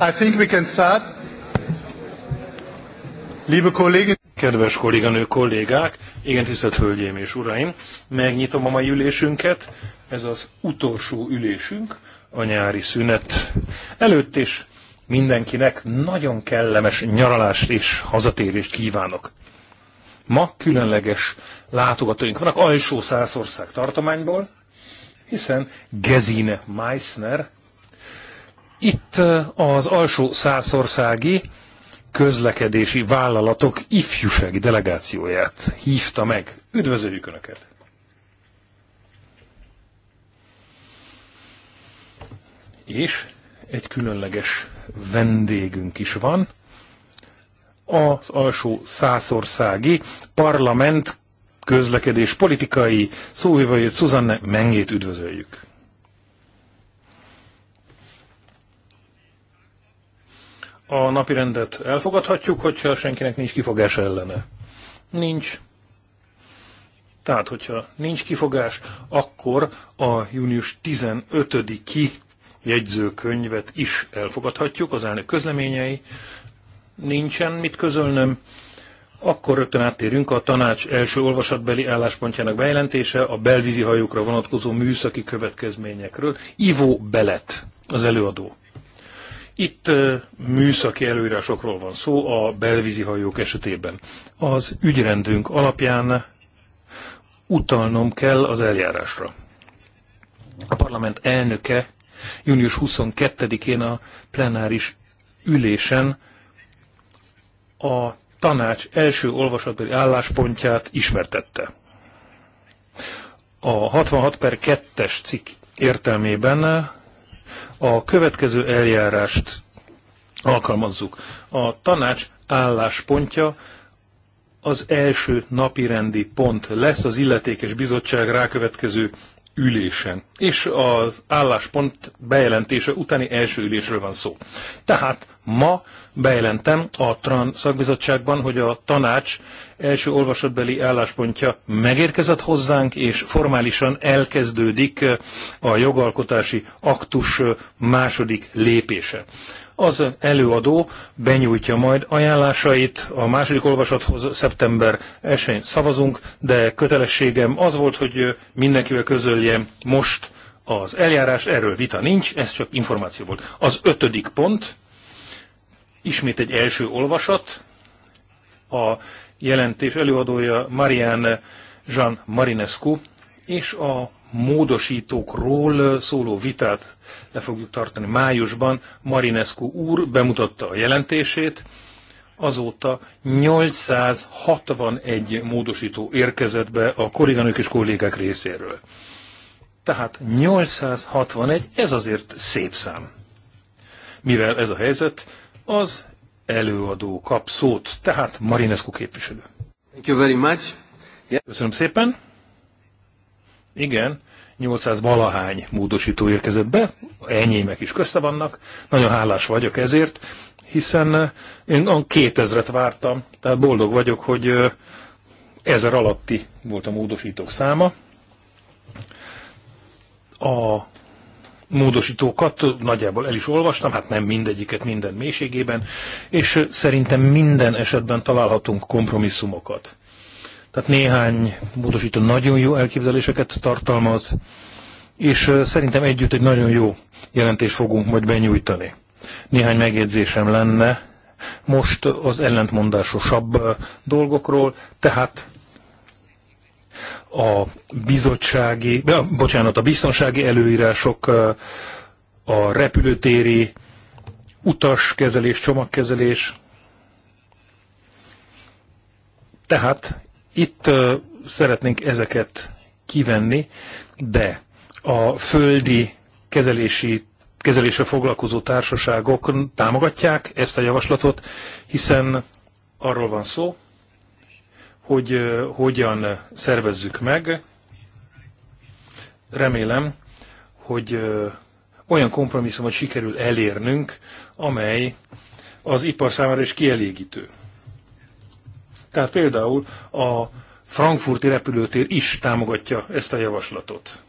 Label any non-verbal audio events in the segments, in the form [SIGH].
I think we can start. Liebe Kollegen. Kedves kolléganő kollégák, igen tisztelt hölgyeim és uraim, megnyitom a mai ülésünket. Ez az utolsó ülésünk a nyári szünet előtt, is mindenkinek nagyon kellemes nyaralást és hazatérést kívánok. Ma különleges látogatóink vannak alsó százország tartományból, hiszen Gezine Meissner, itt az alsó százországi közlekedési vállalatok ifjúsági delegációját hívta meg. Üdvözöljük Önöket! És egy különleges vendégünk is van, az alsó százországi parlament közlekedés politikai szóvivőjét Szuzanne Mengét üdvözöljük. a napi rendet elfogadhatjuk, hogyha senkinek nincs kifogása ellene. Nincs. Tehát, hogyha nincs kifogás, akkor a június 15-i jegyzőkönyvet is elfogadhatjuk, az elnök közleményei. Nincsen mit közölnöm. Akkor rögtön áttérünk a tanács első olvasatbeli álláspontjának bejelentése a belvízi hajókra vonatkozó műszaki következményekről. Ivo Belet az előadó. Itt műszaki előírásokról van szó a belvízi hajók esetében. Az ügyrendünk alapján utalnom kell az eljárásra. A parlament elnöke június 22-én a plenáris ülésen a tanács első olvasatbeli álláspontját ismertette. A 66 per 2-es cikk értelmében a következő eljárást alkalmazzuk. A tanács álláspontja az első napirendi pont lesz az illetékes bizottság rákövetkező ülésen. És az álláspont bejelentése utáni első ülésről van szó. Tehát ma bejelentem a TRAN szakbizottságban, hogy a tanács első olvasatbeli álláspontja megérkezett hozzánk, és formálisan elkezdődik a jogalkotási aktus második lépése. Az előadó benyújtja majd ajánlásait a második olvasathoz szeptember 1 szavazunk, de kötelességem az volt, hogy mindenkivel közöljem most az eljárás, erről vita nincs, ez csak információ volt. Az ötödik pont, ismét egy első olvasat. A jelentés előadója Marian Jean Marinescu, és a módosítókról szóló vitát le fogjuk tartani májusban. Marinescu úr bemutatta a jelentését, azóta 861 módosító érkezett be a kolléganők és kollégák részéről. Tehát 861, ez azért szép szám. Mivel ez a helyzet, az előadó kap szót, tehát Marinescu képviselő. Thank you very much. Yeah. Köszönöm szépen. Igen, 800 valahány módosító érkezett be, enyémek is közte vannak, nagyon hálás vagyok ezért, hiszen eh, én 2000-et vártam, tehát boldog vagyok, hogy eh, ezer alatti volt a módosítók száma. A módosítókat nagyjából el is olvastam, hát nem mindegyiket minden mélységében, és szerintem minden esetben találhatunk kompromisszumokat. Tehát néhány módosító nagyon jó elképzeléseket tartalmaz, és szerintem együtt egy nagyon jó jelentést fogunk majd benyújtani. Néhány megjegyzésem lenne most az ellentmondásosabb dolgokról, tehát a bizottsági, bocsánat, a biztonsági előírások, a repülőtéri utaskezelés, csomagkezelés. Tehát itt szeretnénk ezeket kivenni, de a földi kezelési kezelésre foglalkozó társaságok támogatják ezt a javaslatot, hiszen arról van szó, hogy hogyan szervezzük meg. Remélem, hogy olyan kompromisszumot sikerül elérnünk, amely az ipar számára is kielégítő. Tehát például a frankfurti repülőtér is támogatja ezt a javaslatot.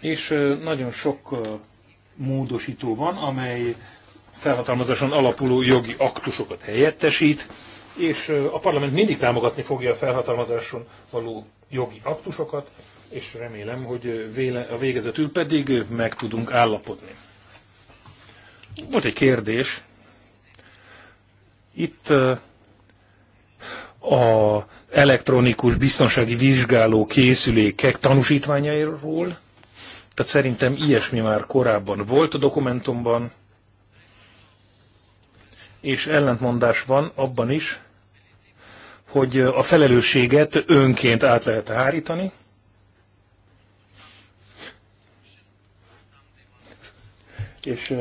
És nagyon sok módosító van, amely felhatalmazáson alapuló jogi aktusokat helyettesít, és a parlament mindig támogatni fogja a felhatalmazáson való jogi aktusokat, és remélem, hogy véle, a végezetül pedig meg tudunk állapodni. Volt egy kérdés. Itt a elektronikus biztonsági vizsgáló készülékek tanúsítványairól. Tehát szerintem ilyesmi már korábban volt a dokumentumban, és ellentmondás van abban is, hogy a felelősséget önként át lehet hárítani. És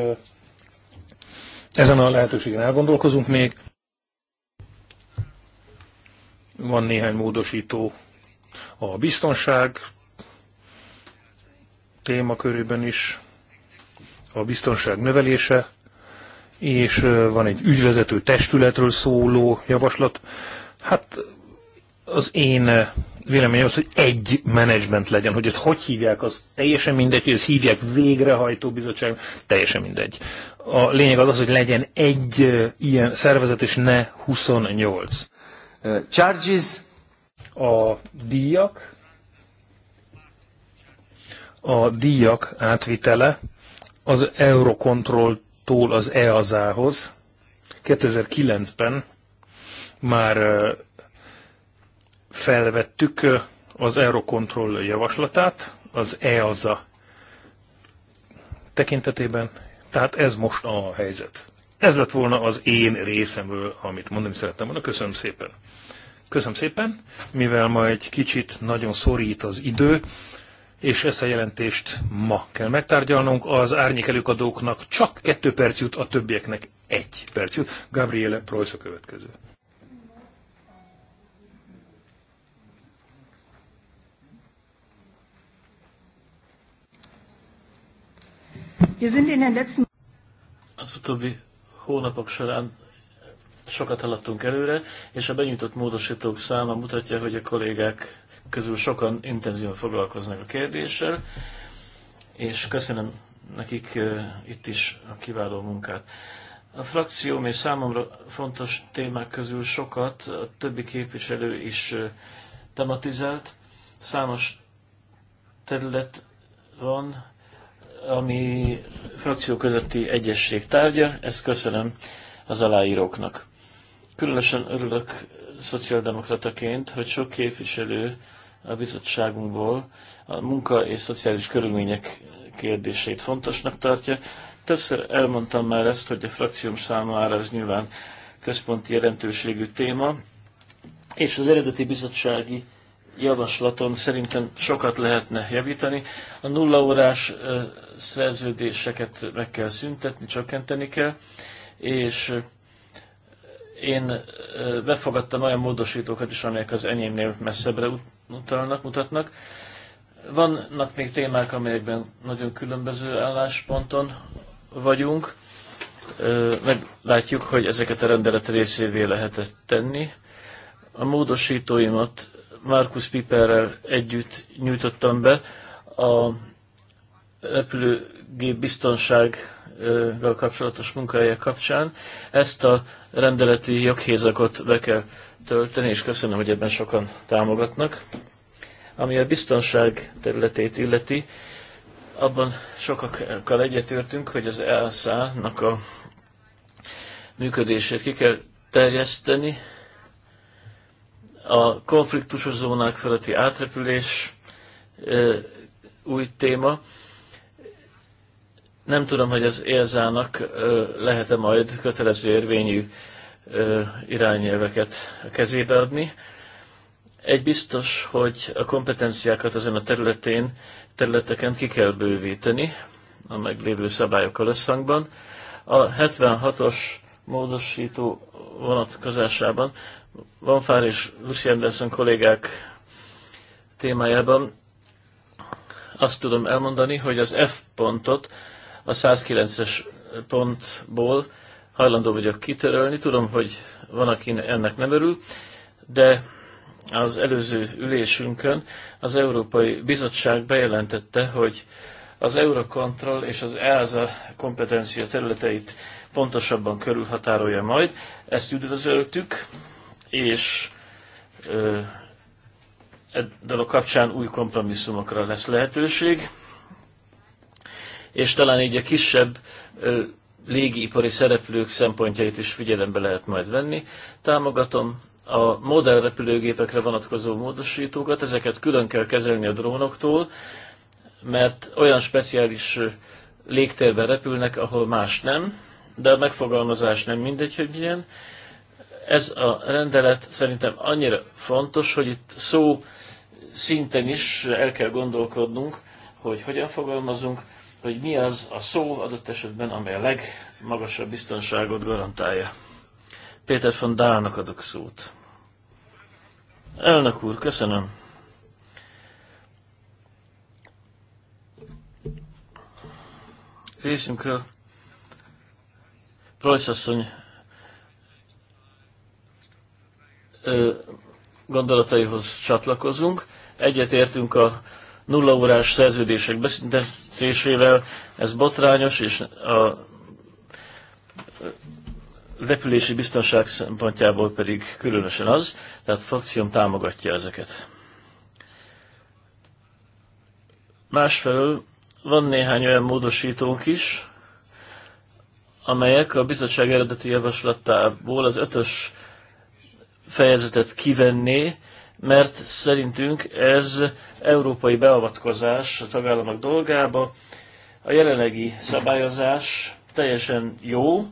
ezen a lehetőségen elgondolkozunk még. Van néhány módosító a biztonság témakörében is, a biztonság növelése, és van egy ügyvezető testületről szóló javaslat. Hát az én eh, véleményem az, hogy egy menedzsment legyen, hogy ezt hogy hívják, az teljesen mindegy, hogy ezt hívják végrehajtó bizottság, teljesen mindegy. A lényeg az az, hogy legyen egy eh, ilyen szervezet, és ne 28. Eh, charges. A díjak. A díjak átvitele az Eurocontrol-tól az EASA-hoz 2009-ben már felvettük az Eurocontrol javaslatát, az EASA tekintetében, tehát ez most a helyzet. Ez lett volna az én részemről, amit mondani szerettem volna. Köszönöm szépen. Köszönöm szépen, mivel ma egy kicsit nagyon szorít az idő, és ezt a jelentést ma kell megtárgyalnunk. Az árnyék előkadóknak csak kettő perc jut, a többieknek egy perc jut. Gabriele Preuss a következő. Az utóbbi hónapok során sokat haladtunk előre, és a benyújtott módosítók száma mutatja, hogy a kollégák közül sokan intenzíven foglalkoznak a kérdéssel, és köszönöm nekik itt is a kiváló munkát. A frakcióm és számomra fontos témák közül sokat a többi képviselő is tematizált. Számos terület van, ami frakció közötti egyesség tárgya, ezt köszönöm az aláíróknak. Különösen örülök szociáldemokrataként, hogy sok képviselő a bizottságunkból a munka és szociális körülmények kérdését fontosnak tartja. Többször elmondtam már ezt, hogy a frakcióm számára ez nyilván központi jelentőségű téma, és az eredeti bizottsági javaslaton szerintem sokat lehetne javítani. A nullaórás szerződéseket meg kell szüntetni, csökkenteni kell, és én befogadtam olyan módosítókat is, amelyek az enyémnél messzebbre utalnak, mutatnak. Vannak még témák, amelyekben nagyon különböző állásponton vagyunk. Meglátjuk, hogy ezeket a rendelet részévé lehetett tenni. A módosítóimat Markus Piperrel együtt nyújtottam be a repülőgép biztonsággal kapcsolatos munkahelye kapcsán. Ezt a rendeleti joghézakot be kell tölteni, és köszönöm, hogy ebben sokan támogatnak. Ami a biztonság területét illeti, abban sokakkal egyetértünk, hogy az ELSA-nak a működését ki kell terjeszteni, a konfliktusos zónák feletti átrepülés új téma. Nem tudom, hogy az élzának lehet-e majd kötelező érvényű irányelveket a kezébe adni. Egy biztos, hogy a kompetenciákat ezen a területén, területeken ki kell bővíteni a meglévő szabályokkal összhangban. A 76-os módosító vonatkozásában van Fán és Lucy Anderson kollégák témájában azt tudom elmondani, hogy az F pontot a 109-es pontból hajlandó vagyok kitörölni. Tudom, hogy van, aki ennek nem örül, de az előző ülésünkön az Európai Bizottság bejelentette, hogy az Eurocontrol és az EASA kompetencia területeit pontosabban körülhatárolja majd. Ezt üdvözöltük, és e dolog kapcsán új kompromisszumokra lesz lehetőség, és talán így a kisebb légiipari szereplők szempontjait is figyelembe lehet majd venni. Támogatom a modern repülőgépekre vonatkozó módosítókat, ezeket külön kell kezelni a drónoktól, mert olyan speciális légtérben repülnek, ahol más nem, de a megfogalmazás nem mindegy, hogy milyen. Ez a rendelet szerintem annyira fontos, hogy itt szó szinten is el kell gondolkodnunk, hogy hogyan fogalmazunk, hogy mi az a szó adott esetben, amely a legmagasabb biztonságot garantálja. Péter von Dálnak adok szót. Elnök úr, köszönöm. Részünkről Prajszasszony gondolataihoz csatlakozunk. Egyetértünk a nullaórás szerződések beszüntetésével, ez botrányos, és a repülési biztonság szempontjából pedig különösen az, tehát a frakcióm támogatja ezeket. Másfelől van néhány olyan módosítónk is, amelyek a bizottság eredeti javaslatából az ötös fejezetet kivenné, mert szerintünk ez európai beavatkozás a tagállamok dolgába. A jelenlegi szabályozás teljesen jó,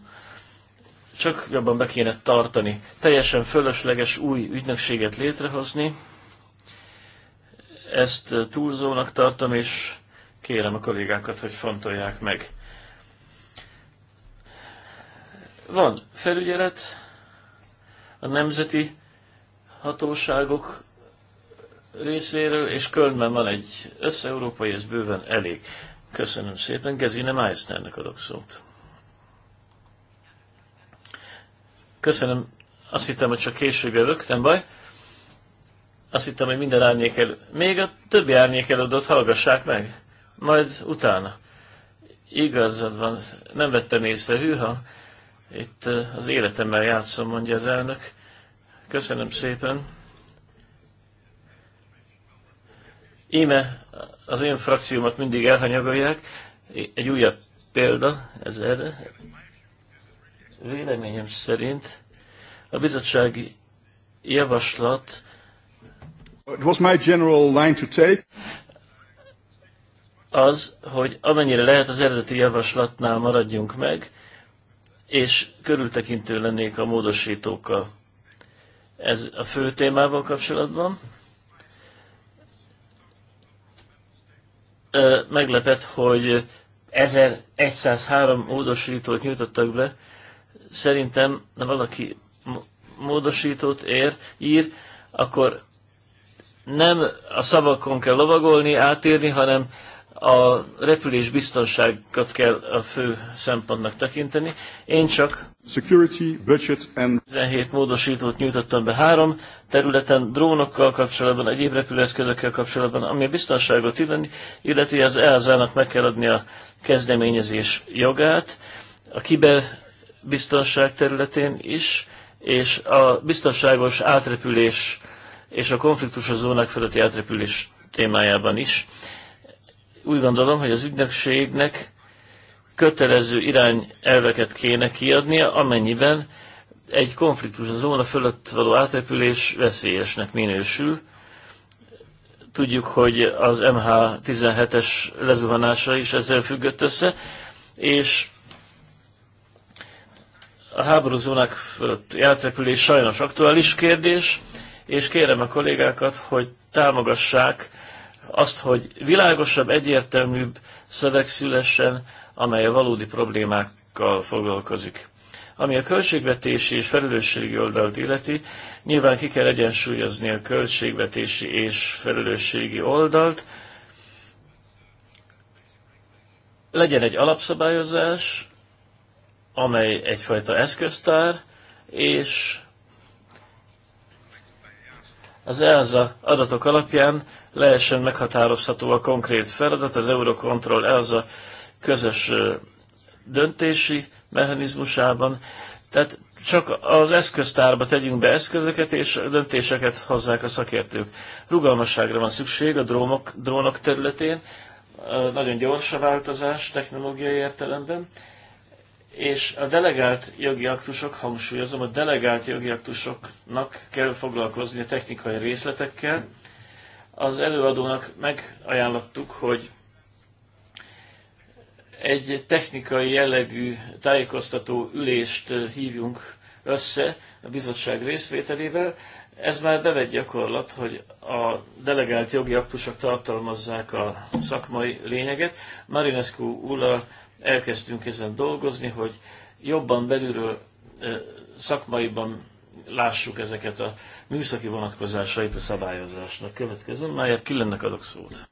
csak jobban be kéne tartani. Teljesen fölösleges új ügynökséget létrehozni. Ezt túlzónak tartom, és kérem a kollégákat, hogy fontolják meg. Van felügyelet, a nemzeti hatóságok részéről, és Kölnben van egy össze-európai, ez bőven elég. Köszönöm szépen, Gezine Meisternek adok szót. Köszönöm, azt hittem, hogy csak később jövök, nem baj. Azt hittem, hogy minden árnyék elő. Még a többi árnyék előadót hallgassák meg, majd utána. Igazad van, nem vettem észre, hűha. Itt az életemmel játszom, mondja az elnök. Köszönöm szépen. Íme az én frakciómat mindig elhanyagolják. Egy újabb példa ez erre. Véleményem szerint a bizottsági javaslat It was my general line to take. az, hogy amennyire lehet az eredeti javaslatnál maradjunk meg, és körültekintő lennék a módosítókkal. Ez a fő témával kapcsolatban. Meglepett, hogy 1103 módosítót nyújtottak be. Szerintem, ha valaki módosítót ér, ír, akkor nem a szavakon kell lovagolni, átírni, hanem a repülés biztonságot kell a fő szempontnak tekinteni. Én csak Security, budget and... 17 módosítót nyújtottam be három területen, drónokkal kapcsolatban, egyéb repülőeszközökkel kapcsolatban, ami a biztonságot illeti, illeti az EASA-nak meg kell adni a kezdeményezés jogát, a kiberbiztonság területén is, és a biztonságos átrepülés és a konfliktusos zónák feletti átrepülés témájában is úgy gondolom, hogy az ügynökségnek kötelező irányelveket kéne kiadnia, amennyiben egy konfliktus a zóna fölött való átrepülés veszélyesnek minősül. Tudjuk, hogy az MH17-es lezuhanása is ezzel függött össze, és a háború zónák fölött átrepülés sajnos aktuális kérdés, és kérem a kollégákat, hogy támogassák azt, hogy világosabb, egyértelműbb szöveg szülessen, amely a valódi problémákkal foglalkozik. Ami a költségvetési és felelősségi oldalt illeti, nyilván ki kell egyensúlyozni a költségvetési és felelősségi oldalt. Legyen egy alapszabályozás, amely egyfajta eszköztár, és az EASA adatok alapján lehessen meghatározható a konkrét feladat, az Eurocontrol ez a közös döntési mechanizmusában. Tehát csak az eszköztárba tegyünk be eszközöket, és döntéseket hozzák a szakértők. Rugalmasságra van szükség a drónok, drónok területén, nagyon gyors a változás technológiai értelemben, és a delegált jogi aktusok, hangsúlyozom, a delegált jogi aktusoknak kell foglalkozni a technikai részletekkel, az előadónak megajánlottuk, hogy egy technikai jellegű tájékoztató ülést hívjunk össze a bizottság részvételével. Ez már bevett gyakorlat, hogy a delegált jogi aktusok tartalmazzák a szakmai lényeget. Marinescu úrral elkezdtünk ezen dolgozni, hogy jobban belülről szakmaiban lássuk ezeket a műszaki vonatkozásait a szabályozásnak. Következő, máját Killennek adok szót.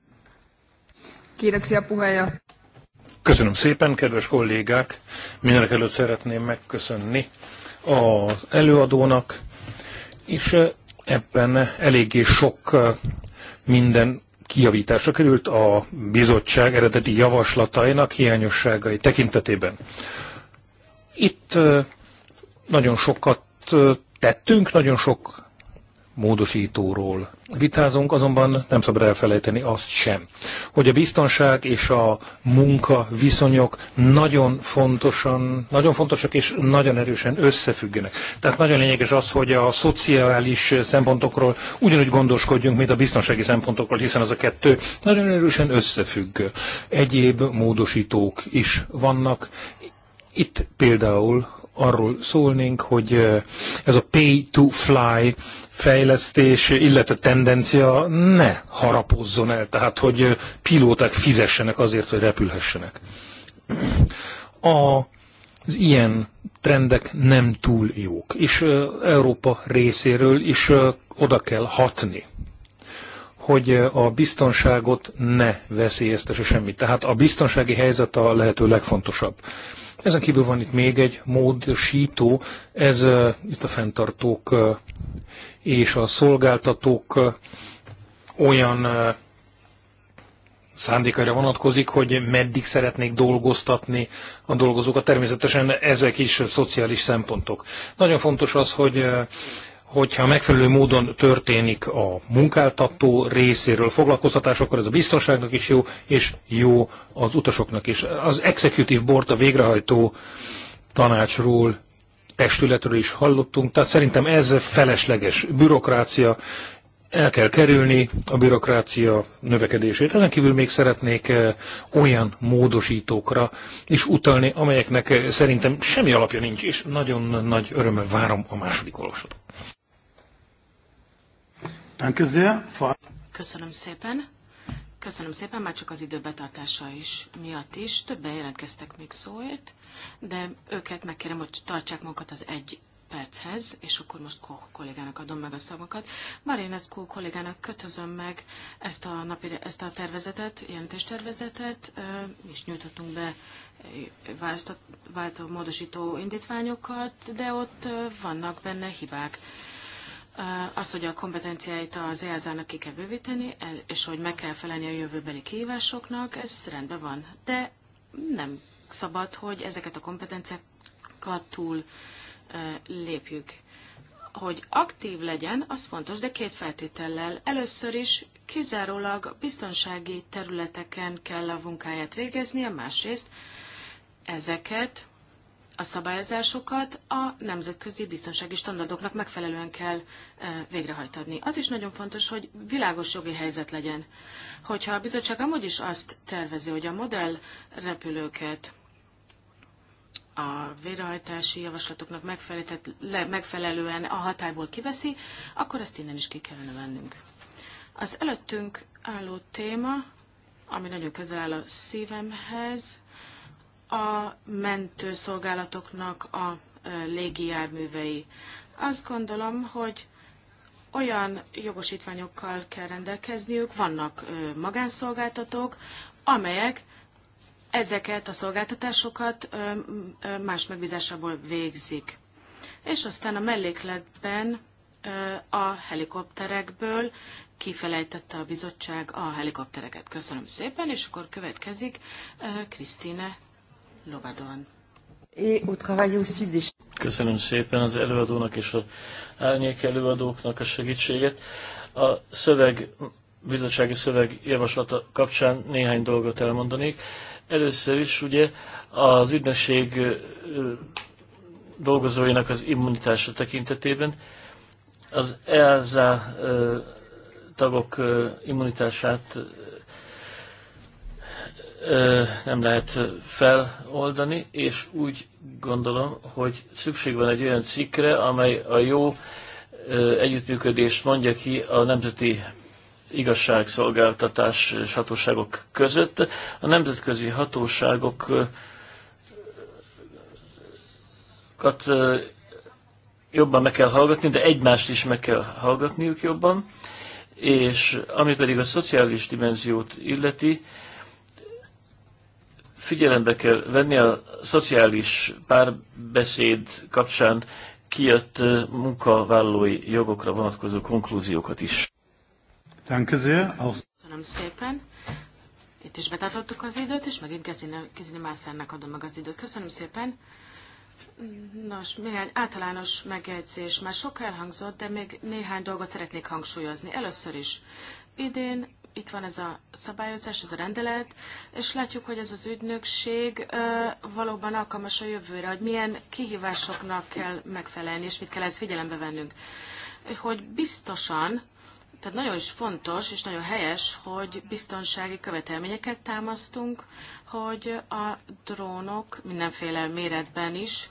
Kiitoksia puhája. Köszönöm szépen, kedves kollégák! Mindenek előtt szeretném megköszönni az előadónak, és ebben eléggé sok minden kijavításra került a bizottság eredeti javaslatainak hiányosságai tekintetében. Itt nagyon sokat tettünk, nagyon sok módosítóról vitázunk, azonban nem szabad elfelejteni azt sem, hogy a biztonság és a munka viszonyok nagyon fontosan, nagyon fontosak és nagyon erősen összefüggenek. Tehát nagyon lényeges az, hogy a szociális szempontokról ugyanúgy gondoskodjunk, mint a biztonsági szempontokról, hiszen az a kettő nagyon erősen összefügg. Egyéb módosítók is vannak. Itt például arról szólnénk, hogy ez a pay to fly fejlesztés, illetve tendencia ne harapozzon el, tehát hogy pilóták fizessenek azért, hogy repülhessenek. A az ilyen trendek nem túl jók, és Európa részéről is oda kell hatni, hogy a biztonságot ne veszélyeztesse semmit. Tehát a biztonsági helyzet a lehető legfontosabb. Ezen kívül van itt még egy módosító, ez itt a fenntartók és a szolgáltatók olyan szándékaira vonatkozik, hogy meddig szeretnék dolgoztatni a dolgozókat. Természetesen ezek is szociális szempontok. Nagyon fontos az, hogy hogyha megfelelő módon történik a munkáltató részéről foglalkoztatás, akkor ez a biztonságnak is jó, és jó az utasoknak is. Az Executive Board a végrehajtó tanácsról, testületről is hallottunk, tehát szerintem ez felesleges bürokrácia, el kell kerülni a bürokrácia növekedését. Ezen kívül még szeretnék eh, olyan módosítókra is utalni, amelyeknek eh, szerintem semmi alapja nincs, és nagyon nagy örömmel várom a második olvasatot. Köszönöm szépen. Köszönöm szépen, már csak az időbetartása is miatt is. Többen jelentkeztek még szóért, de őket megkérem, hogy tartsák magukat az egy perchez, és akkor most Koch kollégának adom meg a szavakat. Marinecku kollégának kötözöm meg ezt a, napi, ezt a tervezetet, jelentéstervezetet, és nyújtottunk be váltó módosító indítványokat, de ott vannak benne hibák az, hogy a kompetenciáit az EASA-nak ki kell bővíteni, e, és hogy meg kell felelni a jövőbeli kihívásoknak, ez rendben van. De nem szabad, hogy ezeket a kompetenciákat túl lépjük. Hogy aktív legyen, az fontos, de két feltétellel. Először is kizárólag biztonsági területeken kell a munkáját végeznie, másrészt ezeket a szabályozásokat a nemzetközi biztonsági standardoknak megfelelően kell e, végrehajtani. Az is nagyon fontos, hogy világos jogi helyzet legyen. Hogyha a bizottság amúgy is azt tervezi, hogy a modell repülőket a végrehajtási javaslatoknak megfelelően a hatályból kiveszi, akkor ezt innen is ki kellene vennünk. Az előttünk álló téma, ami nagyon közel áll a szívemhez, a mentőszolgálatoknak a légijárművei. Azt gondolom, hogy olyan jogosítványokkal kell rendelkezniük, vannak magánszolgáltatók, amelyek ezeket a szolgáltatásokat más megbízásából végzik. És aztán a mellékletben a helikopterekből kifelejtette a bizottság a helikoptereket. Köszönöm szépen, és akkor következik Krisztine Köszönöm szépen az előadónak és az árnyék előadóknak a segítséget. A szöveg, bizottsági szöveg javaslata kapcsán néhány dolgot elmondanék. Először is ugye az ügynökség dolgozóinak az immunitása tekintetében az ELSA tagok immunitását nem lehet feloldani, és úgy gondolom, hogy szükség van egy olyan cikkre, amely a jó együttműködést mondja ki a nemzeti igazságszolgáltatás és hatóságok között. A nemzetközi hatóságokat jobban meg kell hallgatni, de egymást is meg kell hallgatniuk jobban, és ami pedig a szociális dimenziót illeti, figyelembe kell venni a szociális párbeszéd kapcsán kijött munkavállalói jogokra vonatkozó konklúziókat is. Köszönöm szépen. Itt is betartottuk az időt, és megint Gezine, Gezine adom meg az időt. Köszönöm szépen. Nos, néhány általános megjegyzés. Már sok elhangzott, de még néhány dolgot szeretnék hangsúlyozni. Először is idén itt van ez a szabályozás, ez a rendelet, és látjuk, hogy ez az ügynökség valóban alkalmas a jövőre, hogy milyen kihívásoknak kell megfelelni, és mit kell ezt figyelembe vennünk. Hogy biztosan, tehát nagyon is fontos és nagyon helyes, hogy biztonsági követelményeket támasztunk, hogy a drónok mindenféle méretben is,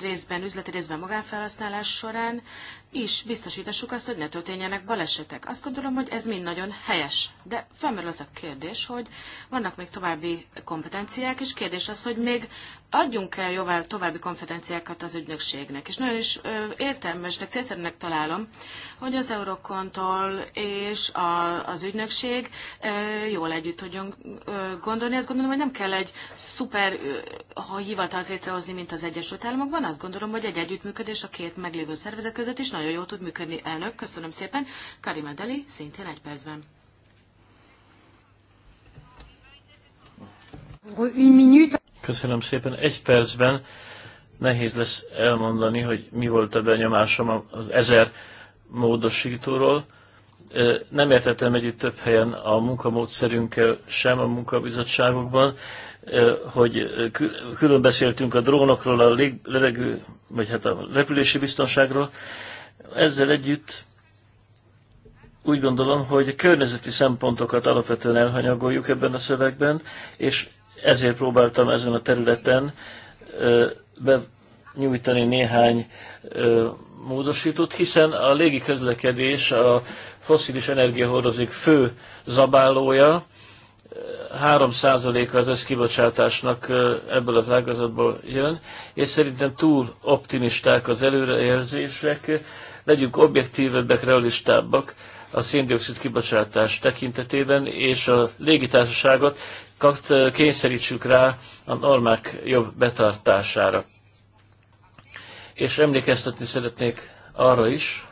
részben, üzleti részben magánfelhasználás során is biztosítassuk azt, hogy ne történjenek balesetek. Azt gondolom, hogy ez mind nagyon helyes. De felmerül az a kérdés, hogy vannak még további kompetenciák, és kérdés az, hogy még adjunk el jóvá további kompetenciákat az ügynökségnek. És nagyon is ö, értelmesnek, célszerűnek találom, hogy az Eurokontól és a, az ügynökség ö, jól együtt tudjon ö, gondolni. Azt gondolom, hogy nem kell egy szuper ö, hivatalt létrehozni, mint az Egyesült Államokban. Azt gondolom, hogy egy együttműködés a két meglévő szervezet között is nagyon nagyon jól tud működni. Elnök, köszönöm szépen. Karima Deli, szintén egy percben. Köszönöm szépen. Egy percben nehéz lesz elmondani, hogy mi volt a benyomásom az ezer módosítóról. Nem értettem együtt több helyen a munkamódszerünkkel sem a munkabizottságokban, hogy külön beszéltünk a drónokról, a levegő, vagy hát a repülési biztonságról, ezzel együtt úgy gondolom, hogy a környezeti szempontokat alapvetően elhanyagoljuk ebben a szövegben, és ezért próbáltam ezen a területen benyújtani néhány módosítót, hiszen a légi közlekedés a foszilis energiahordozik fő zabálója, 3%-a az összkibocsátásnak ebből az ágazatból jön, és szerintem túl optimisták az előrejelzések, legyünk objektívebbek, realistábbak a széndiokszid kibocsátás tekintetében, és a légitársaságot kényszerítsük rá a normák jobb betartására. És emlékeztetni szeretnék arra is,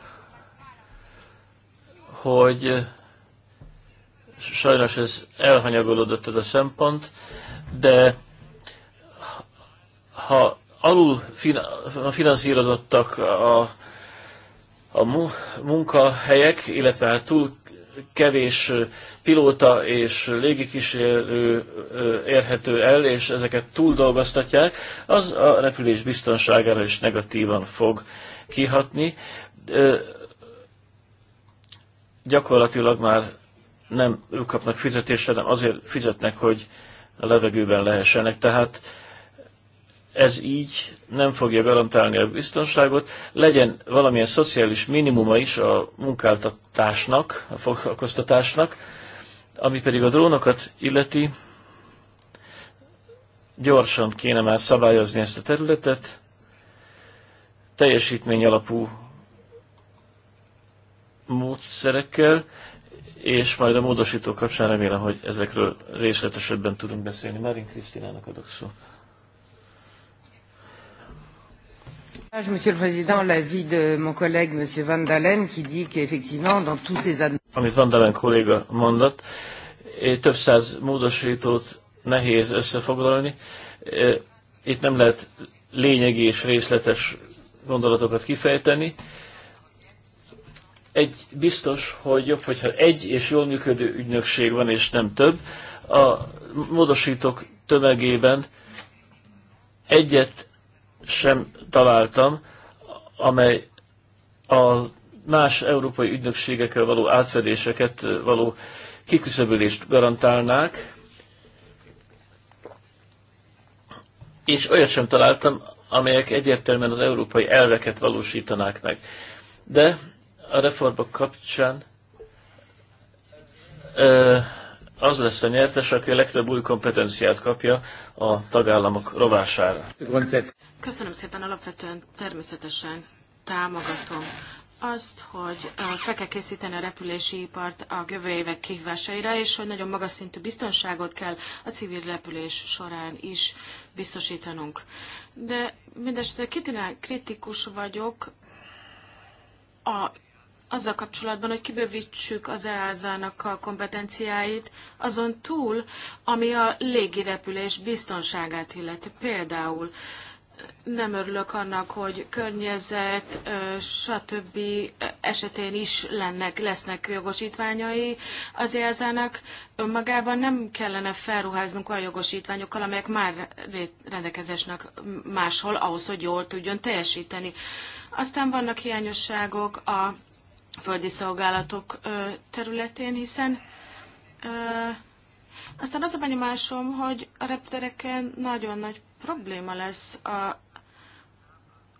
hogy sajnos ez elhanyagolódott ez a szempont, de ha alul finanszírozottak a a munkahelyek, illetve hát túl kevés pilóta és légikísérő érhető el, és ezeket túl dolgoztatják, az a repülés biztonságára is negatívan fog kihatni. Gyakorlatilag már nem ők kapnak fizetést, hanem azért fizetnek, hogy a levegőben lehessenek. Tehát ez így nem fogja garantálni a biztonságot. Legyen valamilyen szociális minimuma is a munkáltatásnak, a foglalkoztatásnak, ami pedig a drónokat illeti, gyorsan kéne már szabályozni ezt a területet, teljesítmény alapú módszerekkel, és majd a módosító kapcsán remélem, hogy ezekről részletesebben tudunk beszélni. Marin Krisztinának adok szót. Monsieur le Président, l'avis de mon collègue Monsieur Van Dalen, qui dit qu'effectivement dans tous ces Amit Van Dalen kolléga mondott, eh, több száz módosítót nehéz összefoglalni. Eh, itt nem lehet lényegi és részletes gondolatokat kifejteni. Egy biztos, hogy jobb, hogyha egy és jól működő ügynökség van, és nem több. A módosítók tömegében egyet sem találtam, amely a más európai ügynökségekkel való átfedéseket való kiküszöbölést garantálnák, és olyat sem találtam, amelyek egyértelműen az európai elveket valósítanák meg. De a reformok kapcsán az lesz a nyertes, aki a legtöbb új kompetenciát kapja a tagállamok rovására. Köszönöm szépen, alapvetően természetesen támogatom azt, hogy fel kell készíteni a repülési ipart a jövő évek kihívásaira, és hogy nagyon magas szintű biztonságot kell a civil repülés során is biztosítanunk. De mindesetre kritikus vagyok a, azzal kapcsolatban, hogy kibővítsük az EASA-nak a kompetenciáit azon túl, ami a légirepülés biztonságát illeti. Például nem örülök annak, hogy környezet, stb. esetén is lennek, lesznek jogosítványai az érzának. Önmagában nem kellene felruháznunk olyan jogosítványokkal, amelyek már rendelkezésnek máshol ahhoz, hogy jól tudjon teljesíteni. Aztán vannak hiányosságok a földi szolgálatok területén, hiszen aztán az a benyomásom, hogy a reptereken nagyon nagy probléma lesz a,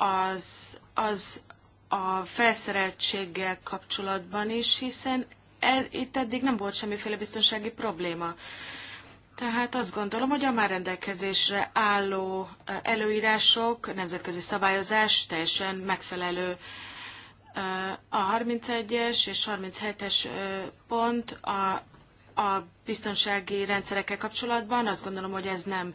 az, az a felszereltséggel kapcsolatban is, hiszen el, itt eddig nem volt semmiféle biztonsági probléma. Tehát azt gondolom, hogy a már rendelkezésre álló e, előírások, nemzetközi szabályozás teljesen megfelelő. E, a 31-es és 37-es e, pont a a biztonsági rendszerekkel kapcsolatban azt gondolom, hogy ez nem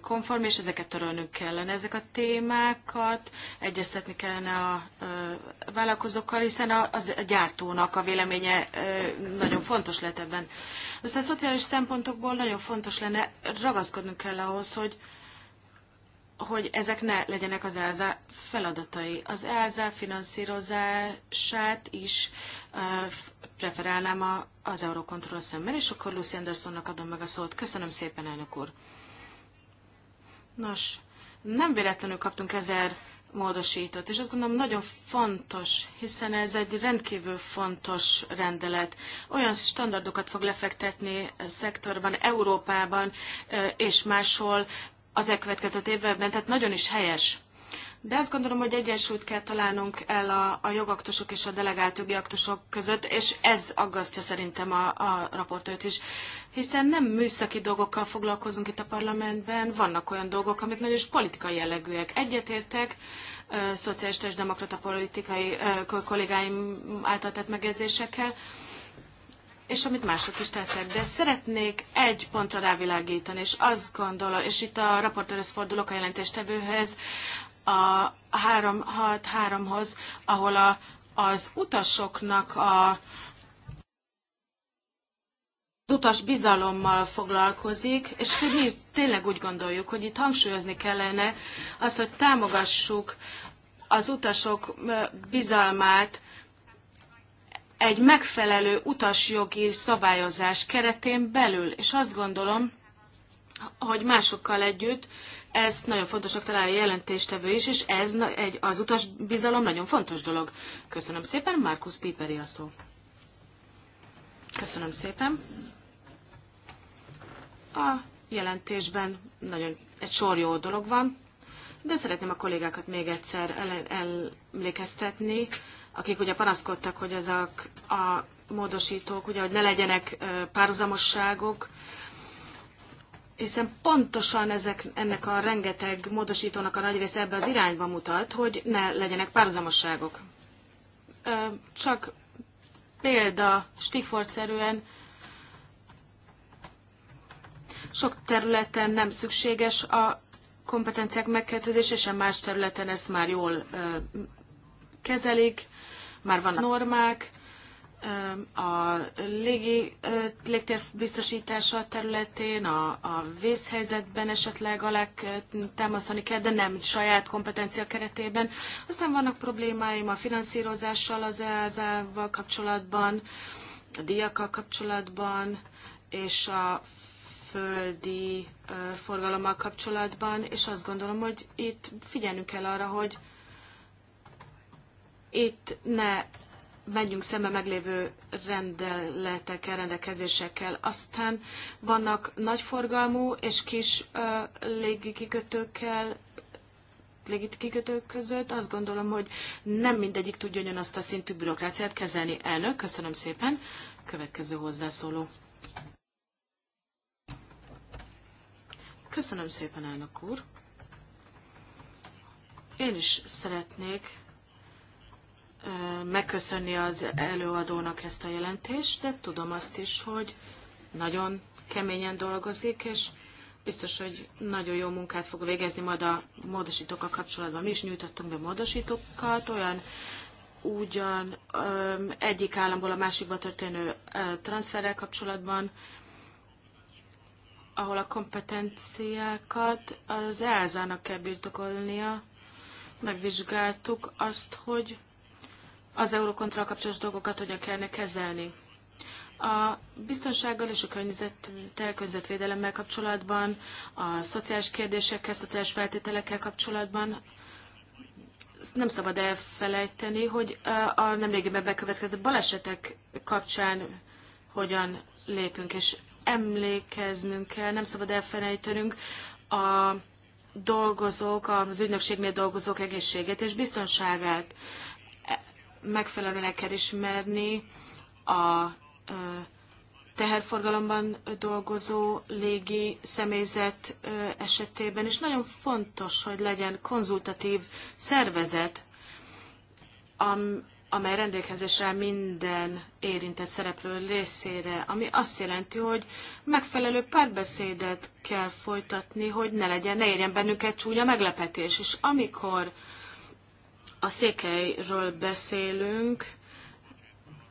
konform, és ezeket törölnünk kellene. Ezek a témákat egyeztetni kellene a vállalkozókkal, hiszen a, az a gyártónak a véleménye nagyon fontos lett ebben. Aztán szociális szempontokból nagyon fontos lenne, ragaszkodnunk kell ahhoz, hogy hogy ezek ne legyenek az ELSA feladatai. Az ELSA finanszírozását is preferálnám a, az Eurocontrol szemben, és akkor Lucy Andersonnak adom meg a szót. Köszönöm szépen, elnök úr. Nos, nem véletlenül kaptunk ezer módosított, és azt gondolom nagyon fontos, hiszen ez egy rendkívül fontos rendelet. Olyan standardokat fog lefektetni a e szektorban, Európában e, és máshol az elkövetkező évben, tehát nagyon is helyes. De azt gondolom, hogy egyensúlyt kell találnunk el a, a jogaktusok és a delegált jogi aktusok között, és ez aggasztja szerintem a, a raportőt is. Hiszen nem műszaki dolgokkal foglalkozunk itt a parlamentben, vannak olyan dolgok, amik nagyon is politikai jellegűek. Egyetértek, szocialista és demokrata politikai kollégáim által tett megjegyzésekkel, és amit mások is tettek. De szeretnék egy pontra rávilágítani, és azt gondolom, és itt a raportőrhöz fordulok a jelentéstevőhöz, a 363-hoz, ahol a, az utasoknak a az utas bizalommal foglalkozik, és hogy mi tényleg úgy gondoljuk, hogy itt hangsúlyozni kellene azt, hogy támogassuk az utasok bizalmát egy megfelelő utasjogi szabályozás keretén belül. És azt gondolom, hogy másokkal együtt ezt nagyon fontosak találja a jelentéstevő is, és ez egy, az utas bizalom nagyon fontos dolog. Köszönöm szépen, Markus Piperi a szó. Köszönöm szépen. A jelentésben nagyon egy sor jó dolog van, de szeretném a kollégákat még egyszer emlékeztetni, akik ugye panaszkodtak, hogy ezek a módosítók, ugye, hogy ne legyenek párhuzamosságok, hiszen pontosan ezek, ennek a rengeteg módosítónak a nagy része ebbe az irányba mutat, hogy ne legyenek párhuzamosságok. Csak példa Stigford-szerűen sok területen nem szükséges a kompetenciák megkettőzése, sem más területen ezt már jól kezelik, már vannak normák, a légi, légtér biztosítása területén, a, a vészhelyzetben esetleg alá támasztani kell, de nem saját kompetencia keretében. Aztán vannak problémáim a finanszírozással, az EASA-val kapcsolatban, a diakkal kapcsolatban, és a földi forgalommal kapcsolatban, és azt gondolom, hogy itt figyelnünk kell arra, hogy itt ne menjünk szembe meglévő rendeletekkel, rendelkezésekkel. Aztán vannak nagyforgalmú és kis légikikötőkkel, légikikötők között. Azt gondolom, hogy nem mindegyik tudja azt a szintű bürokráciát kezelni. Elnök, köszönöm szépen. Következő hozzászóló. Köszönöm szépen, elnök úr. Én is szeretnék megköszönni az előadónak ezt a jelentést, de tudom azt is, hogy nagyon keményen dolgozik, és biztos, hogy nagyon jó munkát fog végezni majd a módosítókkal kapcsolatban. Mi is nyújtottunk be módosítókat, olyan ugyan öm, egyik államból a másikba történő transferrel kapcsolatban, ahol a kompetenciákat az elzának kell birtokolnia. Megvizsgáltuk azt, hogy az eurokontroll kapcsolatos dolgokat hogyan kellene kezelni. A biztonsággal és a környezettel, környezetvédelemmel kapcsolatban, a szociális kérdésekkel, szociális feltételekkel kapcsolatban nem szabad elfelejteni, hogy a nemrégiben bekövetkezett balesetek kapcsán hogyan lépünk, és emlékeznünk kell, nem szabad elfelejtenünk a dolgozók, az ügynökségnél dolgozók egészségét és biztonságát megfelelően el kell ismerni a teherforgalomban dolgozó légi személyzet esetében, és nagyon fontos, hogy legyen konzultatív szervezet, am, amely rendelkezésre minden érintett szereplő részére, ami azt jelenti, hogy megfelelő párbeszédet kell folytatni, hogy ne legyen, ne érjen bennünket csúnya meglepetés. És amikor a székelyről beszélünk,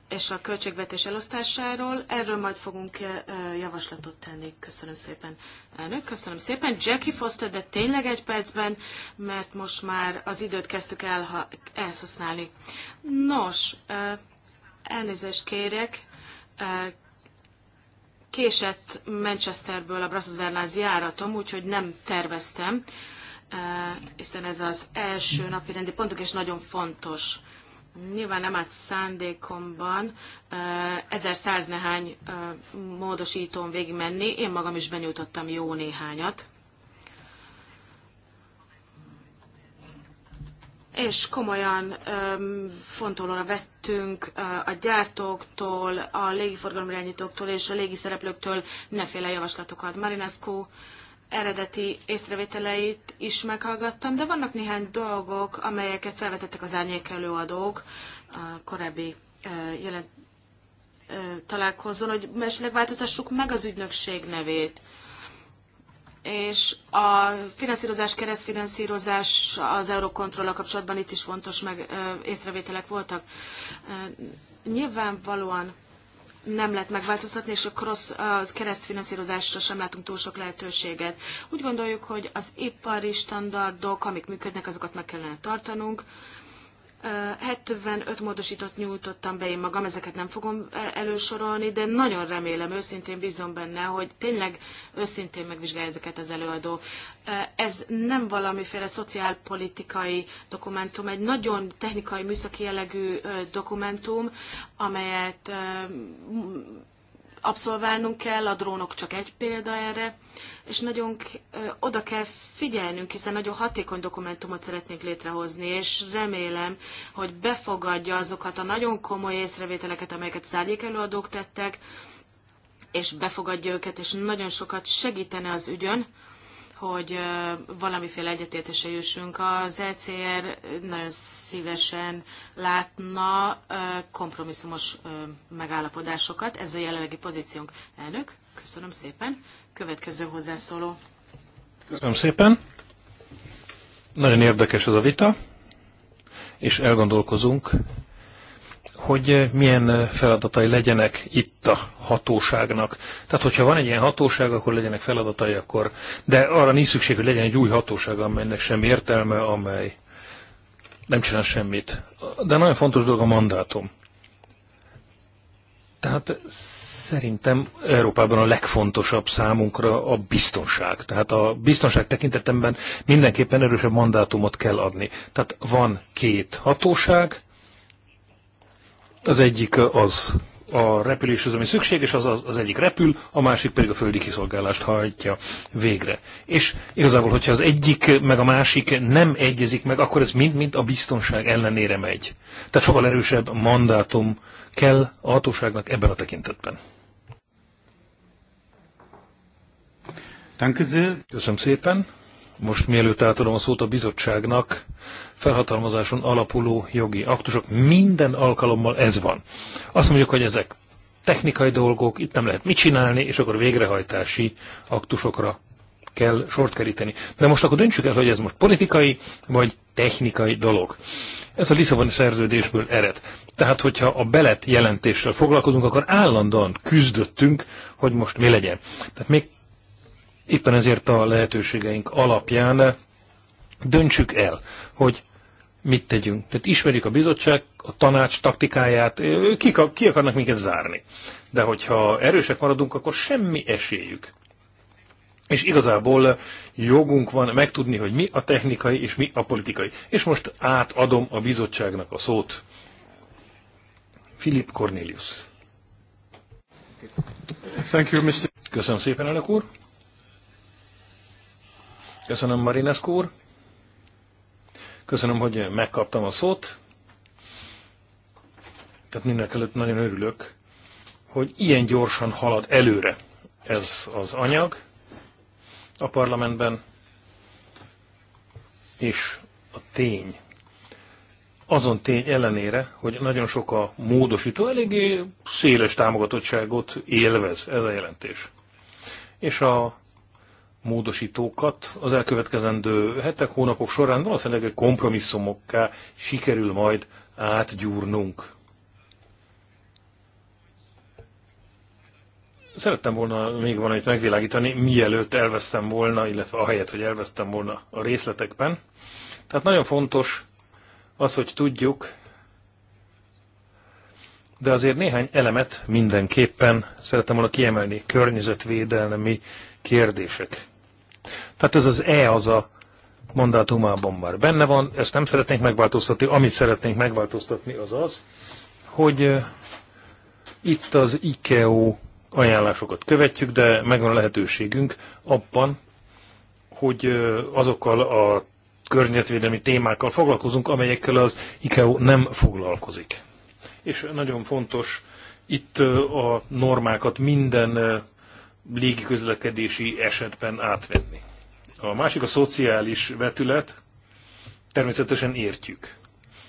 és a költségvetés elosztásáról. Erről majd fogunk eh, javaslatot tenni. Köszönöm szépen, elnök. Köszönöm szépen. Jackie Foster, de tényleg egy percben, mert most már az időt kezdtük el, elhasználni. Nos, eh, elnézést kérek. Eh, késett Manchesterből a Brussels Airlines járatom, úgyhogy nem terveztem hiszen ez az első napi rendi pontok, és nagyon fontos. Nyilván nem állt szándékomban 1100 nehány módosítón menni, én magam is benyújtottam jó néhányat. és komolyan fontolóra vettünk a gyártóktól, a légiforgalomirányítóktól és a légiszereplőktől neféle javaslatokat. Marinescu eredeti észrevételeit is meghallgattam, de vannak néhány dolgok, amelyeket felvetettek az árnyék előadók a korábbi jelent, találkozón, hogy esetleg változtassuk meg az ügynökség nevét. És a finanszírozás, keresztfinanszírozás az eurokontrollal kapcsolatban itt is fontos meg észrevételek voltak. Nyilvánvalóan nem lehet megváltoztatni, és a cross keresztfinanszírozásra sem látunk túl sok lehetőséget. Úgy gondoljuk, hogy az ipari standardok, amik működnek, azokat meg kellene tartanunk 75 módosított nyújtottam be én magam, ezeket nem fogom eh, elősorolni, de nagyon remélem, őszintén bízom benne, hogy tényleg őszintén megvizsgálja ezeket az előadó. Eh, ez nem valamiféle szociálpolitikai dokumentum, egy nagyon technikai, műszaki jellegű eh, dokumentum, amelyet abszolválnunk kell, a drónok csak egy példa erre, és nagyon oda kell figyelnünk, hiszen nagyon hatékony dokumentumot szeretnénk létrehozni, és remélem, hogy befogadja azokat a nagyon komoly észrevételeket, amelyeket szárnyék előadók tettek, és befogadja őket, és nagyon sokat segítene az ügyön, hogy valamiféle egyetértésre jussunk. Az ECR nagyon szívesen látna kompromisszumos megállapodásokat. Ez a jelenlegi pozíciónk. Elnök, köszönöm szépen. Következő hozzászóló. Köszönöm szépen. Nagyon érdekes ez a vita, és elgondolkozunk hogy eh, milyen eh, feladatai legyenek itt a hatóságnak. Tehát, hogyha van egy ilyen hatóság, akkor legyenek feladatai, akkor... De arra nincs szükség, hogy legyen egy új hatóság, amelynek semmi értelme, amely nem csinál semmit. De nagyon fontos dolog a mandátum. Tehát szerintem Európában a legfontosabb számunkra a biztonság. Tehát a biztonság tekintetemben mindenképpen erősebb mandátumot kell adni. Tehát van két hatóság, az egyik az a repülés, az ami szükséges, az, az egyik repül, a másik pedig a földi kiszolgálást hajtja végre. És igazából, hogyha az egyik meg a másik nem egyezik meg, akkor ez mind-mind a biztonság ellenére megy. Tehát sokkal erősebb mandátum kell a hatóságnak ebben a tekintetben. Köszönöm szépen. Most mielőtt átadom a szót a bizottságnak, felhatalmazáson alapuló jogi aktusok, minden alkalommal ez van. Azt mondjuk, hogy ezek technikai dolgok, itt nem lehet mit csinálni, és akkor végrehajtási aktusokra kell sort keríteni. De most akkor döntsük el, hogy ez most politikai vagy technikai dolog. Ez a Lisszaboni szerződésből ered. Tehát, hogyha a belet jelentéssel foglalkozunk, akkor állandóan küzdöttünk, hogy most mi legyen. Tehát még Éppen ezért a lehetőségeink alapján döntsük el, hogy mit tegyünk. Tehát ismerjük a bizottság, a tanács taktikáját, ki, ki akarnak minket zárni. De hogyha erősek maradunk, akkor semmi esélyük. És igazából jogunk van megtudni, hogy mi a technikai és mi a politikai. És most átadom a bizottságnak a szót. Philip Cornelius. Thank you, Mr. Köszönöm szépen, elnök úr. Köszönöm, Marinescu úr. Köszönöm, hogy megkaptam a szót. Tehát mindenek előtt nagyon örülök, hogy ilyen gyorsan halad előre ez az anyag a parlamentben, és a tény, azon tény ellenére, hogy nagyon sok a módosító, eléggé széles támogatottságot élvez ez a jelentés. És a módosítókat az elkövetkezendő hetek, hónapok során valószínűleg kompromisszumokká sikerül majd átgyúrnunk. Szerettem volna még van itt megvilágítani, mielőtt elvesztem volna, illetve ahelyett, hogy elvesztem volna a részletekben. Tehát nagyon fontos az, hogy tudjuk, de azért néhány elemet mindenképpen szerettem volna kiemelni. Környezetvédelmi kérdések. Tehát ez az E az a mandátumában már benne van, ezt nem szeretnénk megváltoztatni, amit szeretnénk megváltoztatni az az, hogy itt az IKEO ajánlásokat követjük, de megvan a lehetőségünk abban, hogy azokkal a környezetvédelmi témákkal foglalkozunk, amelyekkel az IKEO nem foglalkozik. És nagyon fontos itt a normákat minden közlekedési esetben átvenni. A másik a szociális vetület, természetesen értjük,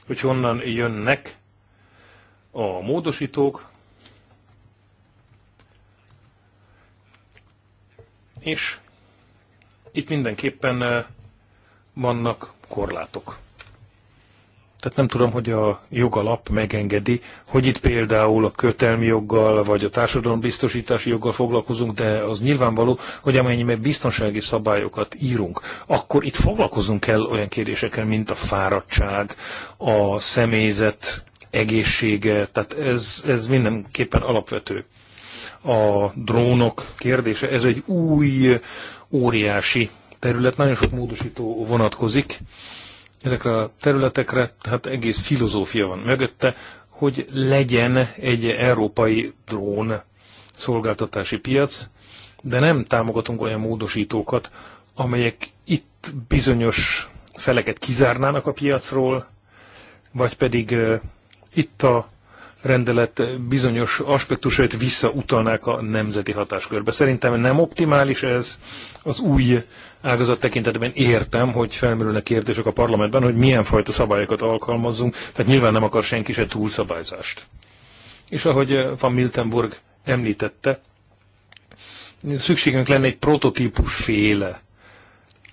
hogy honnan jönnek a módosítók, és itt mindenképpen eh, vannak korlátok. Tehát nem tudom, hogy a jogalap megengedi, hogy itt például a kötelmi joggal vagy a társadalombiztosítási joggal foglalkozunk, de az nyilvánvaló, hogy amennyiben biztonsági szabályokat írunk, akkor itt foglalkozunk kell olyan kérdésekkel, mint a fáradtság, a személyzet egészsége, tehát ez, ez mindenképpen alapvető. A drónok kérdése, ez egy új, óriási terület, nagyon sok módosító vonatkozik ezekre a területekre, tehát egész filozófia van mögötte, hogy legyen egy európai drón szolgáltatási piac, de nem támogatunk olyan módosítókat, amelyek itt bizonyos feleket kizárnának a piacról, vagy pedig itt a rendelet bizonyos aspektusait visszautalnák a nemzeti hatáskörbe. Szerintem nem optimális ez az új ágazat tekintetben értem, hogy felmerülnek kérdések a parlamentben, hogy milyen fajta szabályokat alkalmazzunk, tehát nyilván nem akar senki se túlszabályzást. És ahogy Van Miltenburg említette, szükségünk lenne egy prototípus féle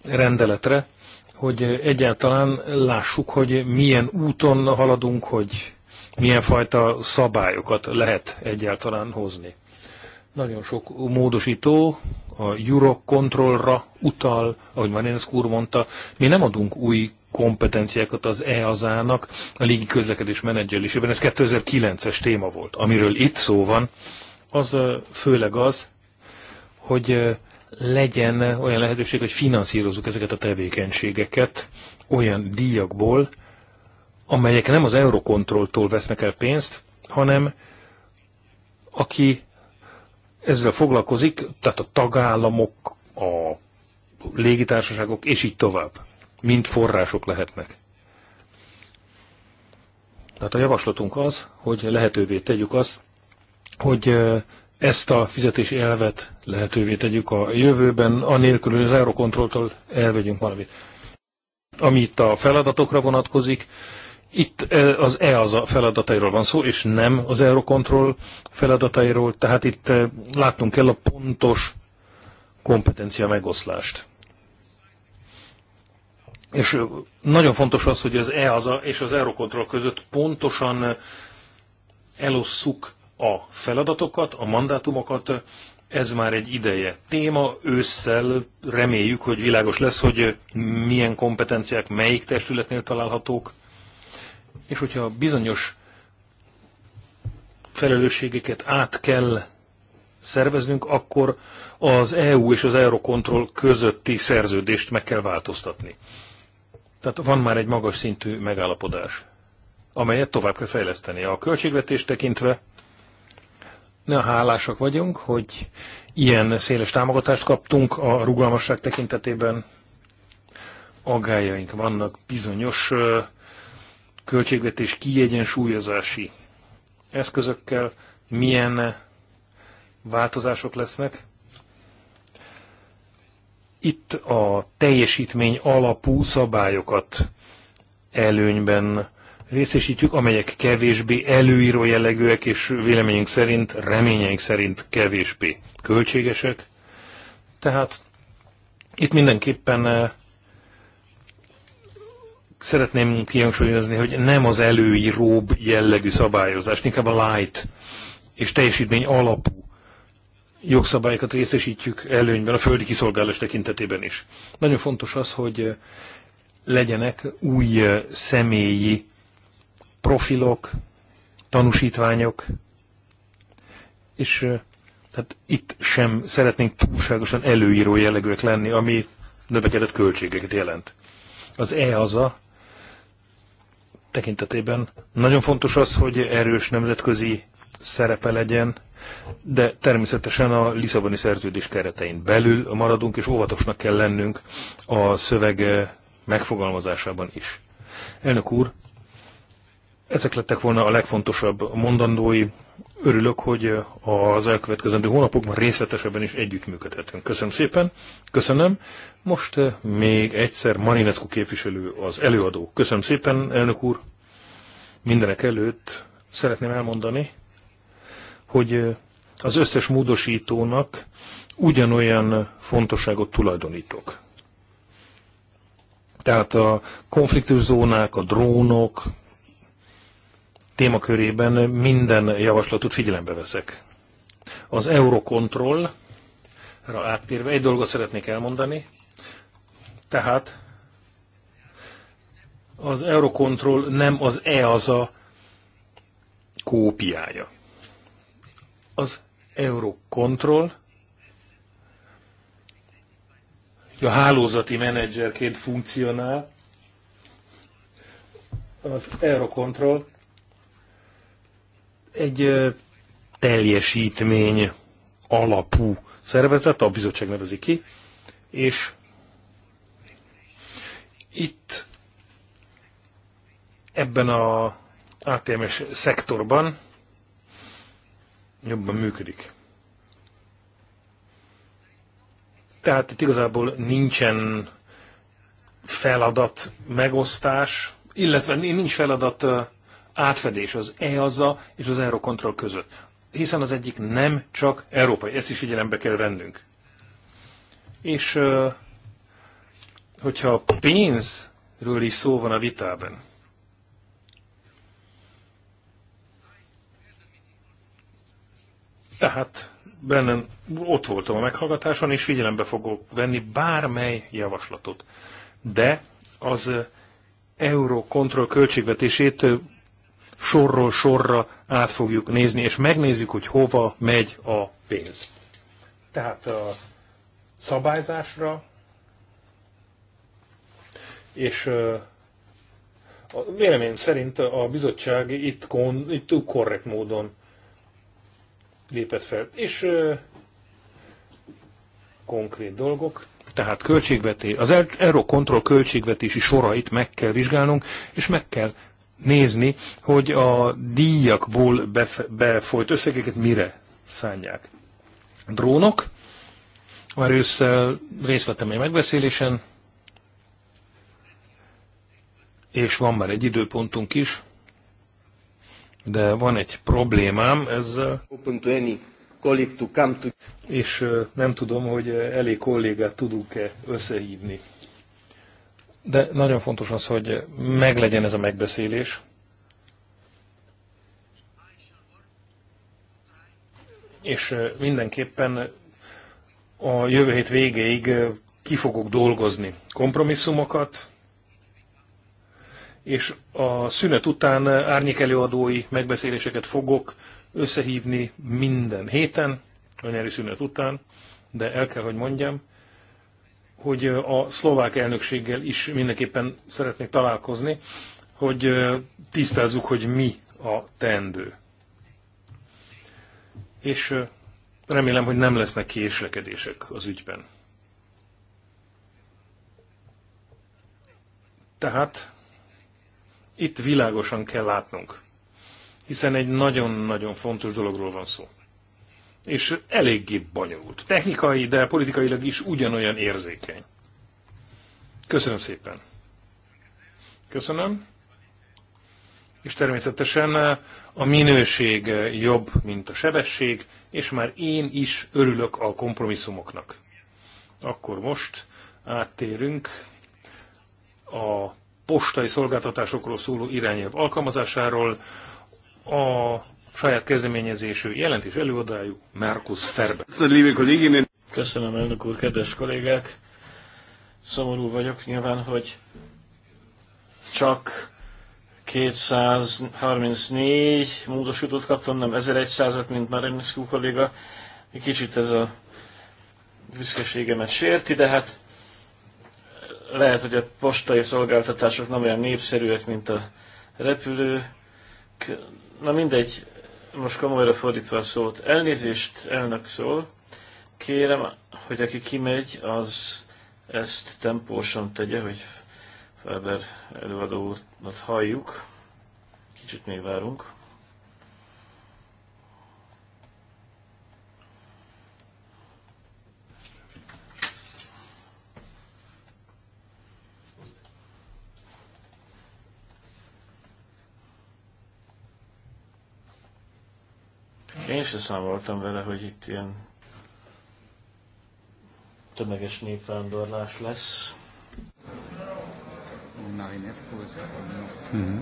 rendeletre, hogy egyáltalán lássuk, hogy milyen úton haladunk, hogy milyen fajta szabályokat lehet egyáltalán hozni. Nagyon sok módosító a Eurocontrolra utal, ahogy Marinesz úr mondta, mi nem adunk új kompetenciákat az EASA-nak a légi közlekedés menedzselésében. Ez 2009-es téma volt. Amiről itt szó van, az főleg az, hogy legyen olyan lehetőség, hogy finanszírozzuk ezeket a tevékenységeket olyan díjakból, amelyek nem az Eurocontroltól vesznek el pénzt, hanem aki ezzel foglalkozik, tehát a tagállamok, a légitársaságok, és így tovább, mind források lehetnek. Tehát a javaslatunk az, hogy lehetővé tegyük azt, hogy ezt a fizetési elvet lehetővé tegyük a jövőben, anélkül, hogy az Eurocontroltól elvegyünk valamit. Ami itt a feladatokra vonatkozik, itt eh, az EASA feladatairól van szó, és nem az Eurocontrol feladatairól, tehát itt eh, látnunk kell a pontos kompetencia megoszlást. És eh, nagyon fontos az, hogy az EASA és az Eurocontrol között pontosan elosszuk a feladatokat, a mandátumokat, ez már egy ideje téma, ősszel reméljük, hogy világos lesz, hogy milyen kompetenciák melyik testületnél találhatók, és hogyha bizonyos felelősségeket át kell szerveznünk, akkor az EU és az Eurocontrol közötti szerződést meg kell változtatni. Tehát van már egy magas szintű megállapodás, amelyet tovább kell fejleszteni. A költségvetést tekintve ne a hálásak vagyunk, hogy ilyen széles támogatást kaptunk a rugalmasság tekintetében. Agályaink vannak bizonyos költségvetés kiegyensúlyozási eszközökkel milyen változások lesznek. Itt a teljesítmény alapú szabályokat előnyben részesítjük, amelyek kevésbé előíró jellegűek, és véleményünk szerint, reményeink szerint kevésbé költségesek. Tehát itt mindenképpen eh, szeretném kihangsúlyozni, hogy nem az előíróbb jellegű szabályozás, inkább a light és teljesítmény alapú jogszabályokat részesítjük előnyben a földi kiszolgálás tekintetében is. Nagyon fontos az, hogy legyenek új személyi profilok, tanúsítványok, és tehát itt sem szeretnénk túlságosan előíró jellegűek lenni, ami növekedett költségeket jelent. Az E az a tekintetében nagyon fontos az, hogy erős nemzetközi szerepe legyen, de természetesen a Lisszaboni szerződés keretein belül maradunk, és óvatosnak kell lennünk a szöveg eh, megfogalmazásában is. Elnök úr, ezek lettek volna a legfontosabb mondandói, Örülök, hogy eh, az elkövetkezendő hónapokban részletesebben is együttműködhetünk. Köszönöm szépen. Köszönöm. Most eh, még egyszer Marinescu képviselő az előadó. Köszönöm szépen, elnök úr. Mindenek előtt szeretném elmondani, hogy eh, az összes módosítónak ugyanolyan fontosságot tulajdonítok. Tehát a konfliktuszónák, a drónok, témakörében minden javaslatot figyelembe veszek. Az Eurocontrol áttérve egy dolgot szeretnék elmondani, tehát az Eurocontrol nem az EASA kópiája. Az Eurocontrol a hálózati menedzserként funkcionál, az Eurocontrol egy teljesítmény alapú szervezet, a bizottság nevezi ki, és itt ebben a ATMS szektorban jobban működik. Tehát itt igazából nincsen feladat megosztás, illetve nincs feladat átfedés az EASA és az Eurocontrol között. Hiszen az egyik nem csak európai, ezt is figyelembe kell vennünk. És hogyha pénzről is szó van a vitában, tehát bennem ott voltam a meghallgatáson, és figyelembe fogok venni bármely javaslatot. De az Eurocontrol költségvetését sorról sorra át fogjuk nézni, és megnézzük, hogy hova megy a pénz. Tehát a szabályzásra, és a véleményem szerint a bizottság itt, kon, itt korrekt módon lépett fel. És konkrét dolgok, tehát költségvetés, az Eurocontrol költségvetési sorait meg kell vizsgálnunk, és meg kell nézni, hogy a díjakból befolyt összegeket mire szánják. Drónok, már ősszel részt vettem egy megbeszélésen, és van már egy időpontunk is, de van egy problémám ezzel. És nem tudom, hogy elég kollégát tudunk-e összehívni de nagyon fontos az, hogy meglegyen ez a megbeszélés. És mindenképpen a jövő hét végéig ki fogok dolgozni kompromisszumokat, és a szünet után árnyék előadói megbeszéléseket fogok összehívni minden héten, a nyári szünet után, de el kell, hogy mondjam, hogy a szlovák elnökséggel is mindenképpen szeretnék találkozni, hogy tisztázzuk, hogy mi a teendő. És remélem, hogy nem lesznek késlekedések az ügyben. Tehát itt világosan kell látnunk, hiszen egy nagyon-nagyon fontos dologról van szó és eléggé bonyolult. Technikai, de politikailag is ugyanolyan érzékeny. Köszönöm szépen. Köszönöm. És természetesen a minőség jobb, mint a sebesség, és már én is örülök a kompromisszumoknak. Akkor most áttérünk a postai szolgáltatásokról szóló irányelv alkalmazásáról. A saját kezdeményezésű jelentés előadájú Markus Ferbe. Köszönöm, elnök úr, kedves kollégák! Szomorú vagyok nyilván, hogy csak 234 módosítót kaptam, nem 1100-at, mint már Emiszkú kolléga. Kicsit ez a büszkeségemet sérti, de hát lehet, hogy a postai szolgáltatások nem olyan népszerűek, mint a repülők. Na mindegy, most komolyra fordítva a szót, elnézést elnök szól, kérem, hogy aki kimegy, az ezt tempósan tegye, hogy Felber úrnak halljuk. Kicsit még várunk. Én sem számoltam vele, hogy itt ilyen tömeges népvándorlás lesz. Mm-hmm.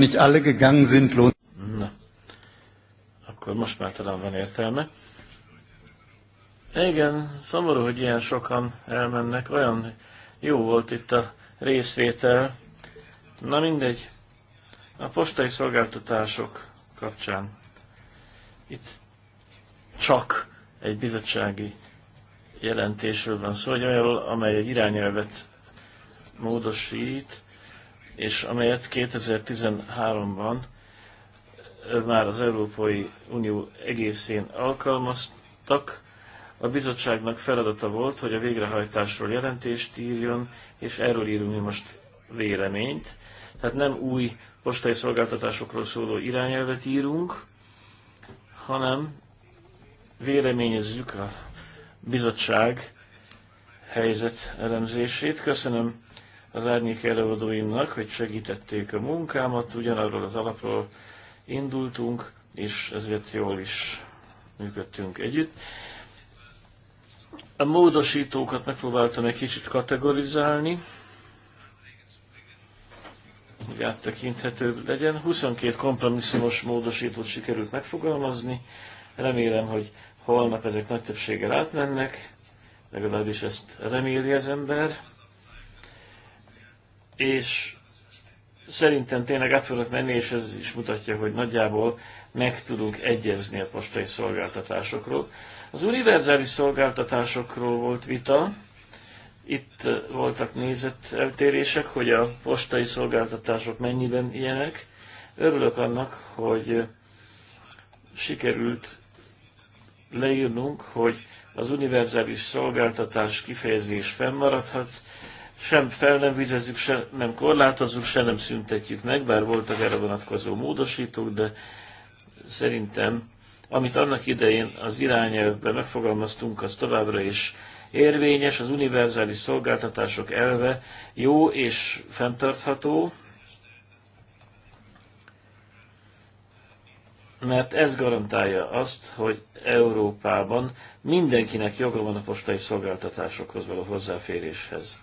nicht alle gegangen sind, lohnt. Na, akkor most már talán van értelme. Igen, szomorú, hogy ilyen sokan elmennek. Olyan jó volt itt a részvétel. Na mindegy. A postai szolgáltatások kapcsán. Itt csak egy bizottsági jelentésről van szó, hogy olyan, amely egy irányelvet módosít, és amelyet 2013-ban már az Európai Unió egészén alkalmaztak, a bizottságnak feladata volt, hogy a végrehajtásról jelentést írjon, és erről írunk mi most véleményt. Tehát nem új postai szolgáltatásokról szóló irányelvet írunk, hanem véleményezzük a bizottság helyzet elemzését. Köszönöm az árnyék előadóimnak, hogy segítették a munkámat, ugyanarról az alapról indultunk, és ezért jól is működtünk együtt. A módosítókat megpróbáltam egy kicsit kategorizálni, hogy áttekinthetőbb legyen. 22 kompromisszumos módosítót sikerült megfogalmazni. Remélem, hogy holnap ezek nagy többséggel átmennek, legalábbis ezt reméli az ember és szerintem tényleg át fognak menni, és ez is mutatja, hogy nagyjából meg tudunk egyezni a postai szolgáltatásokról. Az univerzális szolgáltatásokról volt vita, itt eh, voltak nézeteltérések, hogy a postai szolgáltatások mennyiben ilyenek. Örülök annak, hogy eh, sikerült leírnunk, hogy az univerzális szolgáltatás kifejezés fennmaradhat, sem fel nem vizezzük, sem nem korlátozzuk, sem nem szüntetjük meg, bár voltak erre vonatkozó módosítók, de szerintem, amit annak idején az irányelvben megfogalmaztunk, az továbbra is érvényes, az univerzális szolgáltatások elve jó és fenntartható, mert ez garantálja azt, hogy Európában mindenkinek joga van a postai szolgáltatásokhoz való hozzáféréshez.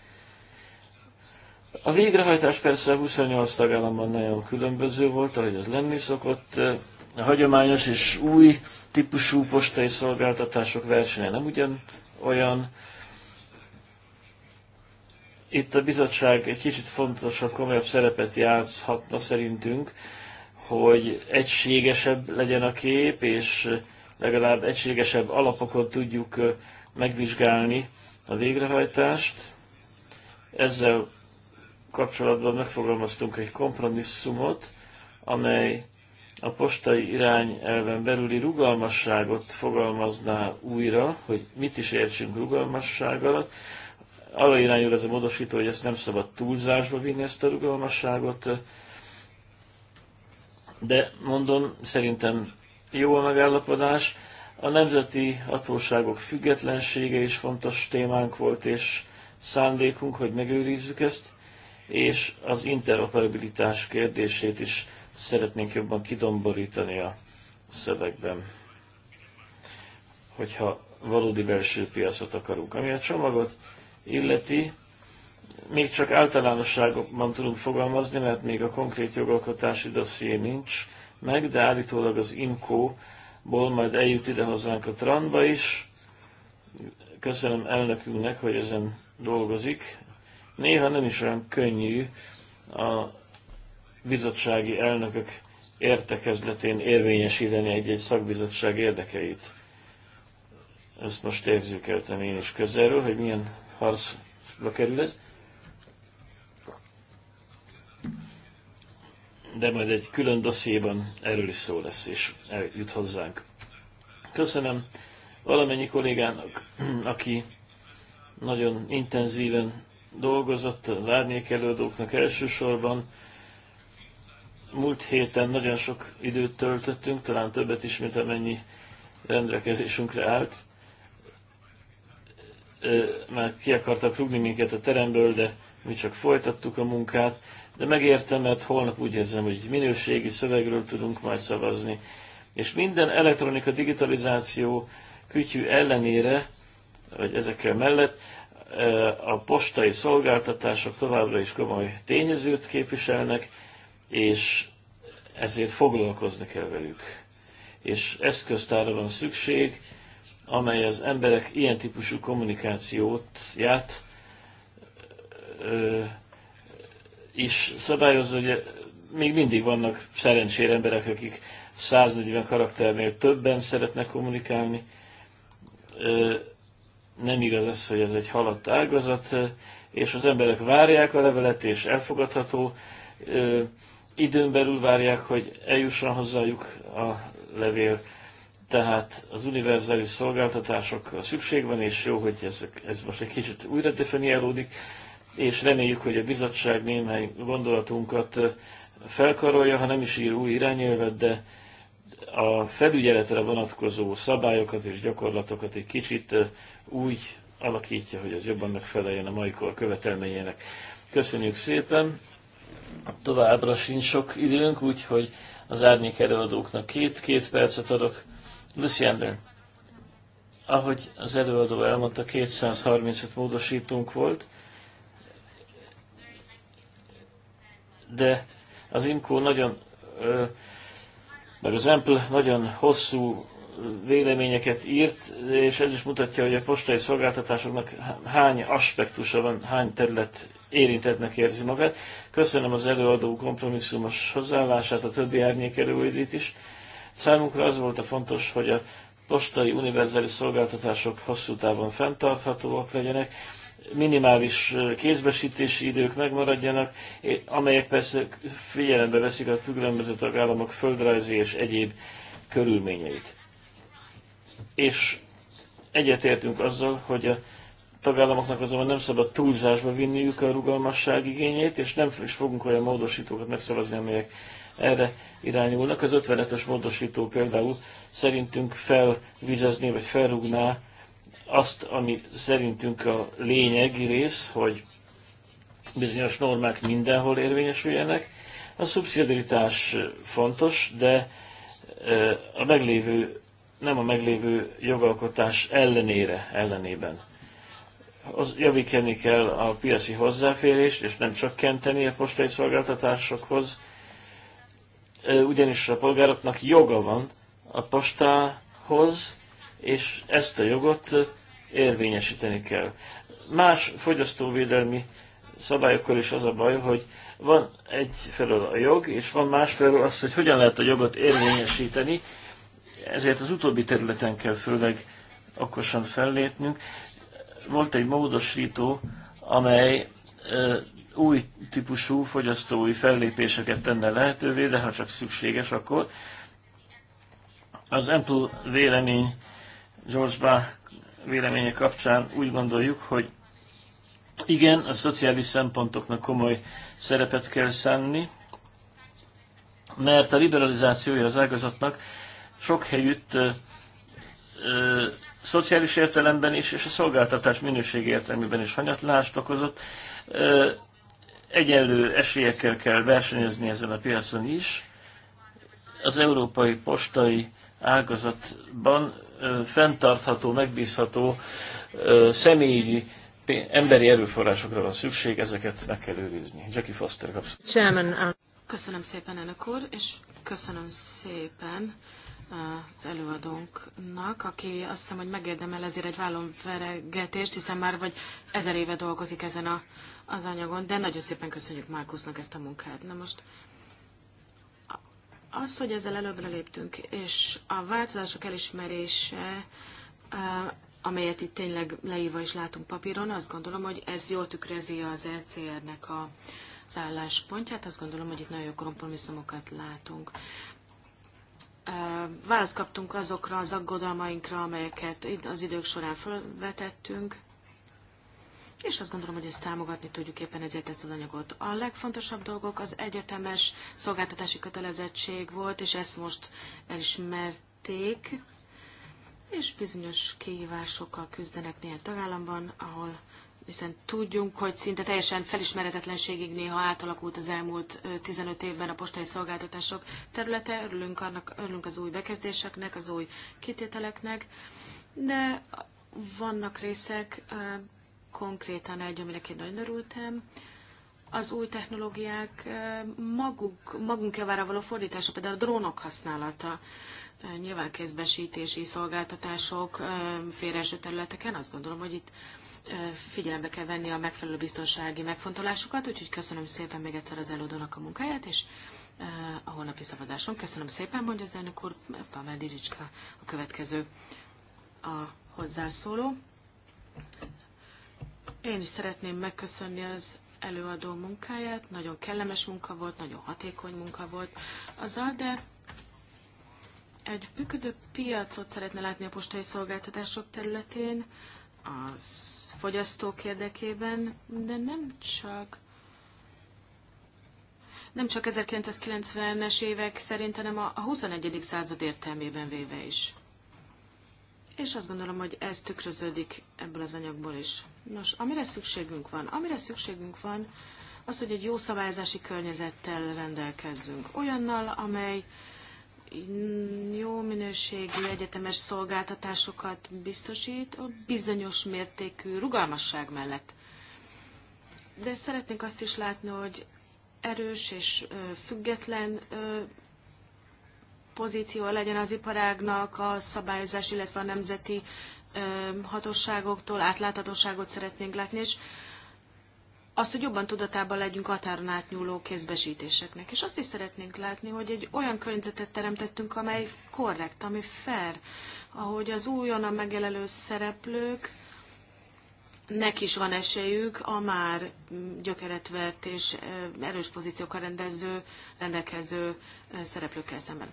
A végrehajtás persze a 28 tagállamban nagyon különböző volt, ahogy az lenni szokott. A hagyományos és új típusú postai szolgáltatások versenye nem ugyan olyan. Itt a bizottság egy kicsit fontosabb, komolyabb szerepet játszhatna szerintünk, hogy egységesebb legyen a kép, és legalább egységesebb alapokon tudjuk megvizsgálni a végrehajtást. Ezzel kapcsolatban megfogalmaztunk egy kompromisszumot, amely a postai irány elven belüli rugalmasságot fogalmazná újra, hogy mit is értsünk rugalmasság alatt. Arra irányul ez a módosító, hogy ezt nem szabad túlzásba vinni ezt a rugalmasságot, de mondom, szerintem jó a megállapodás. A nemzeti hatóságok függetlensége is fontos témánk volt, és szándékunk, hogy megőrizzük ezt és az interoperabilitás kérdését is szeretnénk jobban kidomborítani a szövegben, hogyha valódi belső piacot akarunk. Ami a csomagot illeti, még csak általánosságokban tudunk fogalmazni, mert még a konkrét jogalkotási dosszié nincs meg, de állítólag az IMCO-ból majd eljut ide hozzánk a Tranba is. Köszönöm elnökünknek, hogy ezen dolgozik, Néha nem is olyan könnyű a bizottsági elnökök értekezletén érvényesíteni egy-egy szakbizottság érdekeit. Ezt most érzékeltem én is közelről, hogy milyen harcba kerül ez. De majd egy külön dossziéban erről is szó lesz, és eljut hozzánk. Köszönöm valamennyi kollégának, aki nagyon intenzíven dolgozott az árnyék előadóknak elsősorban. Múlt héten nagyon sok időt töltöttünk, talán többet is, mint amennyi rendelkezésünkre állt. Már ki akartak rúgni minket a teremből, de mi csak folytattuk a munkát. De megértem, mert holnap úgy érzem, hogy minőségi szövegről tudunk majd szavazni. És minden elektronika digitalizáció kütyű ellenére, vagy ezekkel mellett, a postai szolgáltatások továbbra is komoly tényezőt képviselnek, és ezért foglalkozni kell velük. És eszköztára van szükség, amely az emberek ilyen típusú kommunikációt ját és is szabályozza, hogy még mindig vannak szerencsére emberek, akik 140 karakternél többen szeretnek kommunikálni, ö, nem igaz az, hogy ez egy halott ágazat, és az emberek várják a levelet, és elfogadható. Ö, időn belül várják, hogy eljusson hozzájuk a levél. Tehát az univerzális szolgáltatásokra szükség van, és jó, hogy ez, ez most egy kicsit újra definiálódik, és reméljük, hogy a bizottság némely gondolatunkat felkarolja, ha nem is ír új irányelvet, de a felügyeletre vonatkozó szabályokat és gyakorlatokat egy kicsit úgy alakítja, hogy az jobban megfeleljen a mai kor követelményének. Köszönjük szépen! Továbbra sincs sok időnk, úgyhogy az árnyék előadóknak két-két percet adok. Lucy ahogy az előadó elmondta, 235 módosítunk volt, de az IMCO nagyon ö, mert az Ample nagyon hosszú véleményeket írt, és ez is mutatja, hogy a postai szolgáltatásoknak hány aspektusa van, hány terület érintetnek érzi magát. Köszönöm az előadó kompromisszumos hozzáállását, a többi árnyék előidét is. Számunkra az volt a fontos, hogy a postai univerzális szolgáltatások hosszú távon fenntarthatóak legyenek, minimális kézbesítési idők megmaradjanak, amelyek persze figyelembe veszik a különböző tagállamok földrajzi és egyéb körülményeit. És egyetértünk azzal, hogy a tagállamoknak azonban nem szabad túlzásba vinniük a rugalmasság igényét, és nem is fogunk olyan módosítókat megszavazni, amelyek erre irányulnak. Az 55 es módosító például szerintünk felvizezni vagy felrúgná azt, ami szerintünk a lényegi rész, hogy bizonyos normák mindenhol érvényesüljenek. A szubszidiaritás fontos, de a meglévő, nem a meglévő jogalkotás ellenére, ellenében. Az javítani kell a piaci hozzáférést, és nem csak kenteni a postai szolgáltatásokhoz, ugyanis a polgároknak joga van a postához, és ezt a jogot érvényesíteni kell. Más fogyasztóvédelmi szabályokkal is az a baj, hogy van egy felől a jog, és van más felől az, hogy hogyan lehet a jogot érvényesíteni, ezért az utóbbi területen kell főleg okosan fellépnünk. Volt egy módosító, amely ö, új típusú fogyasztói fellépéseket tenne lehetővé, de ha csak szükséges, akkor az Apple vélemény George Bach véleménye kapcsán úgy gondoljuk, hogy igen, a szociális szempontoknak komoly szerepet kell szánni, mert a liberalizációja az ágazatnak sok helyütt ö, ö, szociális értelemben is, és a szolgáltatás minőség értelmében is hanyatlást okozott. Ö, egyenlő esélyekkel kell versenyezni ezen a piacon is. Az európai postai ágazatban fenntartható, megbízható személyi emberi erőforrásokra van szükség, ezeket meg kell őrizni. Jackie Foster kapsz. Uh, köszönöm szépen, elnök úr, és köszönöm szépen uh, az előadónknak, aki azt hiszem, hogy megérdemel ezért egy vállomveregetést, hiszen már vagy ezer éve dolgozik ezen a, az anyagon, de nagyon szépen köszönjük Márkusznak ezt a munkát. Na most az, hogy ezzel előbbre léptünk, és a változások elismerése, amelyet itt tényleg leírva is látunk papíron, azt gondolom, hogy ez jól tükrezi az ECR-nek a az álláspontját. Azt gondolom, hogy itt nagyon jó kompromisszumokat látunk. Választ kaptunk azokra az aggodalmainkra, amelyeket az idők során felvetettünk, és azt gondolom, hogy ezt támogatni tudjuk éppen ezért ezt az anyagot. A legfontosabb dolgok az egyetemes szolgáltatási kötelezettség volt, és ezt most elismerték, és bizonyos kihívásokkal küzdenek néhány tagállamban, ahol hiszen tudjunk, hogy szinte teljesen felismeretetlenségig néha átalakult az elmúlt 15 évben a postai szolgáltatások területe. Örülünk, annak, örülünk az új bekezdéseknek, az új kitételeknek, de vannak részek, konkrétan egy, amire én nagyon örültem, az új technológiák maguk, magunk javára való fordítása, például a drónok használata, nyilván kézbesítési szolgáltatások félreeső területeken, azt gondolom, hogy itt figyelembe kell venni a megfelelő biztonsági megfontolásukat, úgyhogy köszönöm szépen még egyszer az előadónak a munkáját, és a holnapi szavazáson. Köszönöm szépen, mondja az elnök úr, Pavel Diricska a következő a hozzászóló. Én is szeretném megköszönni az előadó munkáját, nagyon kellemes munka volt, nagyon hatékony munka volt. Az de egy működő piacot szeretne látni a postai szolgáltatások területén, az fogyasztók érdekében, de nem csak nem csak 1990-es évek szerint, hanem a 21. század értelmében véve is. És azt gondolom, hogy ez tükröződik ebből az anyagból is. Nos, amire szükségünk van? Amire szükségünk van, az, hogy egy jó szabályozási környezettel rendelkezzünk. Olyannal, amely jó minőségű egyetemes szolgáltatásokat biztosít a bizonyos mértékű rugalmasság mellett. De szeretnénk azt is látni, hogy erős és független pozíció legyen az iparágnak a szabályozás, illetve a nemzeti hatóságoktól átláthatóságot szeretnénk látni, és azt, hogy jobban tudatában legyünk határon átnyúló kézbesítéseknek. És azt is szeretnénk látni, hogy egy olyan környezetet teremtettünk, amely korrekt, ami fair, ahogy az újonnan megjelenő szereplők, nek is van esélyük a már gyökeret és erős pozíciókkal rendező, rendelkező szereplőkkel szemben.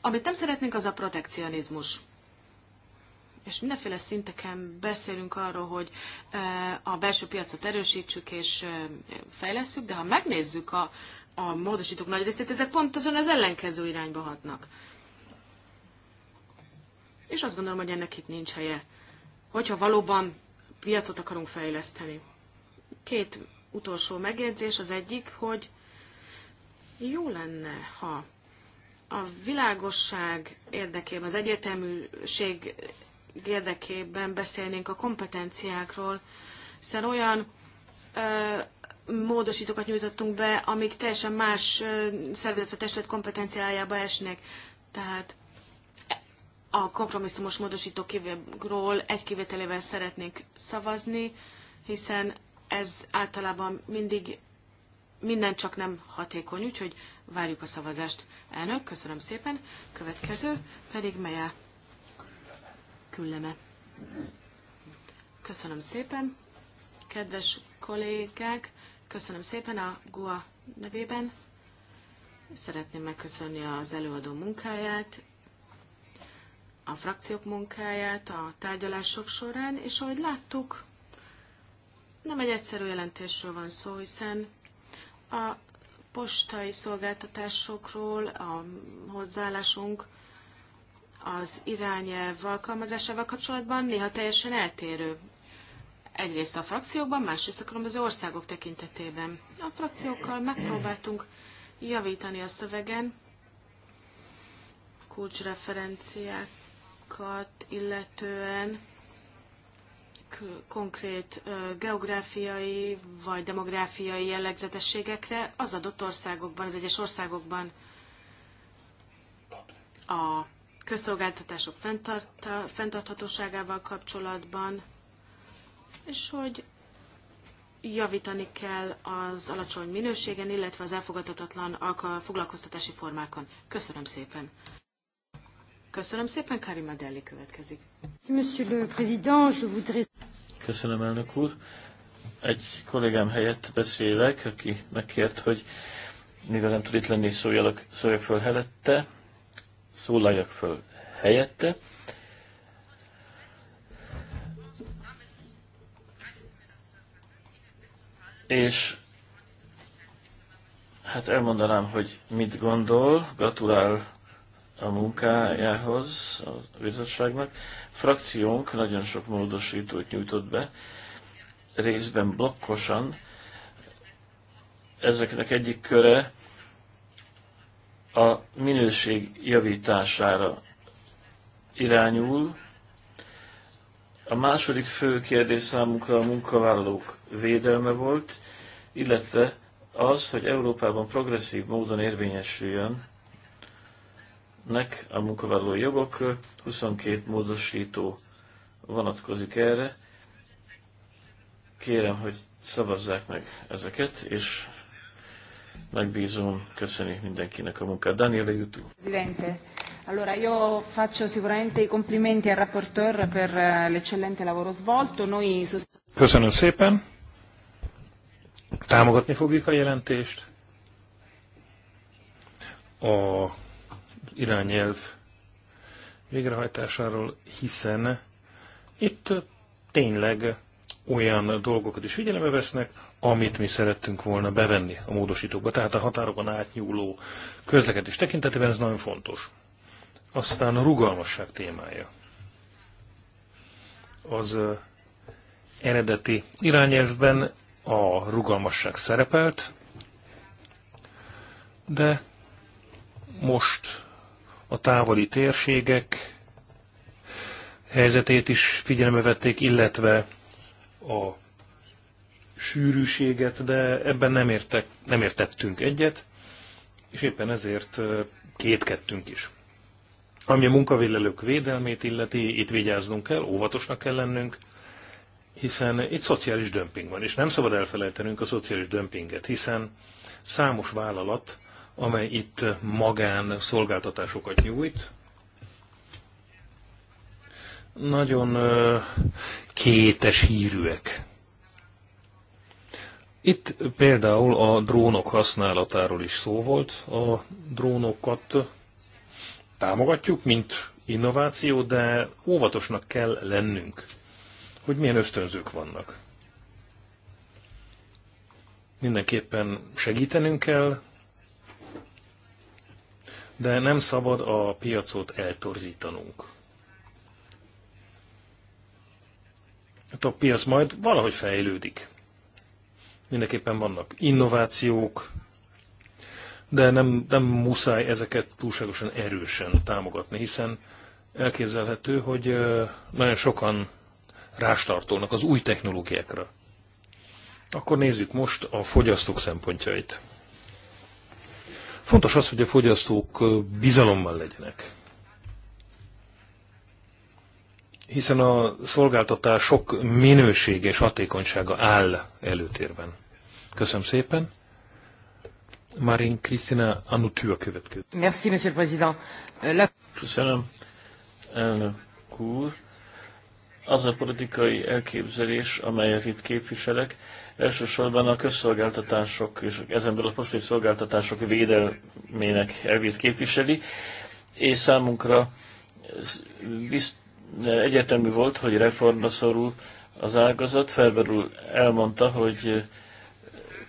Amit nem szeretnénk, az a protekcionizmus és mindenféle szinteken beszélünk arról, hogy e, a belső piacot erősítsük és e, fejlesztjük, de ha megnézzük a, a módosítók nagy részét, ezek pont azon az ellenkező irányba hatnak. És azt gondolom, hogy ennek itt nincs helye. Hogyha valóban piacot akarunk fejleszteni. Két utolsó megjegyzés, az egyik, hogy jó lenne, ha a világosság érdekében, az egyeteműség érdekében beszélnénk a kompetenciákról, hiszen olyan ö, módosítókat nyújtottunk be, amik teljesen más szervezet vagy testület kompetenciájába esnek. Tehát a kompromisszumos módosítókról egy kivételével szeretnék szavazni, hiszen ez általában mindig minden csak nem hatékony, úgyhogy várjuk a szavazást. Elnök, köszönöm szépen. Következő pedig Meja Külleme. Köszönöm szépen. Kedves kollégák, köszönöm szépen a GUA nevében. Szeretném megköszönni az előadó munkáját, a frakciók munkáját a tárgyalások során, és ahogy láttuk, nem egy egyszerű jelentésről van szó, hiszen a postai szolgáltatásokról a hozzáállásunk az irányelv alkalmazásával kapcsolatban néha teljesen eltérő. Egyrészt a frakciókban, másrészt a különböző országok tekintetében. A frakciókkal megpróbáltunk javítani a szövegen, kulcsreferenciákat illetően konkrét geográfiai vagy demográfiai jellegzetességekre az adott országokban, az egyes országokban a közszolgáltatások fenntarthatóságával kapcsolatban, és hogy javítani kell az alacsony minőségen, illetve az elfogadhatatlan foglalkoztatási formákon. Köszönöm szépen! Köszönöm szépen, Karima Delli következik. Köszönöm, elnök úr. Egy kollégám helyett beszélek, aki megkért, hogy mivel nem tud itt lenni, szóljak, szóljak föl helyette, szólaljak föl helyette. És hát elmondanám, hogy mit gondol, gratulál a munkájához a bizottságnak. Frakciónk nagyon sok módosítót nyújtott be, részben blokkosan. Ezeknek egyik köre a minőség javítására irányul. A második fő kérdés számunkra a munkavállalók védelme volt, illetve az, hogy Európában progresszív módon érvényesüljön nek a munkavállaló jogok, 22 módosító vonatkozik erre. Kérem, hogy szavazzák meg ezeket, és megbízom, köszönjük mindenkinek a munkát. Daniele Jutu. Presidente, allora io faccio sicuramente i complimenti al rapporteur per eh, l'eccellente lavoro svolto. Noi Köszönöm szépen. Támogatni fogjuk a jelentést. A irányelv végrehajtásáról, hiszen itt tényleg olyan dolgokat is figyelembe vesznek, amit mi szerettünk volna bevenni a módosítókba. Tehát a határokon átnyúló közlekedés tekintetében ez nagyon fontos. Aztán a rugalmasság témája. Az eredeti irányelvben a rugalmasság szerepelt, de most a távoli térségek helyzetét is figyelembe vették, illetve a sűrűséget, de ebben nem, értek, nem értettünk egyet, és éppen ezért kétkedtünk is. Ami a munkavillelők védelmét illeti, itt vigyáznunk kell, óvatosnak kell lennünk, hiszen itt szociális dömping van, és nem szabad elfelejtenünk a szociális dömpinget, hiszen számos vállalat amely itt magán szolgáltatásokat nyújt. Nagyon kétes hírűek. Itt például a drónok használatáról is szó volt. A drónokat támogatjuk, mint innováció, de óvatosnak kell lennünk, hogy milyen ösztönzők vannak. Mindenképpen segítenünk kell, de nem szabad a piacot eltorzítanunk. Hát a piac majd valahogy fejlődik. Mindenképpen vannak innovációk, de nem, nem muszáj ezeket túlságosan erősen támogatni, hiszen elképzelhető, hogy nagyon sokan rástartolnak az új technológiákra. Akkor nézzük most a fogyasztók szempontjait. Fontos az, hogy a fogyasztók bizalommal legyenek. Hiszen a szolgáltatás sok minőség és hatékonysága áll előtérben. Köszönöm szépen. Marin Krisztina Anutű a következő. Merci, monsieur le président. Euh, la... Köszönöm, elnök úr. Az a politikai elképzelés, amelyet itt képviselek, Elsősorban a közszolgáltatások és ezen belül a postai szolgáltatások védelmének elvét képviseli, és számunkra bizt, egyetemű volt, hogy reformra szorul az ágazat. Felberül elmondta, hogy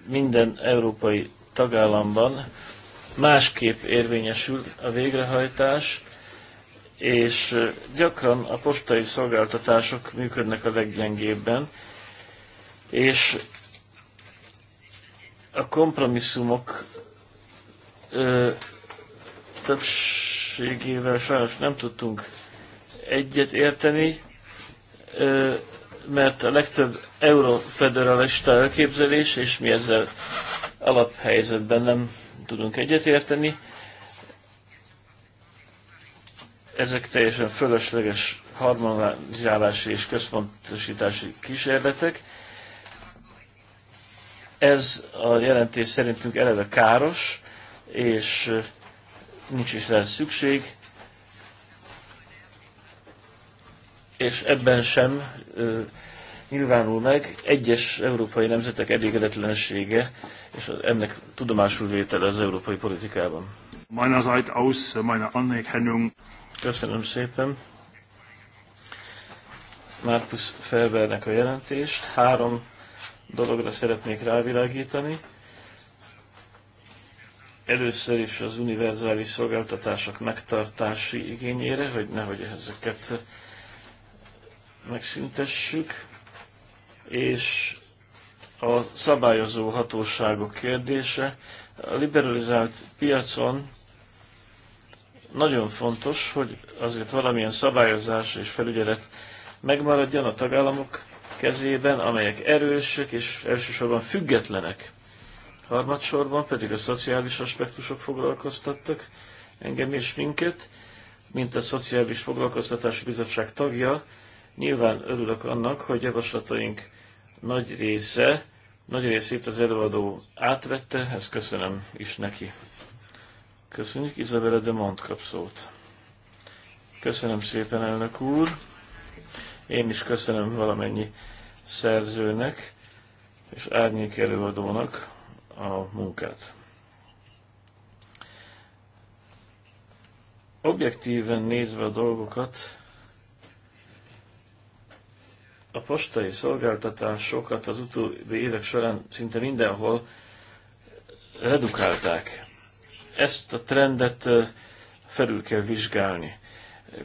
minden európai tagállamban másképp érvényesül a végrehajtás, és gyakran a postai szolgáltatások működnek a leggyengébben, és a kompromisszumok ö, többségével sajnos nem tudtunk egyet érteni, ö, mert a legtöbb eurofederalista elképzelés, és mi ezzel alaphelyzetben nem tudunk egyetérteni. Ezek teljesen fölösleges harmonizálási és központosítási kísérletek ez a jelentés szerintünk eleve káros, és nincs is rá szükség, és ebben sem ö, nyilvánul meg egyes európai nemzetek elégedetlensége, és ennek tudomásul vétele az európai politikában. Meinerseits aus meiner Anerkennung. Köszönöm szépen. Markus Felbernek a jelentést. Három dologra szeretnék rávilágítani. Először is az univerzális szolgáltatások megtartási igényére, hogy nehogy ezeket megszüntessük, és a szabályozó hatóságok kérdése. A liberalizált piacon nagyon fontos, hogy azért valamilyen szabályozás és felügyelet megmaradjon a tagállamok kezében, amelyek erősek és elsősorban függetlenek. Harmadsorban pedig a szociális aspektusok foglalkoztattak engem és minket, mint a Szociális Foglalkoztatási Bizottság tagja. Nyilván örülök annak, hogy javaslataink nagy része, nagy részét az előadó átvette, ezt köszönöm is neki. Köszönjük, Izabela de Mont kap szót. Köszönöm szépen, elnök úr! Én is köszönöm valamennyi szerzőnek és árnyék előadónak a munkát. Objektíven nézve a dolgokat, a postai szolgáltatásokat az utóbbi évek során szinte mindenhol redukálták. Ezt a trendet felül kell vizsgálni.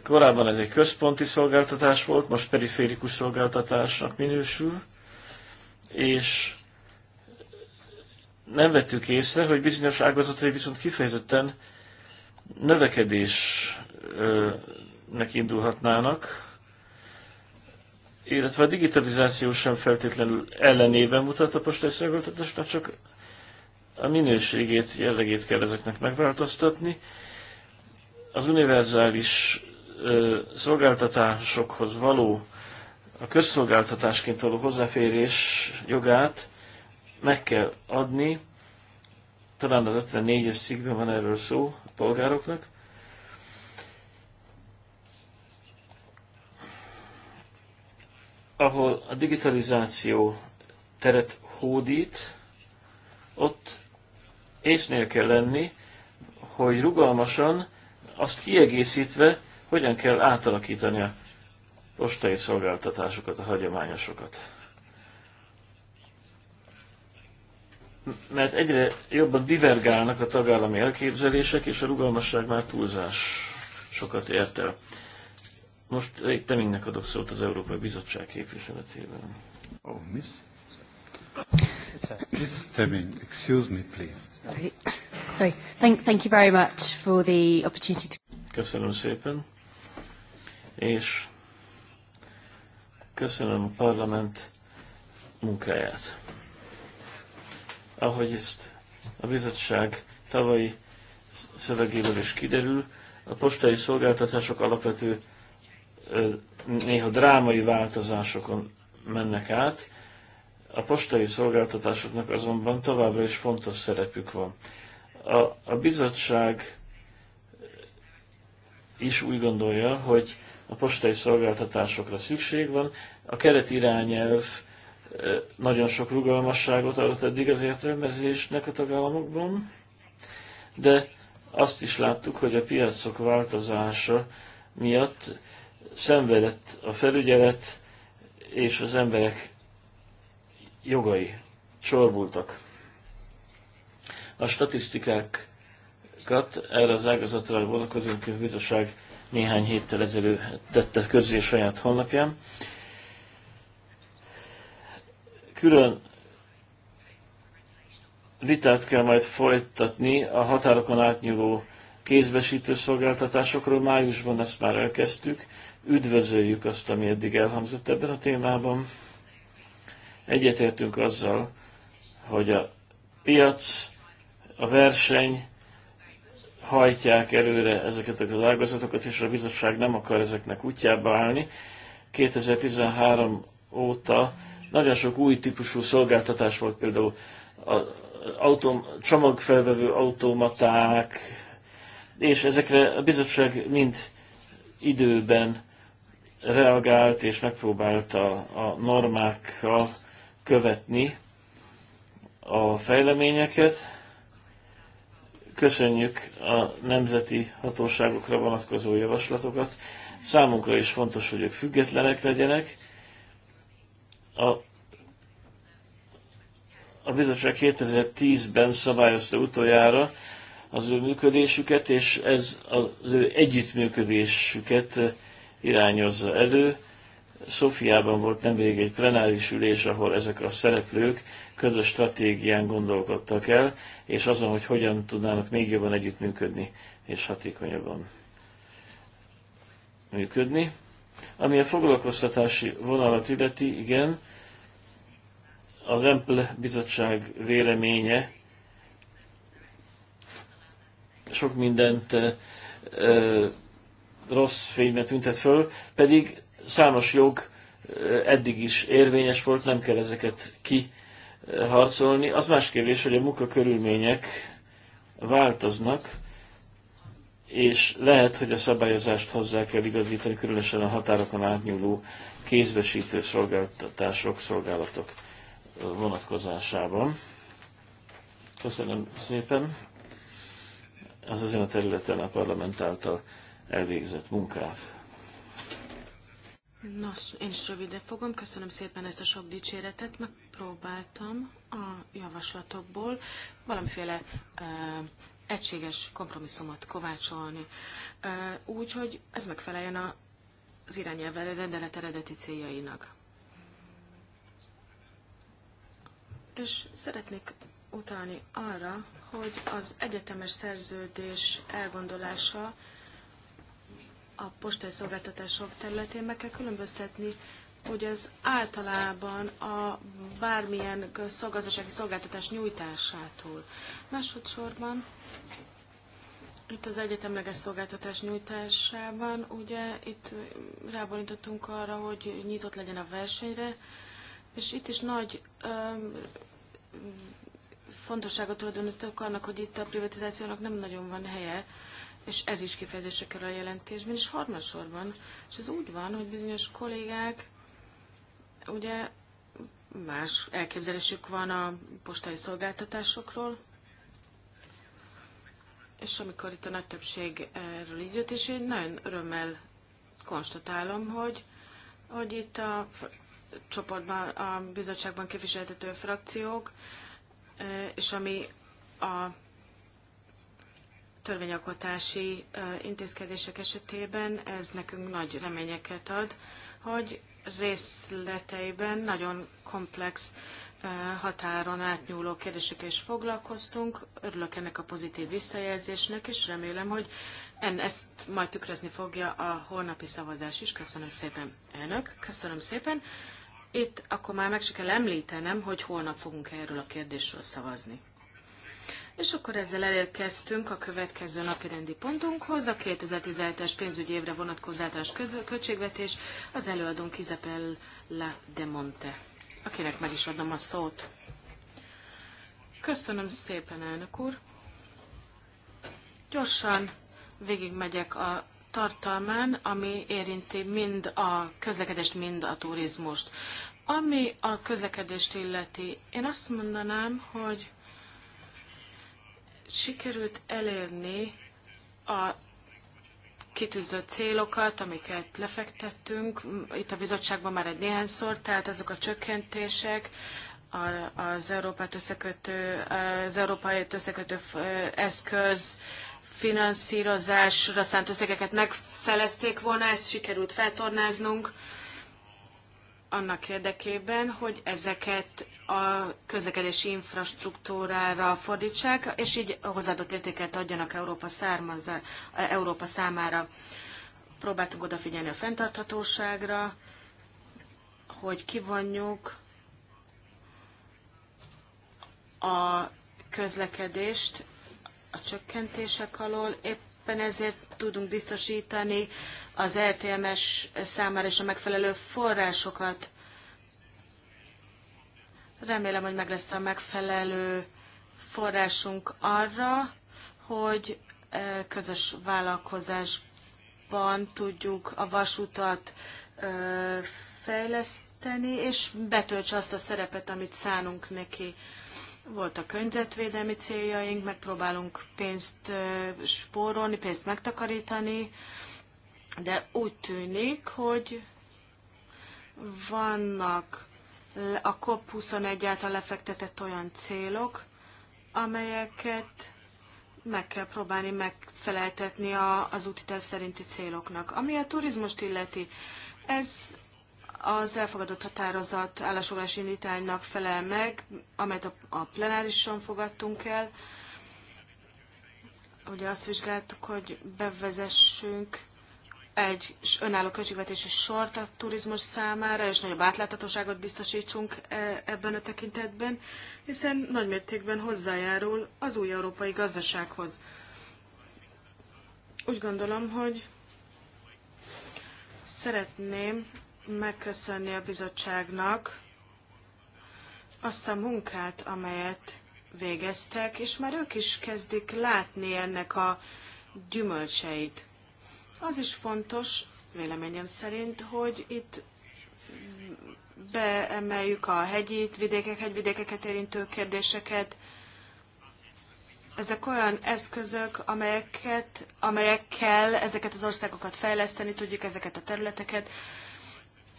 Korábban ez egy központi szolgáltatás volt, most periférikus szolgáltatásnak minősül, és nem vettük észre, hogy bizonyos ágazatai viszont kifejezetten növekedésnek indulhatnának, illetve a digitalizáció sem feltétlenül ellenében mutat a postai szolgáltatásnak, csak a minőségét, jellegét kell ezeknek megváltoztatni. Az univerzális szolgáltatásokhoz való, a közszolgáltatásként való hozzáférés jogát meg kell adni, talán az 54-es cikkben van erről szó a polgároknak, ahol a digitalizáció teret hódít, ott észnél kell lenni, hogy rugalmasan, azt kiegészítve hogyan kell átalakítani a postai szolgáltatásokat, a hagyományosokat. Mert egyre jobban divergálnak a tagállami elképzelések, és a rugalmasság már túlzás sokat ért el. Most itt Temingnek adok szót az Európai Bizottság képviseletében. Oh, miss? Miss Temming, excuse me, please. Sorry. Sorry. Thank, thank you very much for the opportunity to... Köszönöm szépen és köszönöm a parlament munkáját. Ahogy ezt a bizottság tavalyi szövegéből is kiderül, a postai szolgáltatások alapvető néha drámai változásokon mennek át, a postai szolgáltatásoknak azonban továbbra is fontos szerepük van. A, a bizottság is úgy gondolja, hogy a postai szolgáltatásokra szükség van. A keret irányelv nagyon sok rugalmasságot adott eddig az értelmezésnek a tagállamokban, de azt is láttuk, hogy a piacok változása miatt szenvedett a felügyelet és az emberek jogai csorbultak. A statisztikákat erre az ágazatra vonatkozó bizottság néhány héttel ezelőtt tette közzé saját honlapján. Külön vitát kell majd folytatni a határokon átnyúló kézbesítő szolgáltatásokról. Májusban ezt már elkezdtük. Üdvözöljük azt, ami eddig elhangzott ebben a témában. Egyetértünk azzal, hogy a piac, a verseny hajtják előre ezeket az ágazatokat, és a bizottság nem akar ezeknek útjába állni. 2013 óta nagyon sok új típusú szolgáltatás volt, például a autom, csomagfelvevő automaták, és ezekre a bizottság mind időben reagált és megpróbálta a normákkal követni a fejleményeket. Köszönjük a nemzeti hatóságokra vonatkozó javaslatokat. Számunkra is fontos, hogy ők függetlenek legyenek. A, a bizottság 2010-ben szabályozta utoljára az ő működésüket, és ez az ő együttműködésüket irányozza elő Szófiában volt nemrég egy plenáris ülés, ahol ezek a szereplők közös stratégián gondolkodtak el, és azon, hogy hogyan tudnának még jobban együttműködni, és hatékonyabban működni. Ami a foglalkoztatási vonalat illeti, igen, az EMPL bizottság véleménye sok mindent ö, rossz fényben tüntet föl, pedig számos jog eh, eddig is érvényes volt, nem kell ezeket kiharcolni. Az más kérdés, hogy a munkakörülmények változnak, és lehet, hogy a szabályozást hozzá kell igazítani, különösen a határokon átnyúló kézbesítő szolgáltatások, szolgálatok vonatkozásában. Köszönöm szépen az ezen a területen a parlament által elvégzett munkát. Nos, én is rövide fogom. Köszönöm szépen ezt a sok dicséretet. Megpróbáltam a javaslatokból valamiféle e, egységes kompromisszumot kovácsolni. E, Úgyhogy ez megfeleljen a, az irányelv rendelet eredeti céljainak. És szeretnék utalni arra, hogy az egyetemes szerződés elgondolása a postai szolgáltatások területén meg kell különböztetni, hogy az általában a bármilyen gazdasági szolgáltatás nyújtásától. Másodszorban itt az egyetemleges szolgáltatás nyújtásában, ugye itt ráborítottunk arra, hogy nyitott legyen a versenyre, és itt is nagy öm, fontosságot tulajdonítok annak, hogy itt a privatizációnak nem nagyon van helye, és ez is kifejezésre kerül a jelentésben, és harmadsorban, és ez úgy van, hogy bizonyos kollégák ugye más elképzelésük van a postai szolgáltatásokról, és amikor itt a nagy többség erről így jött, és én nagyon örömmel konstatálom, hogy, hogy itt a csoportban, a bizottságban képviseltető frakciók, eh, és ami a törvényalkotási intézkedések esetében ez nekünk nagy reményeket ad, hogy részleteiben nagyon komplex határon átnyúló kérdésekkel is foglalkoztunk. Örülök ennek a pozitív visszajelzésnek, és remélem, hogy en ezt majd tükrözni fogja a holnapi szavazás is. Köszönöm szépen, elnök. Köszönöm szépen. Itt akkor már meg se kell említenem, hogy holnap fogunk erről a kérdésről szavazni. És akkor ezzel elérkeztünk a következő napi rendi pontunkhoz, a 2017-es pénzügyi évre vonatkozó költségvetés, az előadónk Isabella de Monte, akinek meg is adom a szót. Köszönöm szépen, elnök úr. Gyorsan végigmegyek a tartalmán, ami érinti mind a közlekedést, mind a turizmust. Ami a közlekedést illeti, én azt mondanám, hogy sikerült elérni a kitűzött célokat, amiket lefektettünk. Itt a bizottságban már egy néhányszor, tehát azok a csökkentések, az Európát összekötő, az Európai összekötő eszköz finanszírozásra szánt összegeket megfelezték volna, ezt sikerült feltornáznunk annak érdekében, hogy ezeket a közlekedési infrastruktúrára fordítsák, és így hozzáadott értéket adjanak Európa, származ, Európa számára. Próbáltunk odafigyelni a fenntarthatóságra, hogy kivonjuk a közlekedést a csökkentések alól, éppen ezért tudunk biztosítani az RTMS számára és a megfelelő forrásokat Remélem, hogy meg lesz a megfelelő forrásunk arra, hogy e, közös vállalkozásban tudjuk a vasutat e, fejleszteni, és betölts azt a szerepet, amit szánunk neki. Volt a környezetvédelmi céljaink, megpróbálunk pénzt e, spórolni, pénzt megtakarítani, de úgy tűnik, hogy vannak a COP21 által lefektetett olyan célok, amelyeket meg kell próbálni megfeleltetni a, az úti terv szerinti céloknak. Ami a turizmust illeti, ez az elfogadott határozat állásolási indítánynak felel meg, amelyet a, a plenárison fogadtunk el. Ugye azt vizsgáltuk, hogy bevezessünk egy önálló költségvetési sort a turizmus számára, és nagyobb átláthatóságot biztosítsunk e, ebben a tekintetben, hiszen nagymértékben hozzájárul az új európai gazdasághoz. Úgy gondolom, hogy szeretném megköszönni a bizottságnak azt a munkát, amelyet végeztek, és már ők is kezdik látni ennek a gyümölcseit az is fontos, véleményem szerint, hogy itt beemeljük a hegyi vidékek, hegyvidékeket érintő kérdéseket. Ezek olyan eszközök, amelyeket, amelyekkel ezeket az országokat fejleszteni tudjuk, ezeket a területeket,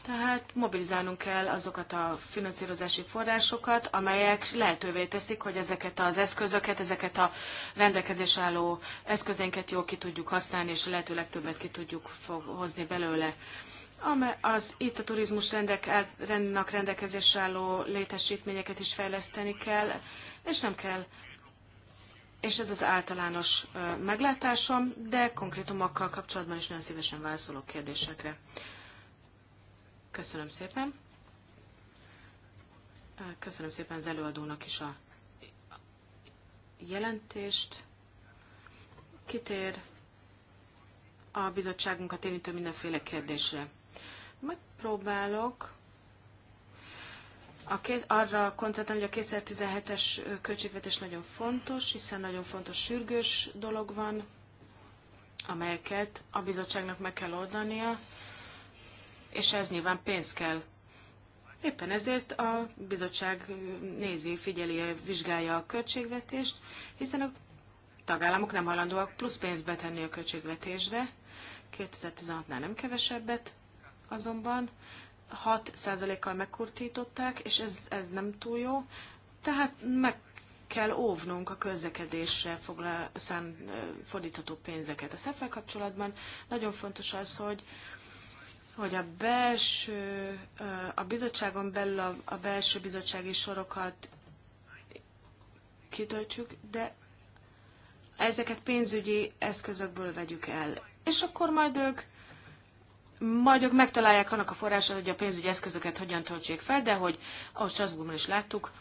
tehát mobilizálnunk kell azokat a finanszírozási forrásokat, amelyek lehetővé teszik, hogy ezeket az eszközöket, ezeket a rendelkezés álló eszközénket jól ki tudjuk használni, és lehetőleg többet ki tudjuk hozni belőle. Az itt a turizmus rendnek rendelkezésre álló létesítményeket is fejleszteni kell, és nem kell és ez az általános meglátásom, de konkrétumokkal kapcsolatban is nagyon szívesen válaszolok kérdésekre. Köszönöm szépen. Köszönöm szépen az előadónak is a jelentést. Kitér a bizottságunkat érintő mindenféle kérdésre. Megpróbálok a két, arra koncentrálni, hogy a 2017-es költségvetés nagyon fontos, hiszen nagyon fontos sürgős dolog van, amelyeket a bizottságnak meg kell oldania, és ez nyilván pénz kell. Éppen ezért a bizottság nézi, figyeli, vizsgálja a költségvetést, hiszen a tagállamok nem hajlandóak plusz pénzt betenni a költségvetésbe, 2016-nál nem kevesebbet azonban, 6%-kal megkurtították, és ez, ez nem túl jó, tehát meg kell óvnunk a közlekedésre foglal, szán, fordítható pénzeket. A szeppel kapcsolatban nagyon fontos az, hogy hogy a belső, a bizottságon belül a, a belső bizottsági sorokat kitöltsük, de ezeket pénzügyi eszközökből vegyük el. És akkor majd ők, majd ők megtalálják annak a forrását, hogy a pénzügyi eszközöket hogyan töltsék fel, de hogy, ahogy Strasbourgban is láttuk,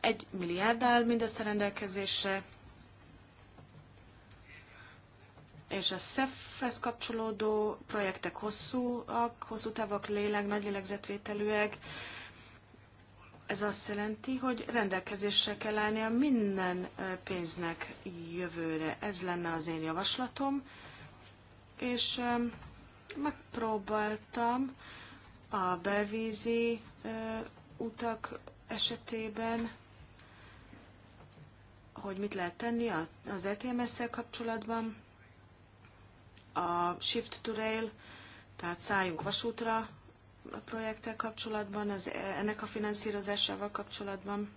egy milliárddal mindezt a rendelkezésre és a SZEF-hez kapcsolódó projektek hosszúak, hosszú távok léleg, nagy lélegzetvételűek. Ez azt jelenti, hogy rendelkezésre kell a minden pénznek jövőre. Ez lenne az én javaslatom, és megpróbáltam a belvízi utak esetében hogy mit lehet tenni az ETMS-szel kapcsolatban a Shift to Rail, tehát szálljunk vasútra a projekttel kapcsolatban, az, ennek a finanszírozásával kapcsolatban.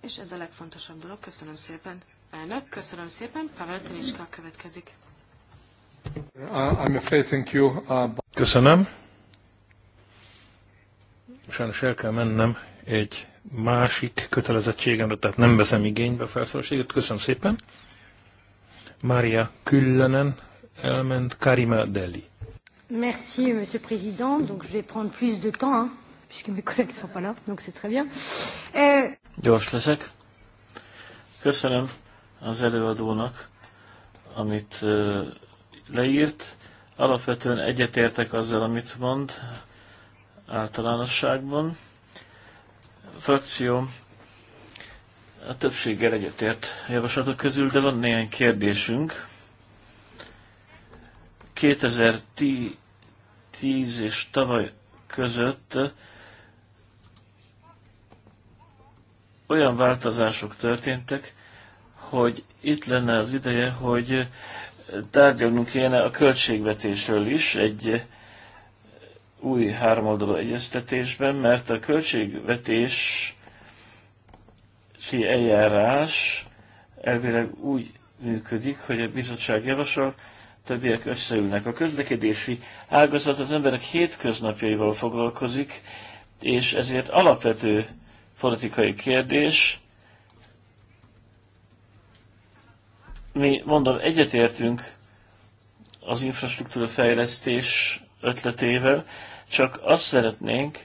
És ez a legfontosabb dolog. Köszönöm szépen. Elnök, köszönöm szépen. Pavel Tiniska következik. I'm afraid, thank you. Uh, köszönöm. Sajnos el kell mennem egy másik kötelezettségemre, tehát nem veszem igénybe a felszólaltséget. Köszönöm szépen. Maria Kullanen elment Karima Deli. Merci, Monsieur le Président. Donc, je vais prendre plus de temps, hein, puisque mes [LAUGHS] collègues ne sont pas là, donc c'est très bien. Euh... Gyors leszek. Köszönöm az előadónak, amit uh, leírt. Alapvetően egyetértek azzal, amit mond általánosságban. A frakcióm a többséggel egyetért a javaslatok közül, de van néhány kérdésünk. 2010 és tavaly között olyan változások történtek, hogy itt lenne az ideje, hogy tárgyalnunk kéne a költségvetésről is egy új háromoldalú egyeztetésben, mert a költségvetés eljárás elvileg úgy működik, hogy a bizottság javasol, többiek összeülnek. A közlekedési ágazat az emberek hétköznapjaival foglalkozik, és ezért alapvető politikai kérdés. Mi, mondom, egyetértünk az infrastruktúra fejlesztés ötletével, csak azt szeretnénk,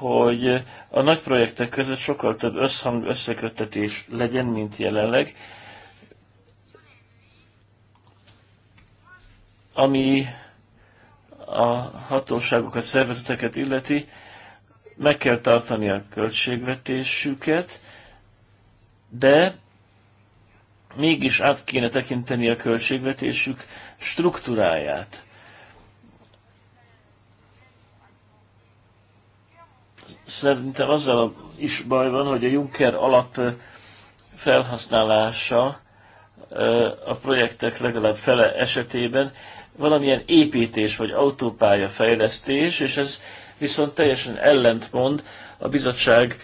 hogy a nagy projektek között sokkal több összhang, összeköttetés legyen, mint jelenleg, ami a hatóságokat, szervezeteket illeti, meg kell tartani a költségvetésüket, de mégis át kéne tekinteni a költségvetésük struktúráját. szerintem azzal is baj van, hogy a Juncker alap felhasználása a projektek legalább fele esetében valamilyen építés vagy autópálya fejlesztés, és ez viszont teljesen ellentmond a bizottság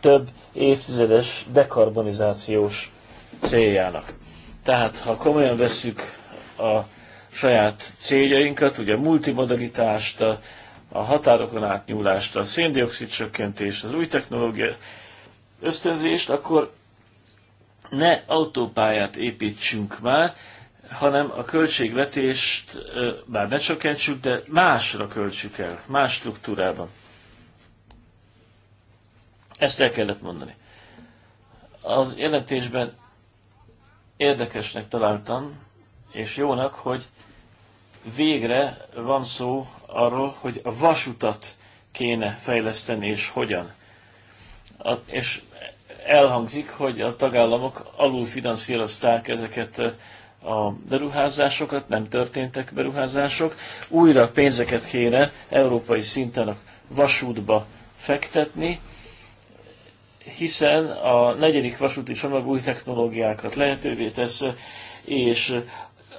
több évtizedes dekarbonizációs céljának. Tehát, ha komolyan vesszük a saját céljainkat, ugye a multimodalitást, a a határokon átnyúlást, a széndiokszid csökkentés, az új technológia ösztönzést, akkor ne autópályát építsünk már, hanem a költségvetést bár ne csökkentsük, de másra költsük el, más struktúrában. Ezt el kellett mondani. Az jelentésben érdekesnek találtam, és jónak, hogy végre van szó arról, hogy a vasutat kéne fejleszteni, és hogyan. A, és elhangzik, hogy a tagállamok finanszírozták ezeket eh, a beruházásokat, nem történtek beruházások. Újra pénzeket kéne európai szinten a vasútba fektetni, hiszen a negyedik vasúti csomag új technológiákat lehetővé tesz, eh, és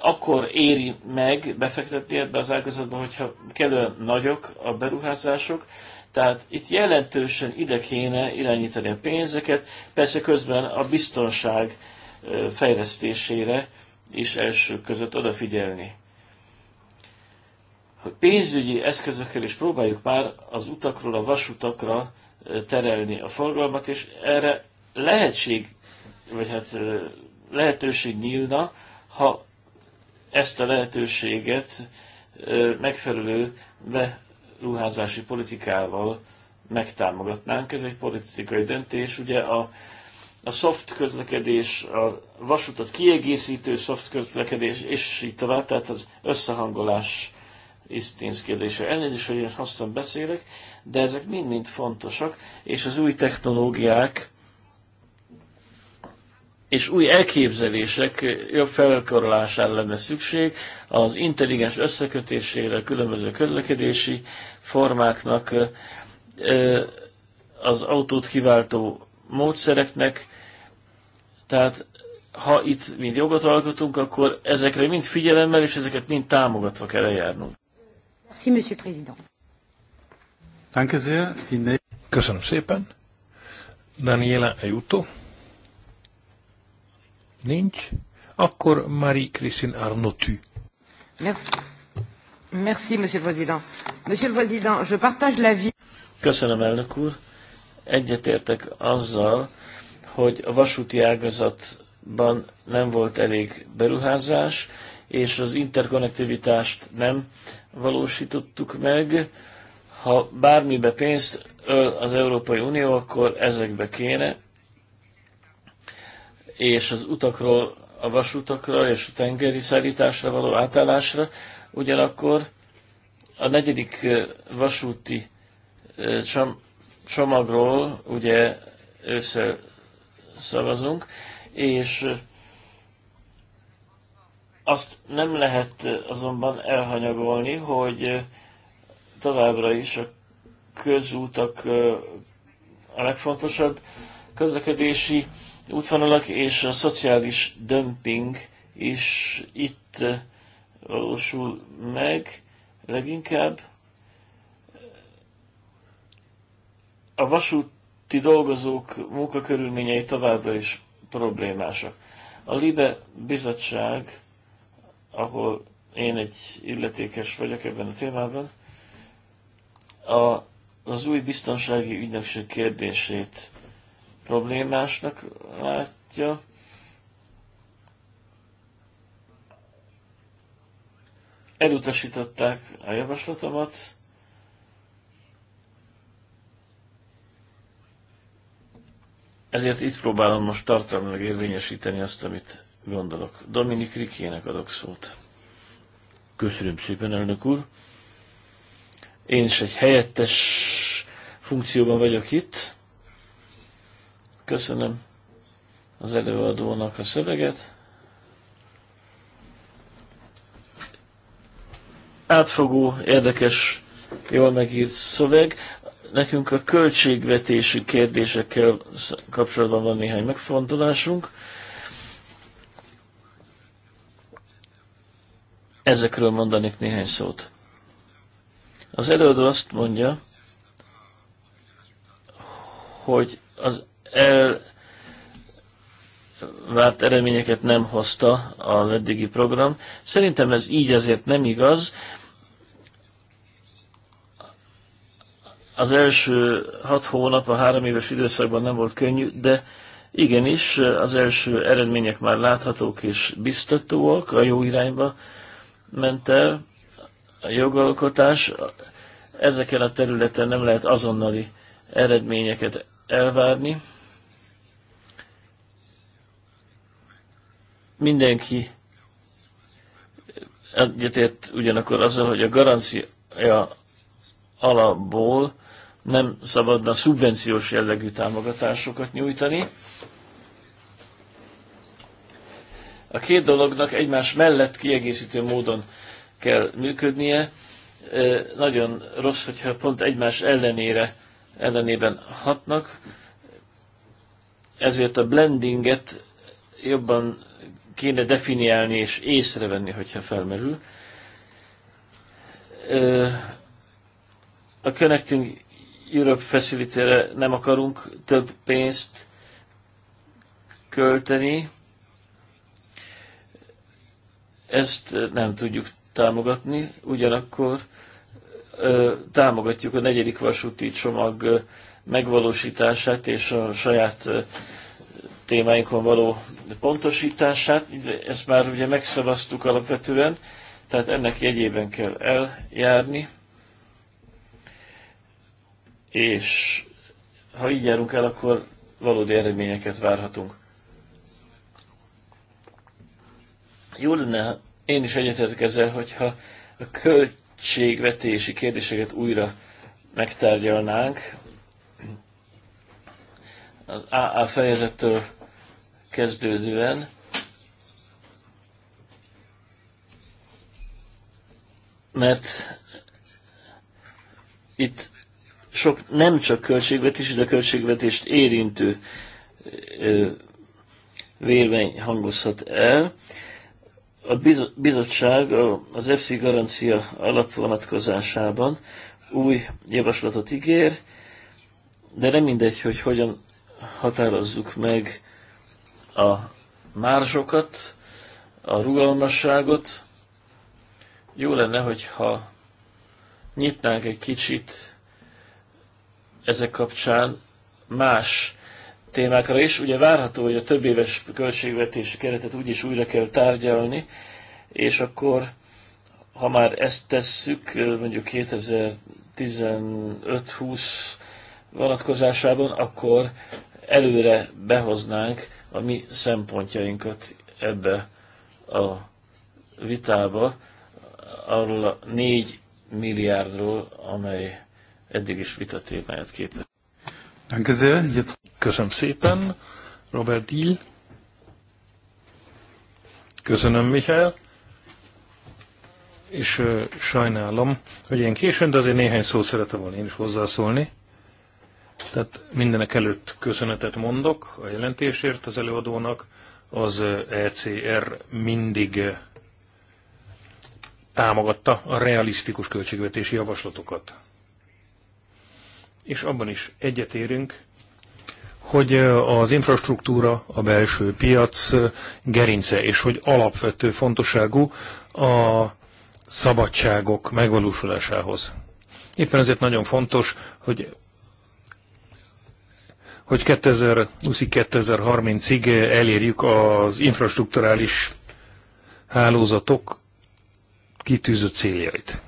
akkor éri meg befektetni ebbe az ágazatba, hogyha kellően nagyok a beruházások, tehát itt jelentősen ide kéne irányítani a pénzeket, persze közben a biztonság fejlesztésére is első között odafigyelni. Hogy pénzügyi eszközökkel is próbáljuk már az utakról a vasutakra terelni a forgalmat, és erre lehetség, vagy hát lehetőség nyílna, ha ezt a lehetőséget megfelelő beruházási politikával megtámogatnánk. Ez egy politikai döntés. Ugye a, a soft közlekedés, a vasutat kiegészítő soft közlekedés, és így tovább, tehát az összehangolás Isztinsz kérdése. Elnézést, hogy én hosszan beszélek, de ezek mind-mind fontosak, és az új technológiák és új elképzelések jobb felkorolására lenne szükség, az intelligens összekötésére, különböző közlekedési formáknak, az autót kiváltó módszereknek, tehát ha itt mind jogot alkotunk, akkor ezekre mind figyelemmel és ezeket mind támogatva kell eljárnunk. Merci, Monsieur Président. Köszönöm szépen. Daniela Ejuto. Nincs. Akkor Marie-Christine Arnotu. Merci. Merci, Monsieur le Président. Monsieur le Président, je partage vie. Köszönöm, elnök úr. Egyetértek azzal, hogy a vasúti ágazatban nem volt elég beruházás, és az interkonnektivitást nem valósítottuk meg. Ha bármibe pénzt öl az Európai Unió, akkor ezekbe kéne, és az utakról, a vasutakra és a tengeri szállításra való átállásra, ugyanakkor a negyedik vasúti csomagról ugye össze szavazunk, és azt nem lehet azonban elhanyagolni, hogy továbbra is a közútak a legfontosabb közlekedési útvonalak, és a szociális dömping is itt eh, valósul meg leginkább. A vasúti dolgozók munkakörülményei továbbra is problémásak. A LIBE bizottság, ahol én egy illetékes vagyok ebben a témában, a, az új biztonsági ügynökség kérdését problémásnak látja. Elutasították a javaslatomat. Ezért itt próbálom most tartalmilag érvényesíteni azt, amit gondolok. Dominik Rikének adok szót. Köszönöm szépen, elnök úr. Én is egy helyettes funkcióban vagyok itt. Köszönöm az előadónak a szöveget. Átfogó, érdekes, jól megírt szöveg. Nekünk a költségvetési kérdésekkel kapcsolatban van néhány megfontolásunk. Ezekről mondanék néhány szót. Az előadó azt mondja, hogy az elvárt eredményeket nem hozta az eddigi program. Szerintem ez így azért nem igaz. Az első hat hónap a három éves időszakban nem volt könnyű, de igenis az első eredmények már láthatók és biztatóak, a jó irányba ment el a jogalkotás. Ezeken a területen nem lehet azonnali eredményeket elvárni. mindenki egyetért ugyanakkor azzal, hogy a garancia alapból nem szabadna szubvenciós jellegű támogatásokat nyújtani. A két dolognak egymás mellett kiegészítő módon kell működnie. Nagyon rossz, hogyha pont egymás ellenére, ellenében hatnak, ezért a blendinget jobban kéne definiálni és észrevenni, hogyha felmerül. A Connecting Europe facility nem akarunk több pénzt költeni. Ezt nem tudjuk támogatni, ugyanakkor támogatjuk a negyedik vasúti csomag megvalósítását és a saját témáinkon való pontosítását. Ezt már ugye megszavaztuk alapvetően, tehát ennek jegyében kell eljárni. És ha így járunk el, akkor valódi eredményeket várhatunk. Jó lenne, én is egyetértek ezzel, hogyha a költségvetési kérdéseket újra megtárgyalnánk, az AA fejezettől kezdődően, mert itt sok nem csak költségvetés, de költségvetést érintő vélemény hangozhat el. A bizottság az FC garancia alapvonatkozásában új javaslatot ígér, de nem mindegy, hogy hogyan határozzuk meg a mársokat, a rugalmasságot. Jó lenne, hogyha nyitnánk egy kicsit ezek kapcsán más témákra is. Ugye várható, hogy a több éves költségvetési keretet úgyis újra kell tárgyalni, és akkor, ha már ezt tesszük, mondjuk 2015-20 vonatkozásában, akkor előre behoznánk a mi szempontjainkat ebbe a vitába, arról a négy milliárdról, amely eddig is vita témáját képes. Köszönöm szépen, Robert Dill. Köszönöm, Mihály. És sajnálom, hogy én későn, de azért néhány szót szeretem volna én is hozzászólni. Tehát mindenek előtt köszönetet mondok a jelentésért az előadónak. Az ECR mindig eh, támogatta a realisztikus költségvetési javaslatokat. És abban is egyetérünk, hogy eh, az infrastruktúra, a belső piac eh, gerince, és hogy alapvető fontosságú a szabadságok megvalósulásához. Éppen ezért nagyon fontos, hogy hogy 2020-2030-ig elérjük az infrastruktúrális hálózatok kitűzött céljait.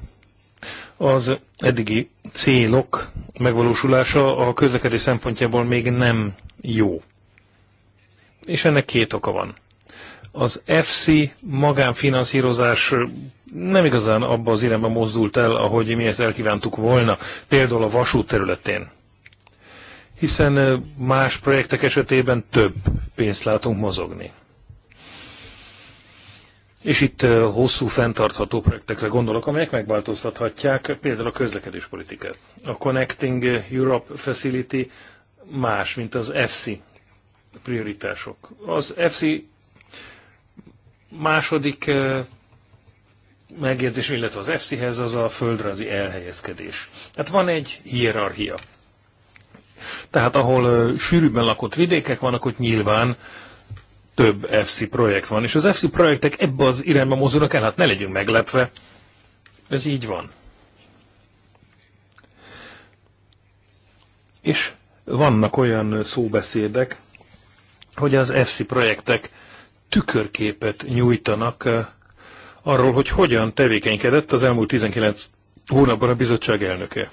Az eddigi célok megvalósulása a közlekedés szempontjából még nem jó. És ennek két oka van. Az FC magánfinanszírozás nem igazán abba az irányba mozdult el, ahogy mi ezt elkívántuk volna, például a vasút területén hiszen más projektek esetében több pénzt látunk mozogni. És itt hosszú, fenntartható projektekre gondolok, amelyek megváltoztathatják például a közlekedéspolitikát. A Connecting Europe Facility más, mint az EFSI prioritások. Az EFSI második megjegyzés, illetve az EFSI-hez az a földrajzi elhelyezkedés. Tehát van egy hierarchia. Tehát ahol sűrűbben lakott vidékek vannak, ott nyilván több FC projekt van, és az FC projektek ebbe az irányba mozognak el, hát ne legyünk meglepve, ez így van. És vannak olyan szóbeszédek, hogy az FC projektek tükörképet nyújtanak arról, hogy hogyan tevékenykedett az elmúlt 19 hónapban a bizottság elnöke.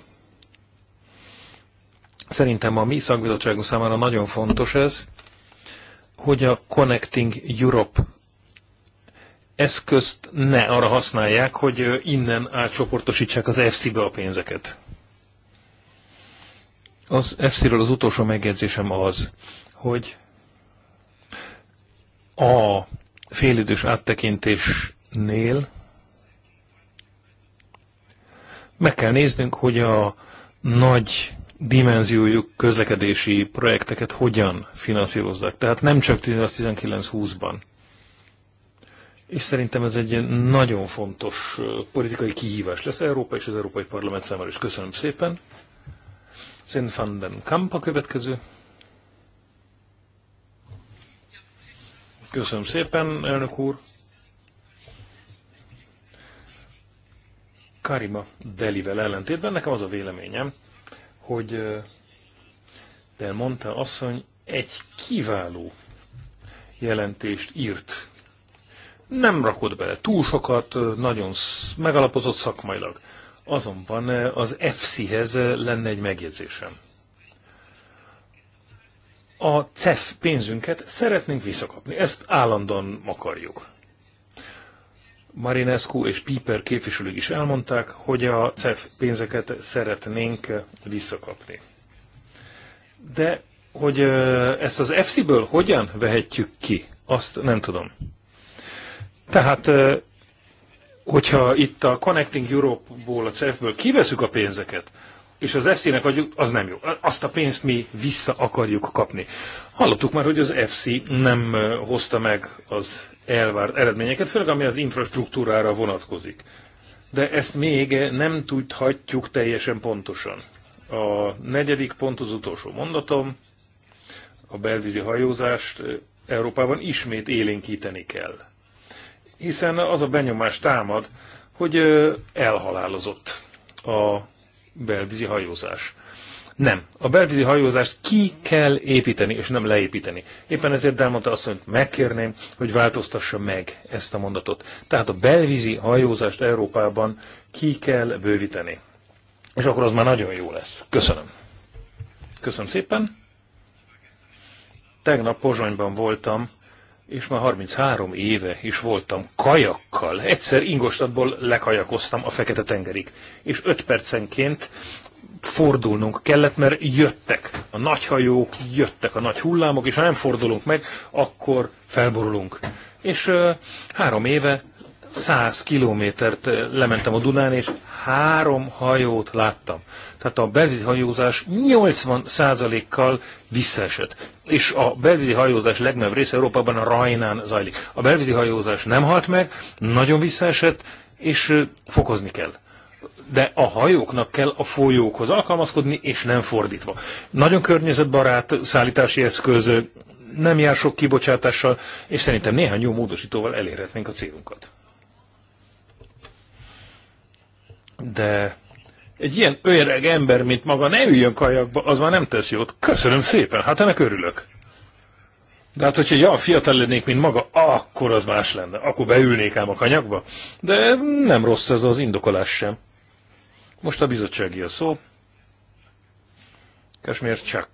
Szerintem a mi szakbizottságunk számára nagyon fontos ez, hogy a Connecting Europe eszközt ne arra használják, hogy innen átcsoportosítsák az FC-be a pénzeket. Az FC-ről az utolsó megjegyzésem az, hogy a félidős áttekintésnél meg kell néznünk, hogy a nagy dimenziójuk közlekedési projekteket hogyan finanszírozzák. Tehát nem csak 19-20-ban. És szerintem ez egy nagyon fontos politikai kihívás lesz Európa és az Európai Parlament számára is. Köszönöm szépen. Szent van den Kamp a következő. Köszönöm szépen, elnök úr. Karima Delivel ellentétben nekem az a véleményem, hogy de mondta asszony egy kiváló jelentést írt. Nem rakott bele túl sokat, nagyon megalapozott szakmailag. Azonban az EFSI-hez lenne egy megjegyzésem. A CEF pénzünket szeretnénk visszakapni, ezt állandóan akarjuk. Marinescu és Piper képviselők is elmondták, hogy a CEF pénzeket szeretnénk visszakapni. De hogy ezt az FC-ből hogyan vehetjük ki, azt nem tudom. Tehát, hogyha itt a Connecting Europe-ból, a CEF-ből kiveszük a pénzeket, és az FC-nek adjuk, az nem jó. Azt a pénzt mi vissza akarjuk kapni. Hallottuk már, hogy az FC nem hozta meg az elvárt eredményeket, főleg ami az infrastruktúrára vonatkozik. De ezt még nem tudhatjuk teljesen pontosan. A negyedik pont az utolsó mondatom, a belvízi hajózást Európában ismét élénkíteni kell. Hiszen az a benyomás támad, hogy elhalálozott a belvízi hajózás. Nem. A belvízi hajózást ki kell építeni, és nem leépíteni. Éppen ezért elmondta, azt mondta, megkérném, hogy változtassa meg ezt a mondatot. Tehát a belvízi hajózást Európában ki kell bővíteni. És akkor az már nagyon jó lesz. Köszönöm. Köszönöm szépen. Tegnap Pozsonyban voltam és már 33 éve is voltam kajakkal. Egyszer Ingostatból lekajakoztam a Fekete-tengerig, és 5 percenként fordulnunk kellett, mert jöttek a nagy hajók, jöttek a nagy hullámok, és ha nem fordulunk meg, akkor felborulunk. És uh, három éve 100 kilométert lementem a Dunán, és három hajót láttam. Tehát a belvízi hajózás 80%-kal visszaesett. És a belvízi hajózás legnagyobb része Európában a Rajnán zajlik. A belvízi hajózás nem halt meg, nagyon visszaesett, és fokozni kell. De a hajóknak kell a folyókhoz alkalmazkodni, és nem fordítva. Nagyon környezetbarát szállítási eszköz, nem jár sok kibocsátással, és szerintem néhány jó módosítóval elérhetnénk a célunkat. De egy ilyen öreg ember, mint maga, ne üljön kajakba, az már nem tesz jót. Köszönöm szépen, hát ennek örülök. De hát, hogyha olyan fiatal lennék, mint maga, akkor az más lenne. Akkor beülnék ám a kanyagba. De nem rossz ez az indokolás sem. Most a bizottsági a szó. Kesmér csak.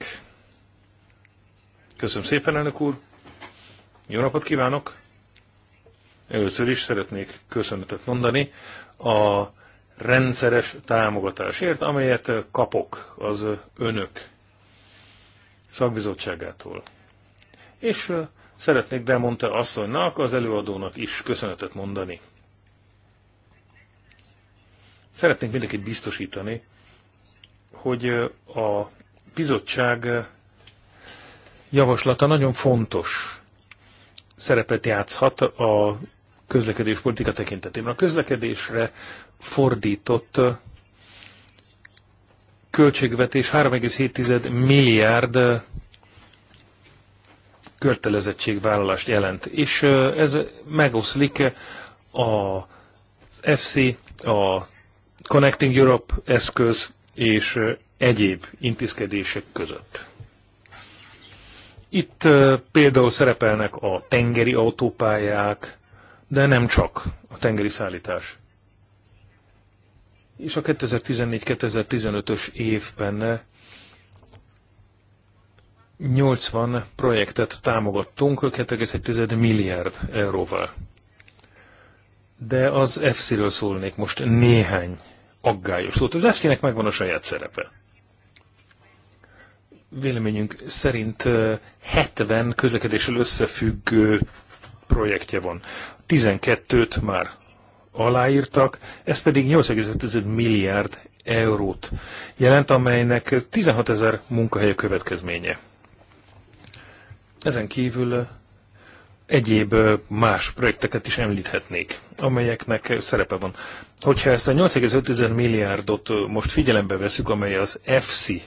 Köszönöm szépen, elnök úr. Jó napot kívánok. Először is szeretnék köszönetet mondani a rendszeres támogatásért, amelyet kapok az önök szakbizottságától. És szeretnék Demonte asszonynak, az előadónak is köszönetet mondani. Szeretnék mindenkit biztosítani, hogy a bizottság javaslata nagyon fontos szerepet játszhat a politika tekintetében. A közlekedésre fordított költségvetés 3,7 milliárd kötelezettségvállalást jelent, és ez megoszlik a FC, a Connecting Europe eszköz és egyéb intézkedések között. Itt például szerepelnek a tengeri autópályák, de nem csak a tengeri szállítás. És a 2014-2015-ös évben 80 projektet támogattunk 2,1 milliárd euróval. De az FC-ről szólnék most néhány aggályos szót. Az FC-nek megvan a saját szerepe. Véleményünk szerint 70 eh, közlekedéssel összefüggő projektje van. 12-t már aláírtak, ez pedig 8,5 milliárd eurót jelent, amelynek 16 ezer munkahely következménye. Ezen kívül egyéb más projekteket is említhetnék, amelyeknek szerepe van. Hogyha ezt a 8,5 milliárdot most figyelembe veszük, amely az EFSI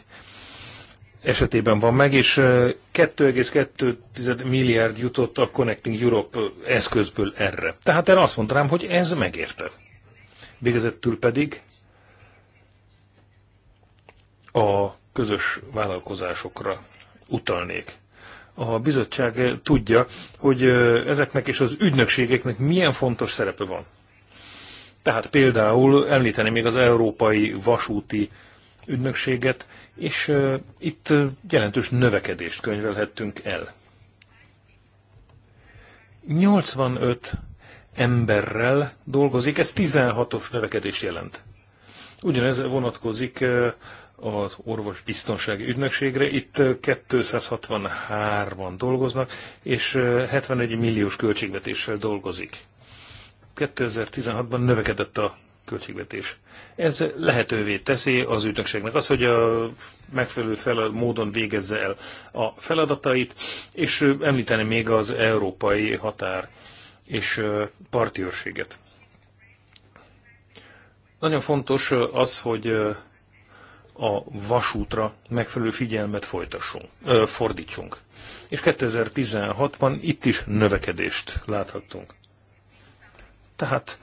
esetében van meg, és 2,2 milliárd jutott a Connecting Europe eszközből erre. Tehát én azt mondanám, hogy ez megérte. Végezettül pedig a közös vállalkozásokra utalnék. A bizottság tudja, hogy ezeknek és az ügynökségeknek milyen fontos szerepe van. Tehát például említeni még az Európai Vasúti Ügynökséget, és itt jelentős növekedést könyvelhettünk el. 85 emberrel dolgozik, ez 16-os növekedés jelent. Ugyanez vonatkozik az orvos biztonsági ügynökségre. Itt 263-an dolgoznak, és 71 milliós költségvetéssel dolgozik. 2016-ban növekedett a költségvetés. Ez lehetővé teszi az ügynökségnek az, hogy a megfelelő felel módon végezze el a feladatait, és említeni még az európai határ és parti őrséget. Nagyon fontos az, hogy a vasútra megfelelő figyelmet folytassunk, ö, fordítsunk. És 2016-ban itt is növekedést láthattunk. Tehát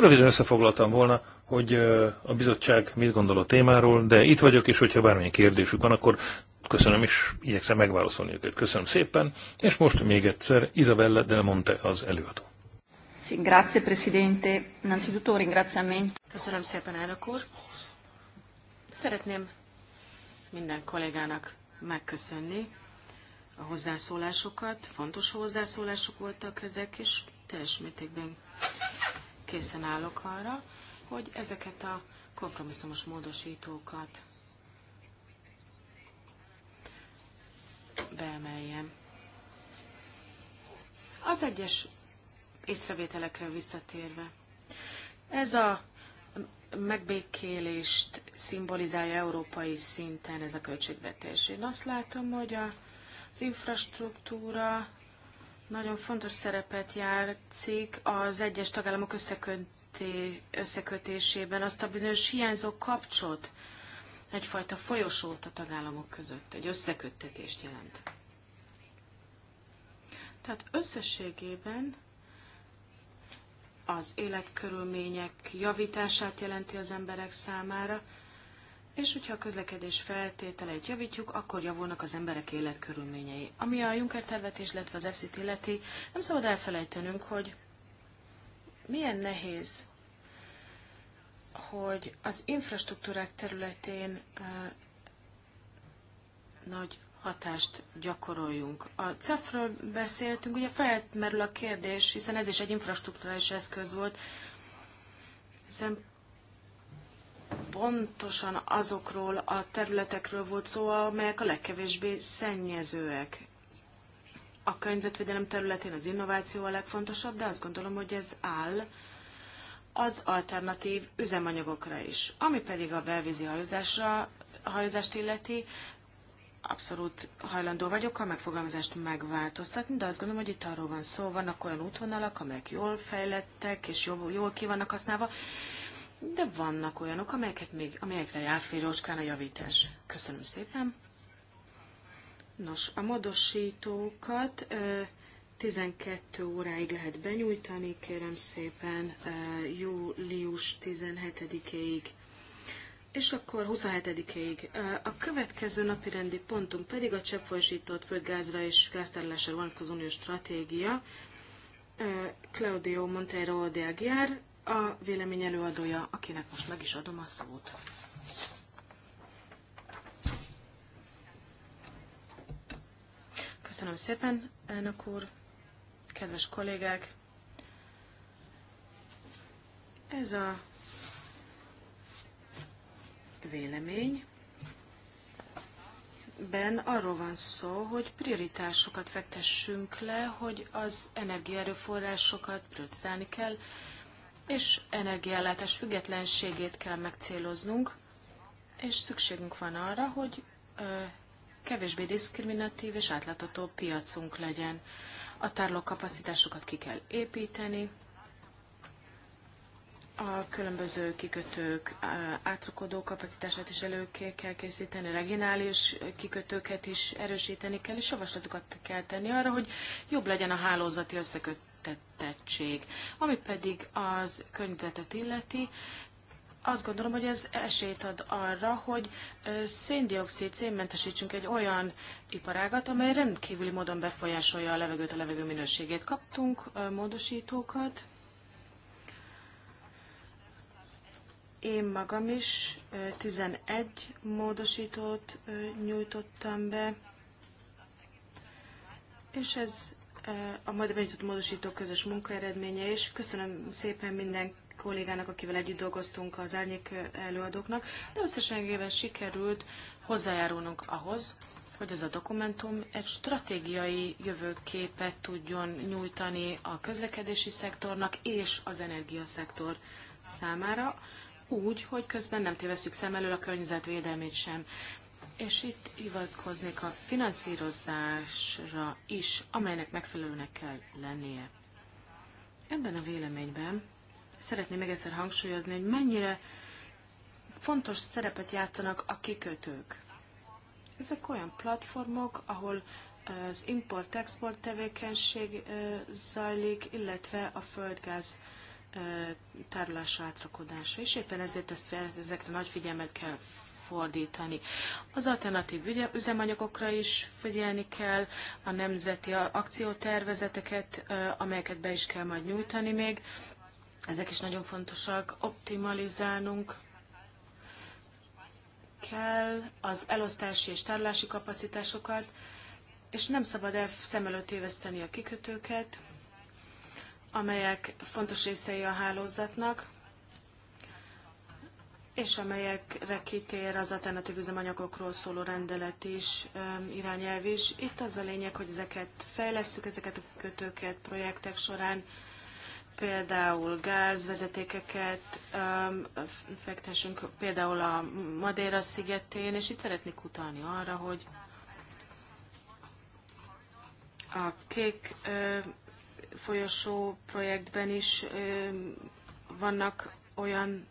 Röviden összefoglaltam volna, hogy a bizottság mit gondol a témáról, de itt vagyok, és hogyha bármilyen kérdésük van, akkor köszönöm, és igyekszem megválaszolni őket. Köszönöm szépen, és most még egyszer Isabella Del Monte az előadó. Grazie, Presidente. Innanzitutto un ringraziamento. Köszönöm szépen, elnök úr. Szeretném minden kollégának megköszönni a hozzászólásokat. Fontos hozzászólások voltak ezek, és teljes mértékben készen állok arra, hogy ezeket a kompromisszumos módosítókat beemeljem. Az egyes észrevételekre visszatérve. Ez a megbékélést szimbolizálja európai szinten ez a költségvetés. Én azt látom, hogy a, az infrastruktúra nagyon fontos szerepet játszik az egyes tagállamok összeköté, összekötésében azt a bizonyos hiányzó kapcsot, egyfajta folyosót a tagállamok között, egy összeköttetést jelent. Tehát összességében az életkörülmények javítását jelenti az emberek számára, és hogyha a közlekedés feltételeit javítjuk, akkor javulnak az emberek életkörülményei. Ami a Juncker tervet és illetve az EFSZ-t illeti, nem szabad elfelejtenünk, hogy milyen nehéz, hogy az infrastruktúrák területén nagy hatást gyakoroljunk. A CEF-ről beszéltünk, ugye felmerül a kérdés, hiszen ez is egy infrastruktúrális eszköz volt, hiszen pontosan azokról a területekről volt szó, amelyek a legkevésbé szennyezőek. A környezetvédelem területén az innováció a legfontosabb, de azt gondolom, hogy ez áll az alternatív üzemanyagokra is. Ami pedig a belvízi hajózásra, hajózást illeti, abszolút hajlandó vagyok a megfogalmazást megváltoztatni, de azt gondolom, hogy itt arról van szó, vannak olyan útvonalak, amelyek jól fejlettek és jól, jól ki vannak használva, de vannak olyanok, amelyeket még, amelyekre ráférócskán a javítás. Köszönöm szépen. Nos, a modosítókat 12 óráig lehet benyújtani, kérem szépen, július 17-ig. És akkor 27-ig. A következő napi rendi pontunk pedig a cseppfolyósított földgázra és gáztárolásra vonatkozó uniós stratégia. Claudio Monteiro de Aguiar a vélemény előadója, akinek most meg is adom a szót. Köszönöm szépen, elnök úr, kedves kollégák! Ez a vélemény Ben arról van szó, hogy prioritásokat fektessünk le, hogy az energiaerőforrásokat prioritizálni kell, és energiállátás függetlenségét kell megcéloznunk, és szükségünk van arra, hogy kevésbé diszkriminatív és átlátható piacunk legyen. A tárlókapacitásokat ki kell építeni, a különböző kikötők átrakodó kapacitását is elő kell készíteni, regionális kikötőket is erősíteni kell, és javaslatokat kell tenni arra, hogy jobb legyen a hálózati összekötő érintettettség. Ami pedig az környezetet illeti, azt gondolom, hogy ez esélyt ad arra, hogy széndiokszid szénmentesítsünk egy olyan iparágat, amely rendkívüli módon befolyásolja a levegőt, a levegő minőségét. Kaptunk módosítókat. Én magam is 11 módosítót nyújtottam be, és ez a majd benyújtott módosító közös munkaeredménye, és köszönöm szépen minden kollégának, akivel együtt dolgoztunk az árnyék előadóknak, de összességében sikerült hozzájárulnunk ahhoz, hogy ez a dokumentum egy stratégiai jövőképet tudjon nyújtani a közlekedési szektornak és az energiaszektor számára, úgy, hogy közben nem tévesztjük szem elől a környezetvédelmét sem. És itt hivatkoznék a finanszírozásra is, amelynek megfelelőnek kell lennie. Ebben a véleményben szeretném még egyszer hangsúlyozni, hogy mennyire fontos szerepet játszanak a kikötők. Ezek olyan platformok, ahol az import-export tevékenység zajlik, illetve a földgáz tárolása átrakodása, és éppen ezért ezt, ezekre nagy figyelmet kell fordítani. Az alternatív üzemanyagokra is figyelni kell, a nemzeti akciótervezeteket, amelyeket be is kell majd nyújtani még. Ezek is nagyon fontosak. Optimalizálnunk kell az elosztási és tárolási kapacitásokat, és nem szabad el szem előtt éveszteni a kikötőket, amelyek fontos részei a hálózatnak, és amelyekre kitér az alternatív üzemanyagokról szóló rendelet is, irányelv is. Itt az a lényeg, hogy ezeket fejlesztjük ezeket a kötőket projektek során, például gázvezetékeket fektessünk például a Madeira szigetén, és itt szeretnék utalni arra, hogy a kék folyosó projektben is vannak olyan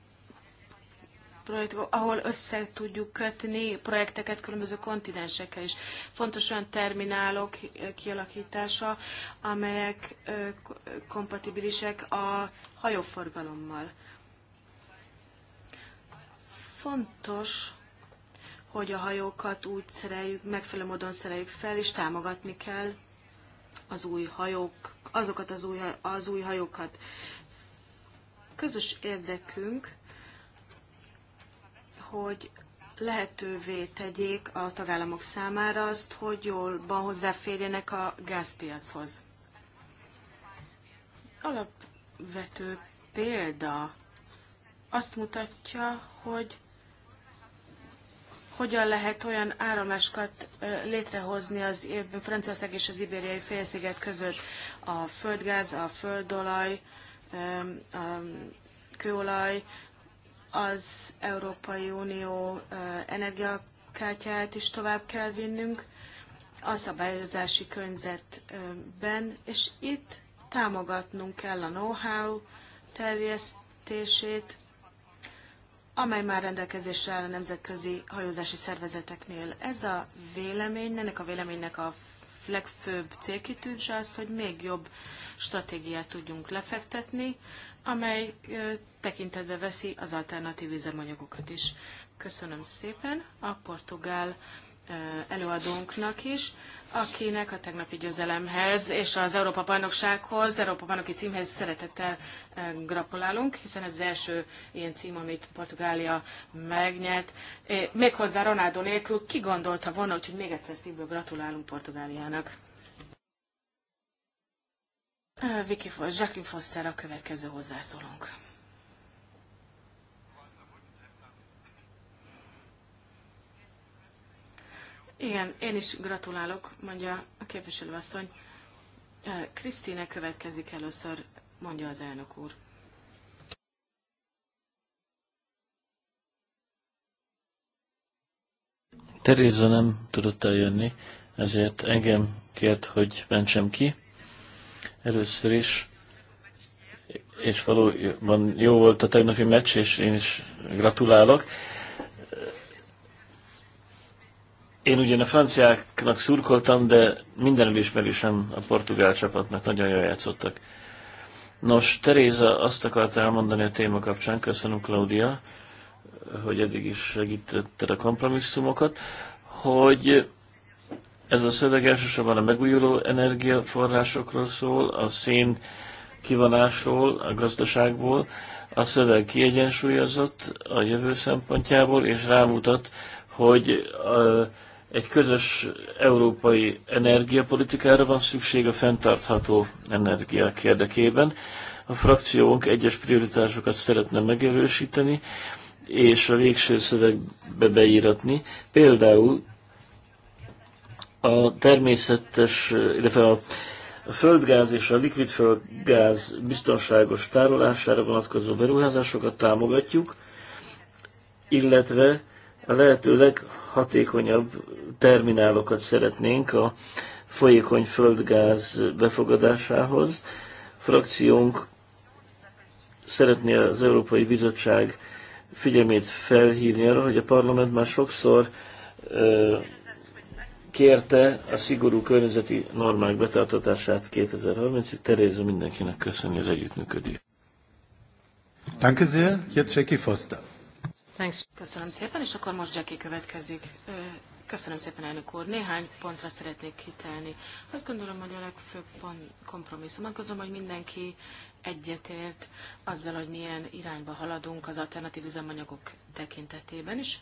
projektek, ahol össze tudjuk kötni projekteket különböző kontinensekkel is. Fontos olyan terminálok kialakítása, amelyek kompatibilisek a hajóforgalommal. Fontos, hogy a hajókat úgy szereljük, megfelelő módon szereljük fel, és támogatni kell az új hajók, azokat az új, az új hajókat. Közös érdekünk, hogy lehetővé tegyék a tagállamok számára azt, hogy jobban hozzáférjenek a gázpiachoz. Alapvető példa azt mutatja, hogy hogyan lehet olyan áramlásokat létrehozni az Franciaország és az Ibériai félsziget között a földgáz, a földolaj, a kőolaj, az Európai Unió energiakártyáját is tovább kell vinnünk a szabályozási környezetben, és itt támogatnunk kell a know-how terjesztését, amely már rendelkezésre áll a nemzetközi hajózási szervezeteknél. Ez a vélemény, ennek a véleménynek a legfőbb célkitűzse az, hogy még jobb stratégiát tudjunk lefektetni amely tekintetbe veszi az alternatív üzemanyagokat is. Köszönöm szépen a portugál előadónknak is, akinek a tegnapi győzelemhez és az Európa Bajnoksághoz, Európa Bajnoki címhez szeretettel gratulálunk, hiszen ez az első ilyen cím, amit Portugália megnyert. Méghozzá Ronaldo nélkül ki gondolta volna, hogy még egyszer szívből gratulálunk Portugáliának. Vicky Jacqueline Foster a következő hozzászólónk. Igen, én is gratulálok, mondja a képviselőasszony. Krisztine következik először, mondja az elnök úr. Teréza nem tudott eljönni, ezért engem kért, hogy mentsem ki. Először is, és valóban jó volt a tegnapi meccs, és én is gratulálok. Én ugyan a franciáknak szurkoltam, de minden elismerésem a portugál csapatnak, nagyon jól játszottak. Nos, Teréza azt akarta elmondani a téma kapcsán, köszönöm Claudia, hogy eddig is segítetted a kompromisszumokat, hogy ez a szöveg elsősorban a megújuló energiaforrásokról szól, a szén kivonásról, a gazdaságból. A szöveg kiegyensúlyozott a jövő szempontjából, és rámutat, hogy a, egy közös európai energiapolitikára van szükség a fenntartható energiák érdekében. A frakciónk egyes prioritásokat szeretne megerősíteni, és a végső szövegbe beíratni. Például a természetes, illetve a, a földgáz és a likvid földgáz biztonságos tárolására vonatkozó beruházásokat támogatjuk, illetve a lehető leghatékonyabb terminálokat szeretnénk a folyékony földgáz befogadásához. Frakciónk szeretné az Európai Bizottság figyelmét felhívni arra, hogy a parlament már sokszor ö, kérte a szigorú környezeti normák betartatását 2030-ig. Teréza mindenkinek köszöni az együttműködést. Danke sehr, jetzt Jackie Foster. Thanks. Köszönöm szépen, és akkor most Jackie következik. Köszönöm szépen, elnök úr. Néhány pontra szeretnék kitelni. Azt gondolom, hogy a legfőbb pont kompromisszum. Azt gondolom, hogy mindenki egyetért azzal, hogy milyen irányba haladunk az alternatív üzemanyagok tekintetében, és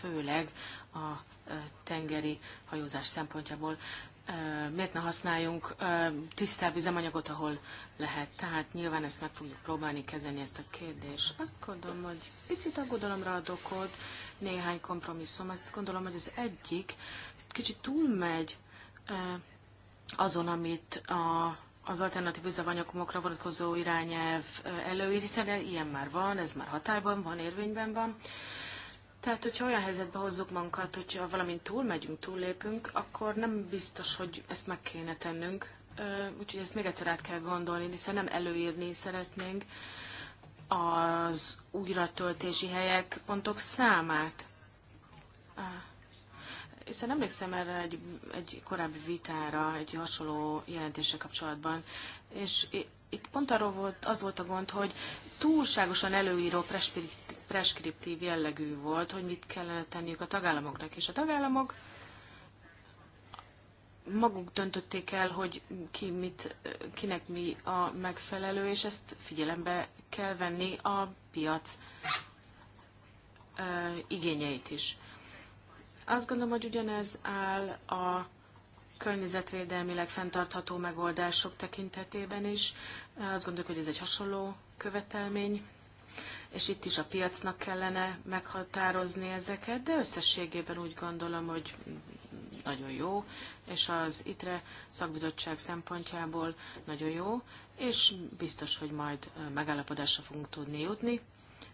főleg a tengeri hajózás szempontjából miért ne használjunk tisztább üzemanyagot, ahol lehet. Tehát nyilván ezt meg fogjuk próbálni kezelni, ezt a kérdést. Azt gondolom, hogy picit aggodalomra ad okod, néhány kompromisszum. Azt gondolom, hogy az egyik kicsit túlmegy azon, amit a az alternatív üzemanyagokra vonatkozó irányelv előír, hiszen ilyen már van, ez már hatályban van, érvényben van. Tehát, hogyha olyan helyzetbe hozzuk magunkat, hogyha valamint túlmegyünk, túllépünk, akkor nem biztos, hogy ezt meg kéne tennünk. Úgyhogy ezt még egyszer át kell gondolni, hiszen nem előírni szeretnénk az újratöltési helyek, pontok számát. Hiszen emlékszem erre egy, egy korábbi vitára, egy hasonló jelentése kapcsolatban, és itt pont arról volt, az volt a gond, hogy túlságosan előíró preskriptív jellegű volt, hogy mit kellene tenniük a tagállamoknak. És a tagállamok maguk döntötték el, hogy ki mit, kinek mi a megfelelő, és ezt figyelembe kell venni a piac igényeit is. Azt gondolom, hogy ugyanez áll a környezetvédelmileg fenntartható megoldások tekintetében is. Azt gondoljuk, hogy ez egy hasonló követelmény és itt is a piacnak kellene meghatározni ezeket, de összességében úgy gondolom, hogy nagyon jó, és az ITRE szakbizottság szempontjából nagyon jó, és biztos, hogy majd megállapodásra fogunk tudni jutni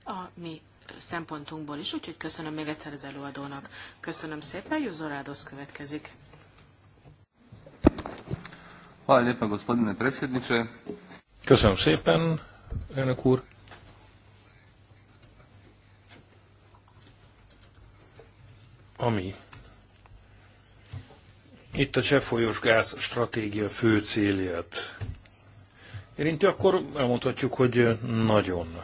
a mi szempontunkból is, úgyhogy köszönöm még egyszer az előadónak. Köszönöm szépen, Júzor Rádosz következik. Hvala lijepa, gospodine Köszönöm szépen, elnök úr. ami itt a cseppfolyós gáz stratégia fő célját érinti, akkor elmondhatjuk, hogy nagyon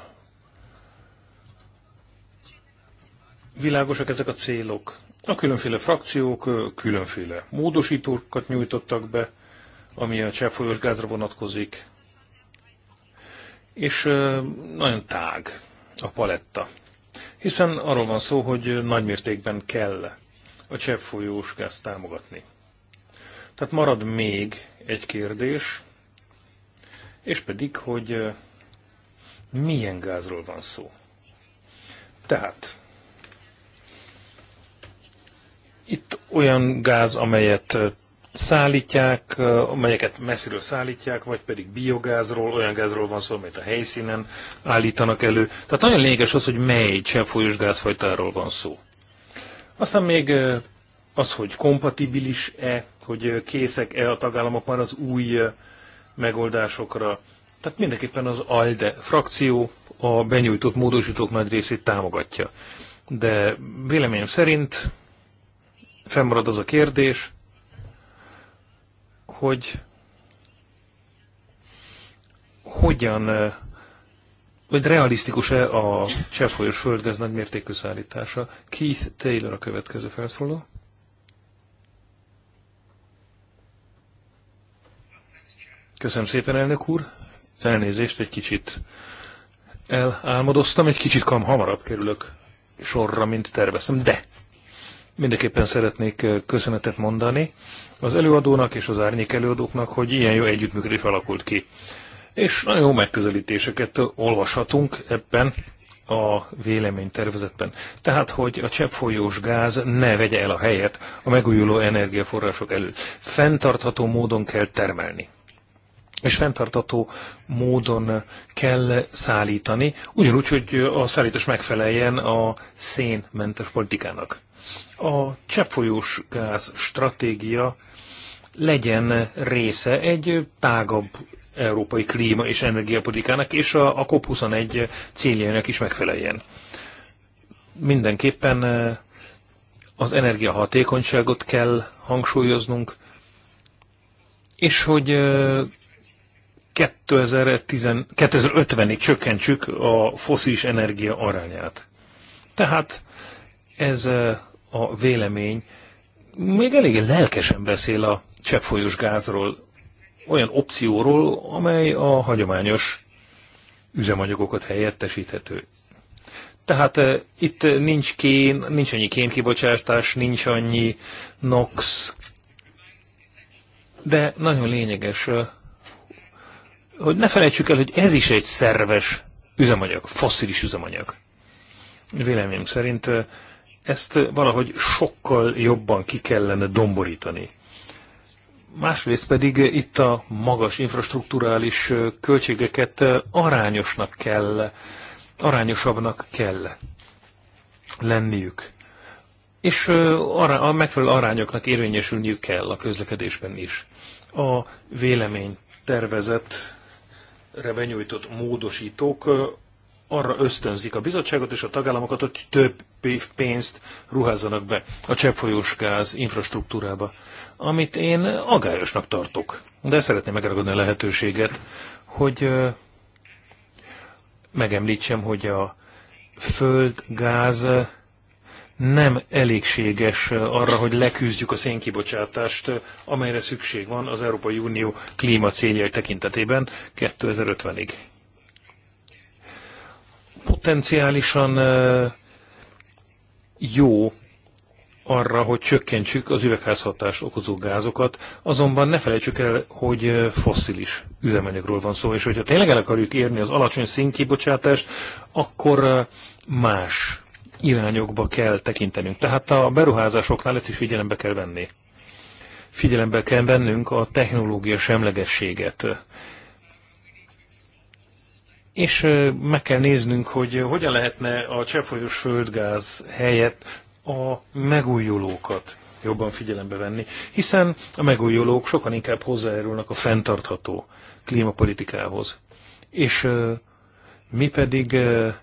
világosak ezek a célok. A különféle frakciók különféle módosítókat nyújtottak be, ami a cseppfolyós gázra vonatkozik, és nagyon tág a paletta hiszen arról van szó, hogy nagymértékben kell a folyós gáz támogatni. Tehát marad még egy kérdés, és pedig, hogy milyen gázról van szó. Tehát itt olyan gáz, amelyet szállítják, amelyeket messziről szállítják, vagy pedig biogázról, olyan gázról van szó, amelyet a helyszínen állítanak elő. Tehát nagyon lényeges az, hogy mely cseppfolyós gázfajtáról van szó. Aztán még az, hogy kompatibilis-e, hogy készek-e a tagállamok már az új megoldásokra. Tehát mindenképpen az ALDE frakció a benyújtott módosítók nagy részét támogatja. De véleményem szerint fennmarad az a kérdés, hogy hogyan, vagy realisztikus-e a cseppfolyós földgáz nagy mértékű szállítása. Keith Taylor a következő felszóló. Köszönöm szépen, elnök úr. Elnézést, egy kicsit elálmodoztam, egy kicsit kam hamarabb kerülök sorra, mint terveztem, de mindenképpen szeretnék köszönetet mondani az előadónak és az árnyék előadóknak, hogy ilyen jó együttműködés alakult ki. És nagyon jó megközelítéseket olvashatunk ebben a véleménytervezetben. Tehát, hogy a cseppfolyós gáz ne vegye el a helyet a megújuló energiaforrások előtt. Fenntartható módon kell termelni. És fenntartató módon kell szállítani, ugyanúgy, hogy a szállítás megfeleljen a szénmentes politikának. A cseppfolyós gáz stratégia legyen része egy tágabb európai klíma és energiapolitikának, és a, a COP21 céljainak is megfeleljen. Mindenképpen eh, az energiahatékonyságot kell hangsúlyoznunk, és hogy 2050-ig eh, csökkentsük a foszilis energia arányát. Tehát ez eh, a vélemény még elég lelkesen beszél a cseppfolyós gázról, olyan opcióról, amely a hagyományos üzemanyagokat helyettesíthető. Tehát e, itt nincs kén, nincs annyi kénkibocsátás, nincs annyi NOx, de nagyon lényeges, eh, hogy ne felejtsük el, hogy ez is egy szerves üzemanyag, fosszilis üzemanyag. Véleményem szerint eh, ezt valahogy sokkal jobban ki kellene domborítani másrészt pedig itt a magas infrastruktúrális költségeket arányosnak kell, arányosabbnak kell lenniük. És a megfelelő arányoknak érvényesülniük kell a közlekedésben is. A vélemény tervezetre benyújtott módosítók arra ösztönzik a bizottságot és a tagállamokat, hogy több pénzt ruházzanak be a cseppfolyós gáz infrastruktúrába amit én agályosnak tartok. De szeretném megragadni a lehetőséget, hogy megemlítsem, hogy a földgáz nem elégséges arra, hogy leküzdjük a szénkibocsátást, amelyre szükség van az Európai Unió klíma céljai tekintetében 2050-ig. Potenciálisan jó arra, hogy csökkentsük az üvegházhatás okozó gázokat, azonban ne felejtsük el, hogy fosszilis üzemanyagról van szó, és hogyha tényleg el akarjuk érni az alacsony színkibocsátást, akkor más irányokba kell tekintenünk. Tehát a beruházásoknál ezt is figyelembe kell venni. Figyelembe kell vennünk a technológia semlegességet. És meg kell néznünk, hogy hogyan lehetne a cseppfolyós földgáz helyett a megújulókat jobban figyelembe venni, hiszen a megújulók sokan inkább hozzájárulnak a fenntartható klímapolitikához. És mi pedig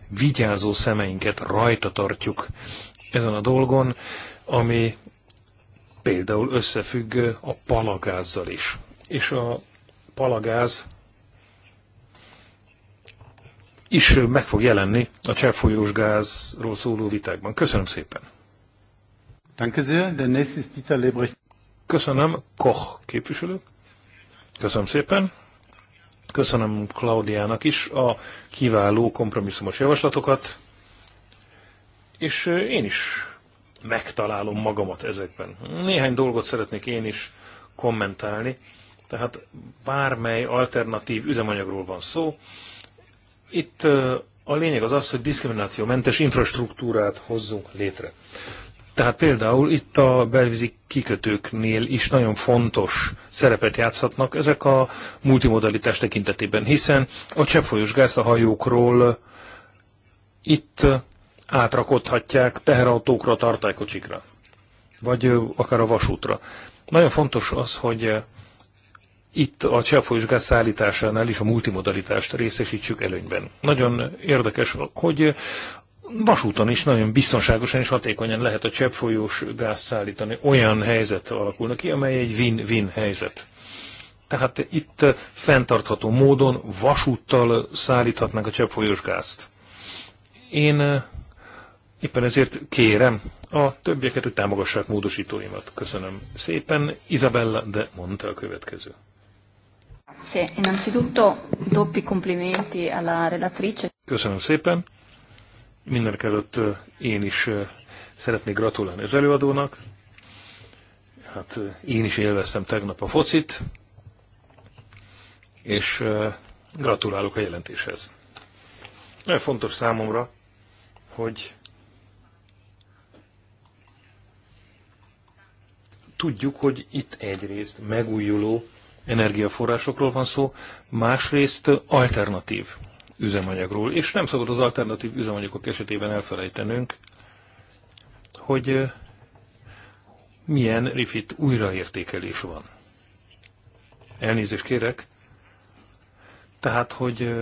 vigyázó szemeinket rajta tartjuk ezen a dolgon, ami például összefügg a palagázzal is. És a palagáz is meg fog jelenni a cseppfolyós gázról szóló vitákban. Köszönöm szépen! Danke sehr. Der nächste ist Dieter Lebrecht. Köszönöm, Koch képviselő. Köszönöm szépen. Köszönöm Klaudiának is a kiváló kompromisszumos javaslatokat, és én is megtalálom magamat ezekben. Néhány dolgot szeretnék én is kommentálni, tehát bármely alternatív üzemanyagról van szó. Itt a lényeg az az, hogy diszkriminációmentes infrastruktúrát hozzunk létre. Tehát például itt a belvízi kikötőknél is nagyon fontos szerepet játszhatnak ezek a multimodalitás tekintetében, hiszen a cseppfolyós gáz a hajókról itt átrakodhatják teherautókra, tartálykocsikra, vagy akár a vasútra. Nagyon fontos az, hogy itt a cseppfolyós gáz szállításánál is a multimodalitást részesítsük előnyben. Nagyon érdekes, hogy vasúton is nagyon biztonságosan és hatékonyan lehet a cseppfolyós gáz szállítani. Olyan helyzet alakulna ki, amely egy win-win helyzet. Tehát itt fenntartható módon vasúttal szállíthatnak a cseppfolyós gázt. Én eh, éppen ezért kérem a többieket, hogy támogassák módosítóimat. Köszönöm szépen. Isabella de mondta a következő. Köszönöm szépen. Mindenek előtt én is szeretnék gratulálni az előadónak. Hát én is élveztem tegnap a focit, és gratulálok a jelentéshez. Nagyon fontos számomra, hogy tudjuk, hogy itt egyrészt megújuló energiaforrásokról van szó, másrészt alternatív üzemanyagról, és nem szabad az alternatív üzemanyagok esetében elfelejtenünk, hogy milyen rifit újraértékelés van. Elnézést kérek. Tehát, hogy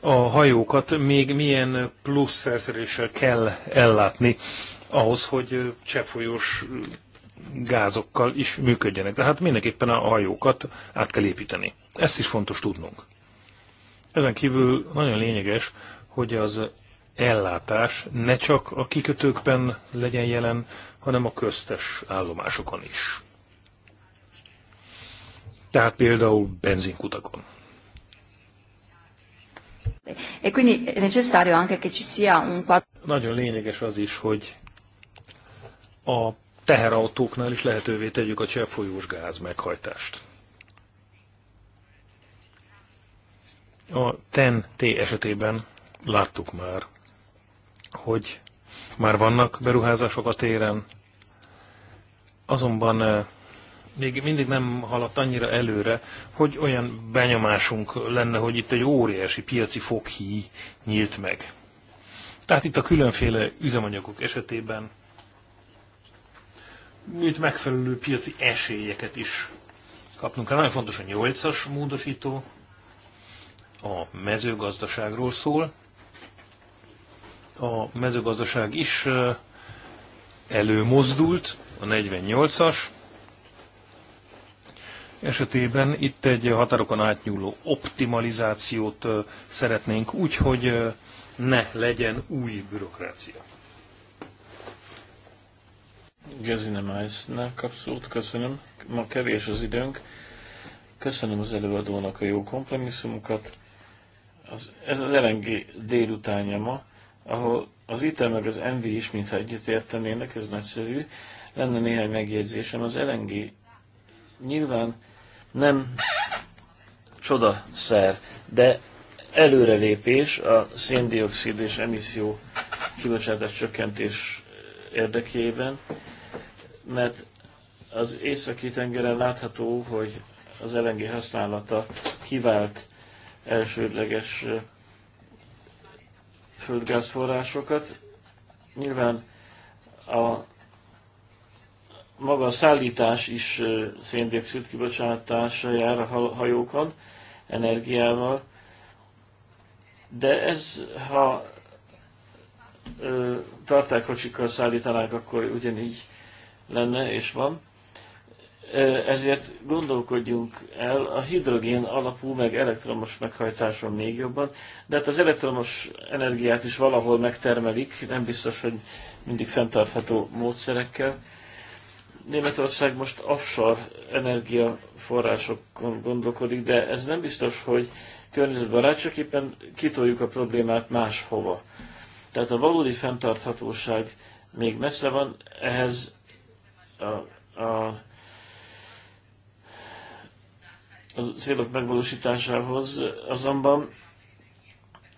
a hajókat még milyen plusz felszereléssel kell ellátni ahhoz, hogy cseppfolyós gázokkal is működjenek. Tehát mindenképpen a hajókat át kell építeni. Ezt is fontos tudnunk. Ezen kívül nagyon lényeges, hogy az ellátás ne csak a kikötőkben legyen jelen, hanem a köztes állomásokon is. Tehát például benzinkutakon. E quindi è necessario anche che ci sia un Nagyon lényeges az is, hogy a teherautóknál is lehetővé tegyük a cseppfolyós gáz meghajtást. A TEN-T e esetében láttuk már, hogy már vannak beruházások a téren, azonban eh, még mindig nem haladt annyira előre, hogy olyan benyomásunk lenne, hogy itt egy óriási piaci foghí nyílt meg. Tehát itt a különféle üzemanyagok esetében mint megfelelő piaci esélyeket is kapnunk kell. Hát nagyon fontos a 8-as módosító, a mezőgazdaságról szól. A mezőgazdaság is előmozdult, a 48-as esetében itt egy határokon átnyúló optimalizációt szeretnénk úgy, hogy ne legyen új bürokrácia. Gezine Meissner kapszót, köszönöm. Ma kevés az időnk. Köszönöm az előadónak a jó kompromisszumokat az, ez az LNG délutánja ma, ahol az ITER meg az MV is mintha egyetértenének, ez nagyszerű. Lenne néhány megjegyzésem. Az LNG nyilván nem csodaszer, de előrelépés a széndiokszid és emisszió kibocsátás csökkentés érdekében, mert az északi tengeren látható, hogy az LNG használata kivált elsődleges földgázforrásokat. Nyilván a maga a szállítás is széndiokszid kibocsátása jár a hajókon, energiával, de ez, ha tartákocsikkal szállítanák, akkor ugyanígy lenne és van ezért gondolkodjunk el a hidrogén alapú, meg elektromos meghajtáson még jobban, de hát az elektromos energiát is valahol megtermelik, nem biztos, hogy mindig fenntartható módszerekkel. Németország most offshore energiaforrásokon gondolkodik, de ez nem biztos, hogy környezetbarát, csak éppen kitoljuk a problémát máshova. Tehát a valódi fenntarthatóság még messze van, ehhez a, a a célok megvalósításához, azonban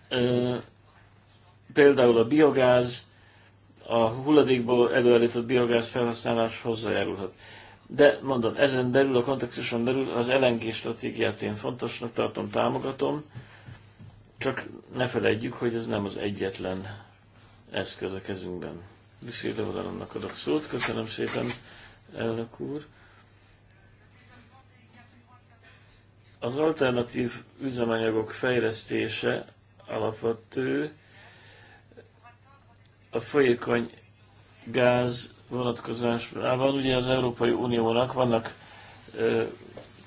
e, például a biogáz, a hulladékból előállított biogáz felhasználás hozzájárulhat. De mondom, ezen belül, a kontextuson belül az LNG stratégiát én fontosnak tartom, támogatom, csak ne felejtjük, hogy ez nem az egyetlen eszköz a kezünkben. Viszél annak adok szót, köszönöm szépen, elnök úr. Az alternatív üzemanyagok fejlesztése alapvető a folyékony gáz vonatkozásában. Ugye az Európai Uniónak vannak ö,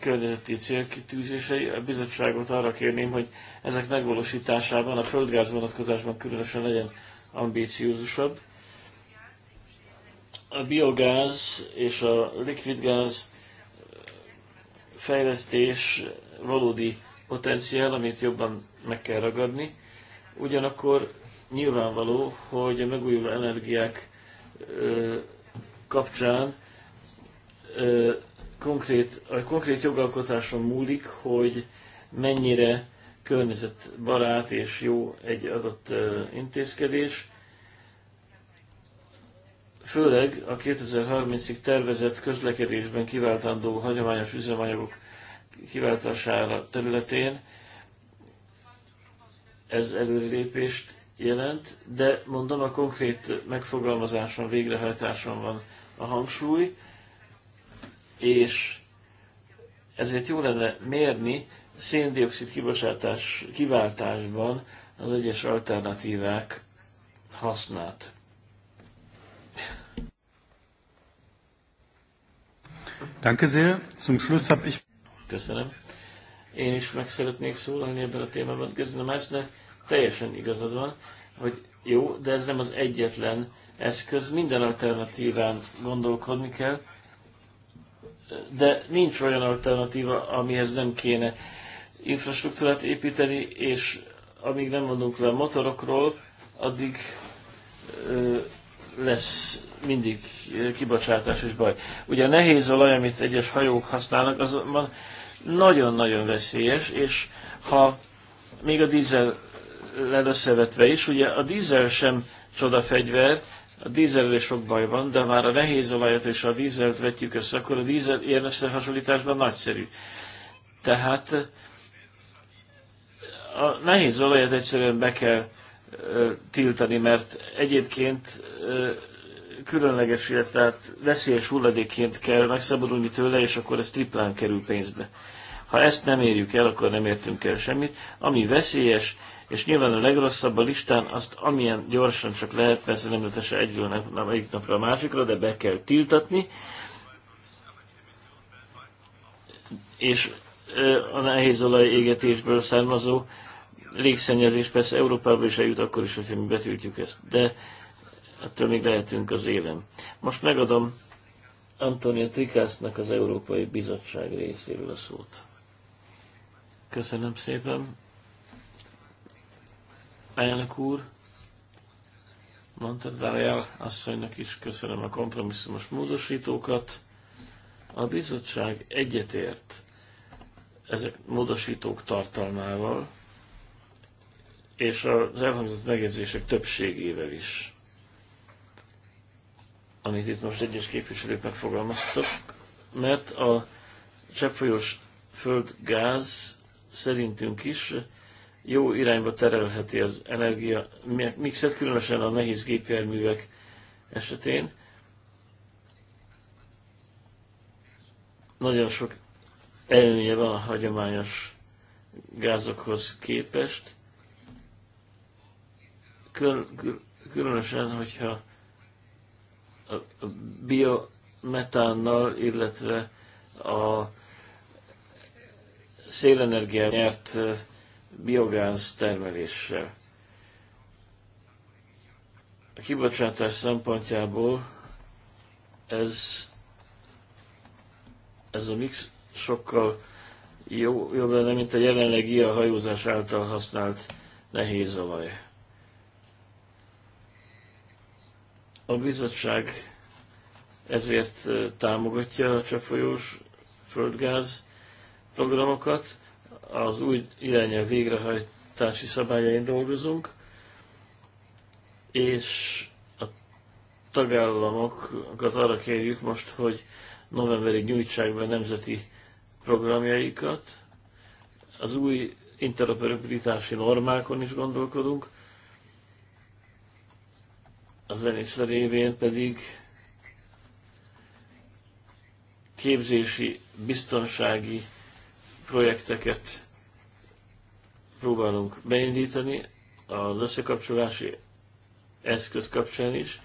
környezeti célkitűzései. A bizottságot arra kérném, hogy ezek megvalósításában, a földgáz vonatkozásban különösen legyen ambíciózusabb. A biogáz és a likvidgáz fejlesztés valódi potenciál, amit jobban meg kell ragadni. Ugyanakkor nyilvánvaló, hogy a megújuló energiák kapcsán konkrét, a konkrét jogalkotáson múlik, hogy mennyire környezetbarát és jó egy adott intézkedés főleg a 2030-ig tervezett közlekedésben kiváltandó hagyományos üzemanyagok kiváltására területén ez előrelépést jelent, de mondom, a konkrét megfogalmazáson, végrehajtáson van a hangsúly, és ezért jó lenne mérni széndiokszid kibocsátás kiváltásban az egyes alternatívák hasznát. Danke sehr. Zum Schluss habe ich... Köszönöm. Én is meg szeretnék szólalni ebben a témában. Köszönöm ezt, mert teljesen igazad van, hogy jó, de ez nem az egyetlen eszköz. Minden alternatíván gondolkodni kell, de nincs olyan alternatíva, amihez nem kéne infrastruktúrát építeni, és amíg nem mondunk le a motorokról, addig ö, lesz mindig eh, kibocsátás és baj. Ugye a nehéz olaj, amit egyes hajók használnak, az nagyon-nagyon veszélyes, és ha még a dízel összevetve is, ugye a dízel sem csoda fegyver, a is sok baj van, de már a nehéz olajat és a dízelt vetjük össze, akkor a dízel ilyen összehasonlításban nagyszerű. Tehát eh, a nehéz olajat egyszerűen be kell eh, tiltani, mert egyébként különleges, illetve hát veszélyes hulladékként kell megszabadulni tőle, és akkor ez triplán kerül pénzbe. Ha ezt nem érjük el, akkor nem értünk el semmit. Ami veszélyes, és nyilván a legrosszabb a listán, azt amilyen gyorsan csak lehet, persze nem lehet se egyről nem, nem egyik napra a másikra, de be kell tiltatni. És a nehéz olaj égetésből származó légszennyezés persze Európába is eljut, akkor is, hogyha mi betiltjuk ezt. De Ettől még lehetünk az élen. Most megadom Antonia Trikásznak az Európai Bizottság részéről a szót. Köszönöm szépen. Elnök úr, mondta Dáriel asszonynak is köszönöm a kompromisszumos módosítókat. A bizottság egyetért ezek módosítók tartalmával, és az elhangzott megjegyzések többségével is amit itt most egyes képviselők megfogalmaztak, mert a cseppfolyós földgáz szerintünk is jó irányba terelheti az energia mixet, különösen a nehéz gépjárművek esetén. Nagyon sok előnye van a hagyományos gázokhoz képest, Kül- különösen, hogyha a biometánnal, illetve a szélenergiát nyert biogáz termeléssel. A kibocsátás szempontjából ez, ez a mix sokkal jó, jobb lenne, mint a jelenlegi a hajózás által használt nehéz olaj. A bizottság ezért támogatja a csapfolyós földgáz programokat, az új irányel végrehajtási szabályain dolgozunk, és a tagállamokat arra kérjük most, hogy novemberig nyújtsák be nemzeti programjaikat. Az új interoperabilitási normákon is gondolkodunk, a zenészre révén pedig képzési, biztonsági projekteket próbálunk beindítani az összekapcsolási eszköz kapcsán is,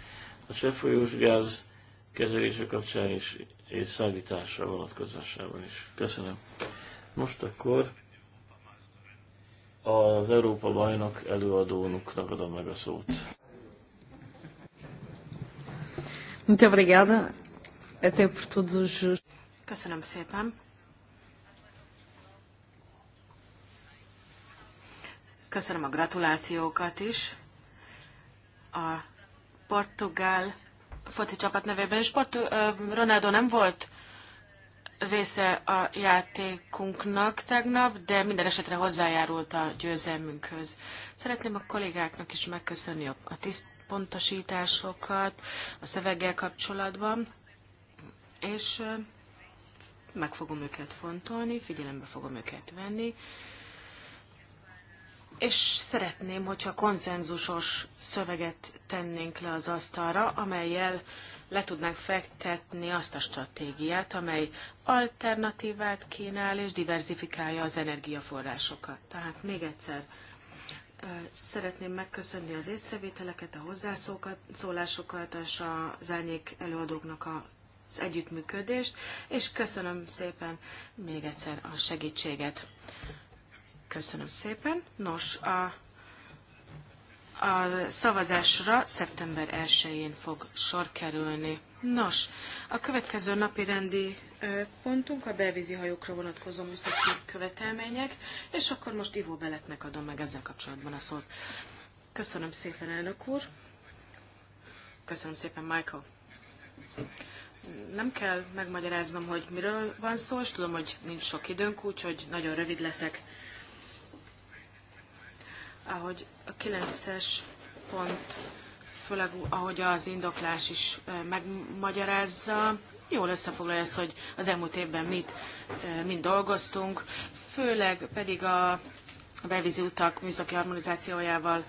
a cseppfolyós gáz kezelése kapcsán is, és szállításra vonatkozásában is. Köszönöm. Most akkor az Európa bajnok előadónuknak adom meg a szót. Muito obrigada, até por todos os... Köszönöm szépen. Köszönöm a gratulációkat is. A portugál foci csapat nevében, és Portu- Ronaldo nem volt része a játékunknak tegnap, de minden esetre hozzájárult a győzelmünkhöz. Szeretném a kollégáknak is megköszönni a, tiszt- pontosításokat a szöveggel kapcsolatban, és meg fogom őket fontolni, figyelembe fogom őket venni, és szeretném, hogyha konszenzusos szöveget tennénk le az asztalra, amelyel le tudnánk fektetni azt a stratégiát, amely alternatívát kínál és diversifikálja az energiaforrásokat. Tehát még egyszer Szeretném megköszönni az észrevételeket, a hozzászólásokat és az árnyék előadóknak az együttműködést, és köszönöm szépen még egyszer a segítséget. Köszönöm szépen. Nos, a a szavazásra szeptember 1-én fog sor kerülni. Nos, a következő napi rendi pontunk a belvízi hajókra vonatkozó műszaki követelmények, és akkor most Ivó Beletnek adom meg ezzel kapcsolatban a szót. Köszönöm szépen, elnök úr. Köszönöm szépen, Michael. Nem kell megmagyaráznom, hogy miről van szó, és tudom, hogy nincs sok időnk, úgyhogy nagyon rövid leszek. Ahogy a 9-es pont főleg ahogy az indoklás is megmagyarázza, jól összefoglalja ezt, hogy az elmúlt évben mit, mind dolgoztunk, főleg pedig a bevízi utak műszaki harmonizációjával.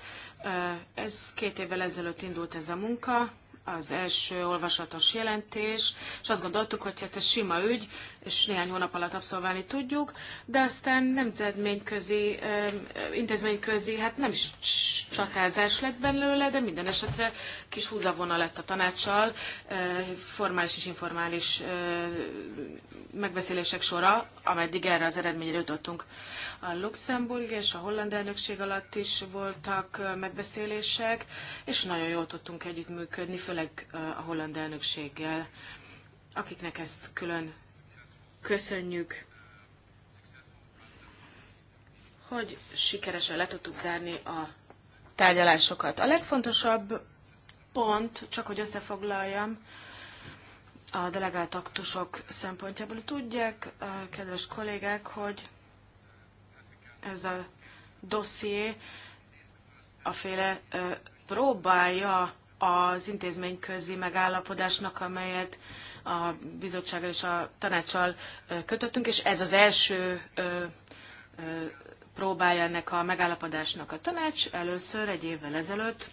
Ez két évvel ezelőtt indult ez a munka, az első olvasatos jelentés, és azt gondoltuk, hogy hát ez sima ügy, és néhány hónap alatt abszolválni tudjuk, de aztán nemzetményközi, intézményközi, hát nem is csatázás lett belőle, de minden esetre kis húzavona lett a tanácssal, e, formális és informális e, megbeszélések sora, ameddig erre az eredményre jutottunk. A Luxemburg és a holland elnökség alatt is voltak e, megbeszélések, és nagyon jól tudtunk együttműködni, főleg a holland elnökséggel, akiknek ezt külön köszönjük, hogy sikeresen le tudtuk zárni a tárgyalásokat. A legfontosabb pont, csak hogy összefoglaljam, a delegált aktusok szempontjából tudják, eh, kedves kollégák, hogy ez a dosszié a féle eh, próbálja az intézményközi megállapodásnak, amelyet a bizottsággal és a tanácssal kötöttünk, és ez az első próbája ennek a megállapodásnak a tanács. Először egy évvel ezelőtt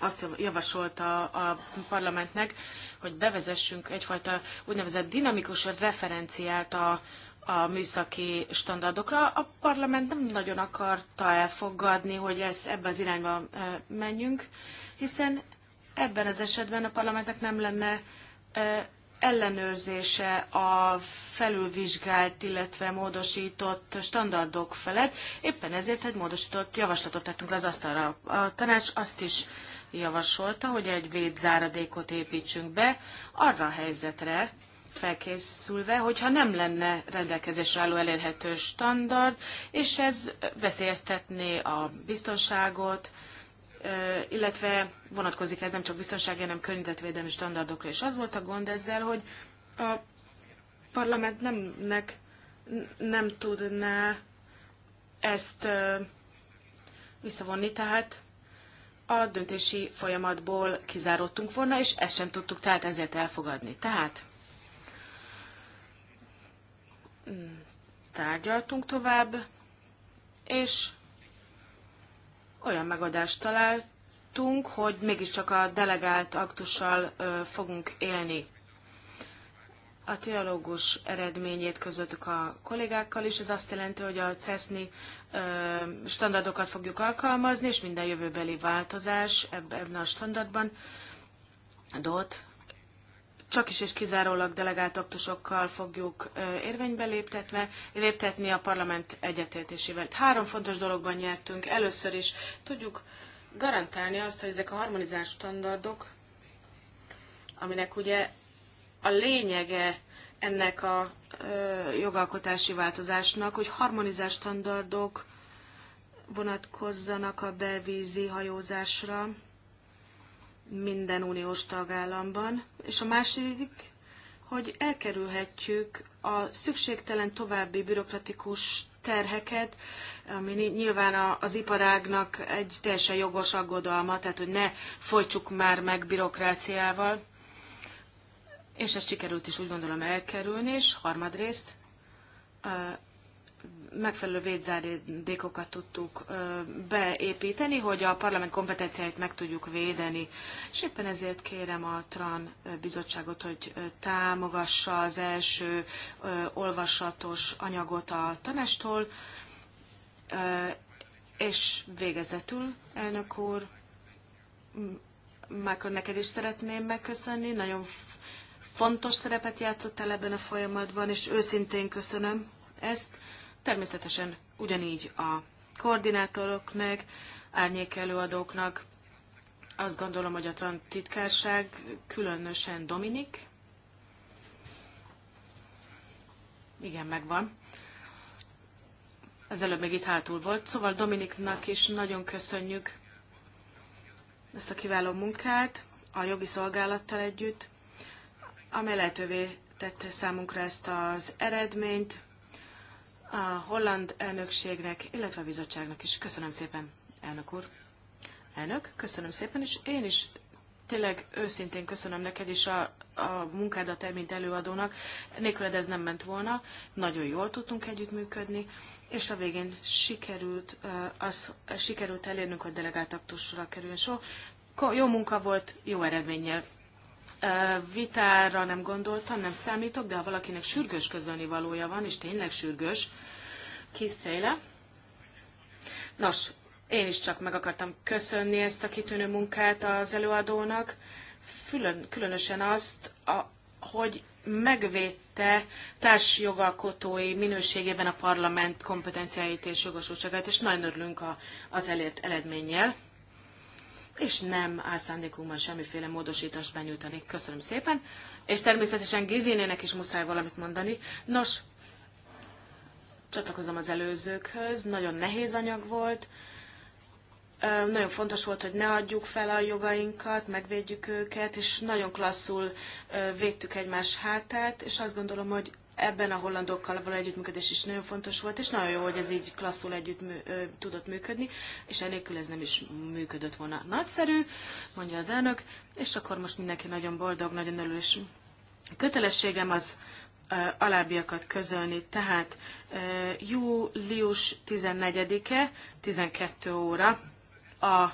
azt javasolta a parlamentnek, hogy bevezessünk egyfajta úgynevezett dinamikus referenciát a, a műszaki standardokra. A parlament nem nagyon akarta elfogadni, hogy ezt ebbe az irányba menjünk, hiszen ebben az esetben a parlamentnek nem lenne ellenőrzése a felülvizsgált, illetve módosított standardok felett. Éppen ezért egy módosított javaslatot tettünk le az asztalra. A tanács azt is javasolta, hogy egy védzáradékot építsünk be arra a helyzetre, felkészülve, hogyha nem lenne rendelkezésre álló elérhető standard, és ez veszélyeztetné a biztonságot, illetve vonatkozik ez nem csak biztonsági, hanem környezetvédelmi standardokra. És az volt a gond ezzel, hogy a parlament nemnek nem tudná ezt visszavonni, tehát a döntési folyamatból kizáródtunk volna, és ezt sem tudtuk tehát ezért elfogadni. Tehát mm, tárgyaltunk tovább, és olyan megoldást találtunk, hogy mégiscsak a delegált aktussal fogunk élni. A trialógus eredményét közöttük a kollégákkal is, ez azt jelenti, hogy a CESZNI standardokat fogjuk alkalmazni, és minden jövőbeli változás ebben a standardban DOT csak is és kizárólag delegált aktusokkal fogjuk érvénybe léptetve, léptetni a parlament egyetértésével. Három fontos dologban nyertünk. Először is tudjuk garantálni azt, hogy ezek a harmonizált standardok, aminek ugye a lényege ennek a jogalkotási változásnak, hogy harmonizált standardok vonatkozzanak a belvízi hajózásra, minden uniós tagállamban, és a második, hogy elkerülhetjük a szükségtelen további bürokratikus terheket, ami nyilván az iparágnak egy teljesen jogos aggodalma, tehát hogy ne folytsuk már meg bürokráciával. És ezt sikerült is úgy gondolom elkerülni, és harmadrészt megfelelő védzáradékokat tudtuk beépíteni, hogy a parlament kompetenciáit meg tudjuk védeni. És éppen ezért kérem a TRAN bizottságot, hogy támogassa az első olvasatos anyagot a tanástól, és végezetül, elnök úr, Michael, neked is szeretném megköszönni, nagyon fontos szerepet játszottál ebben a folyamatban, és őszintén köszönöm ezt. Természetesen ugyanígy a koordinátoroknak, árnyék előadóknak, azt gondolom, hogy a Trant titkárság, különösen Dominik, igen, megvan. Az előbb még itt hátul volt. Szóval Dominiknak is nagyon köszönjük ezt a kiváló munkát a jogi szolgálattal együtt, amely lehetővé tette számunkra ezt az eredményt, a holland elnökségnek, illetve a bizottságnak is. Köszönöm szépen, elnök úr. Elnök, köszönöm szépen, és én is tényleg őszintén köszönöm neked is a, a munkádat, mint előadónak. Nélküled ez nem ment volna, nagyon jól tudtunk együttműködni, és a végén sikerült, az, sikerült elérnünk, hogy delegáltaktusra kerüljön. So, jó munka volt, jó eredménnyel vitára nem gondoltam, nem számítok, de ha valakinek sürgős közölni valója van, és tényleg sürgős, kiszéle. Nos, én is csak meg akartam köszönni ezt a kitűnő munkát az előadónak, Fülön, különösen azt, a, hogy megvédte társjogalkotói minőségében a parlament kompetenciáit és jogosultságát, és nagyon örülünk a, az elért eredménnyel és nem áll szándékunkban semmiféle módosítást benyújtani. Köszönöm szépen. És természetesen Gizinének is muszáj valamit mondani. Nos, csatlakozom az előzőkhöz, nagyon nehéz anyag volt, nagyon fontos volt, hogy ne adjuk fel a jogainkat, megvédjük őket, és nagyon klasszul védtük egymás hátát, és azt gondolom, hogy ebben a hollandokkal való együttműködés is nagyon fontos volt, és nagyon jó, hogy ez így klasszul együtt mű, ö, tudott működni, és enélkül ez nem is működött volna. Nagyszerű, mondja az elnök, és akkor most mindenki nagyon boldog, nagyon örül, és kötelességem az ö, alábbiakat közölni, tehát ö, július 14-e, 12 óra a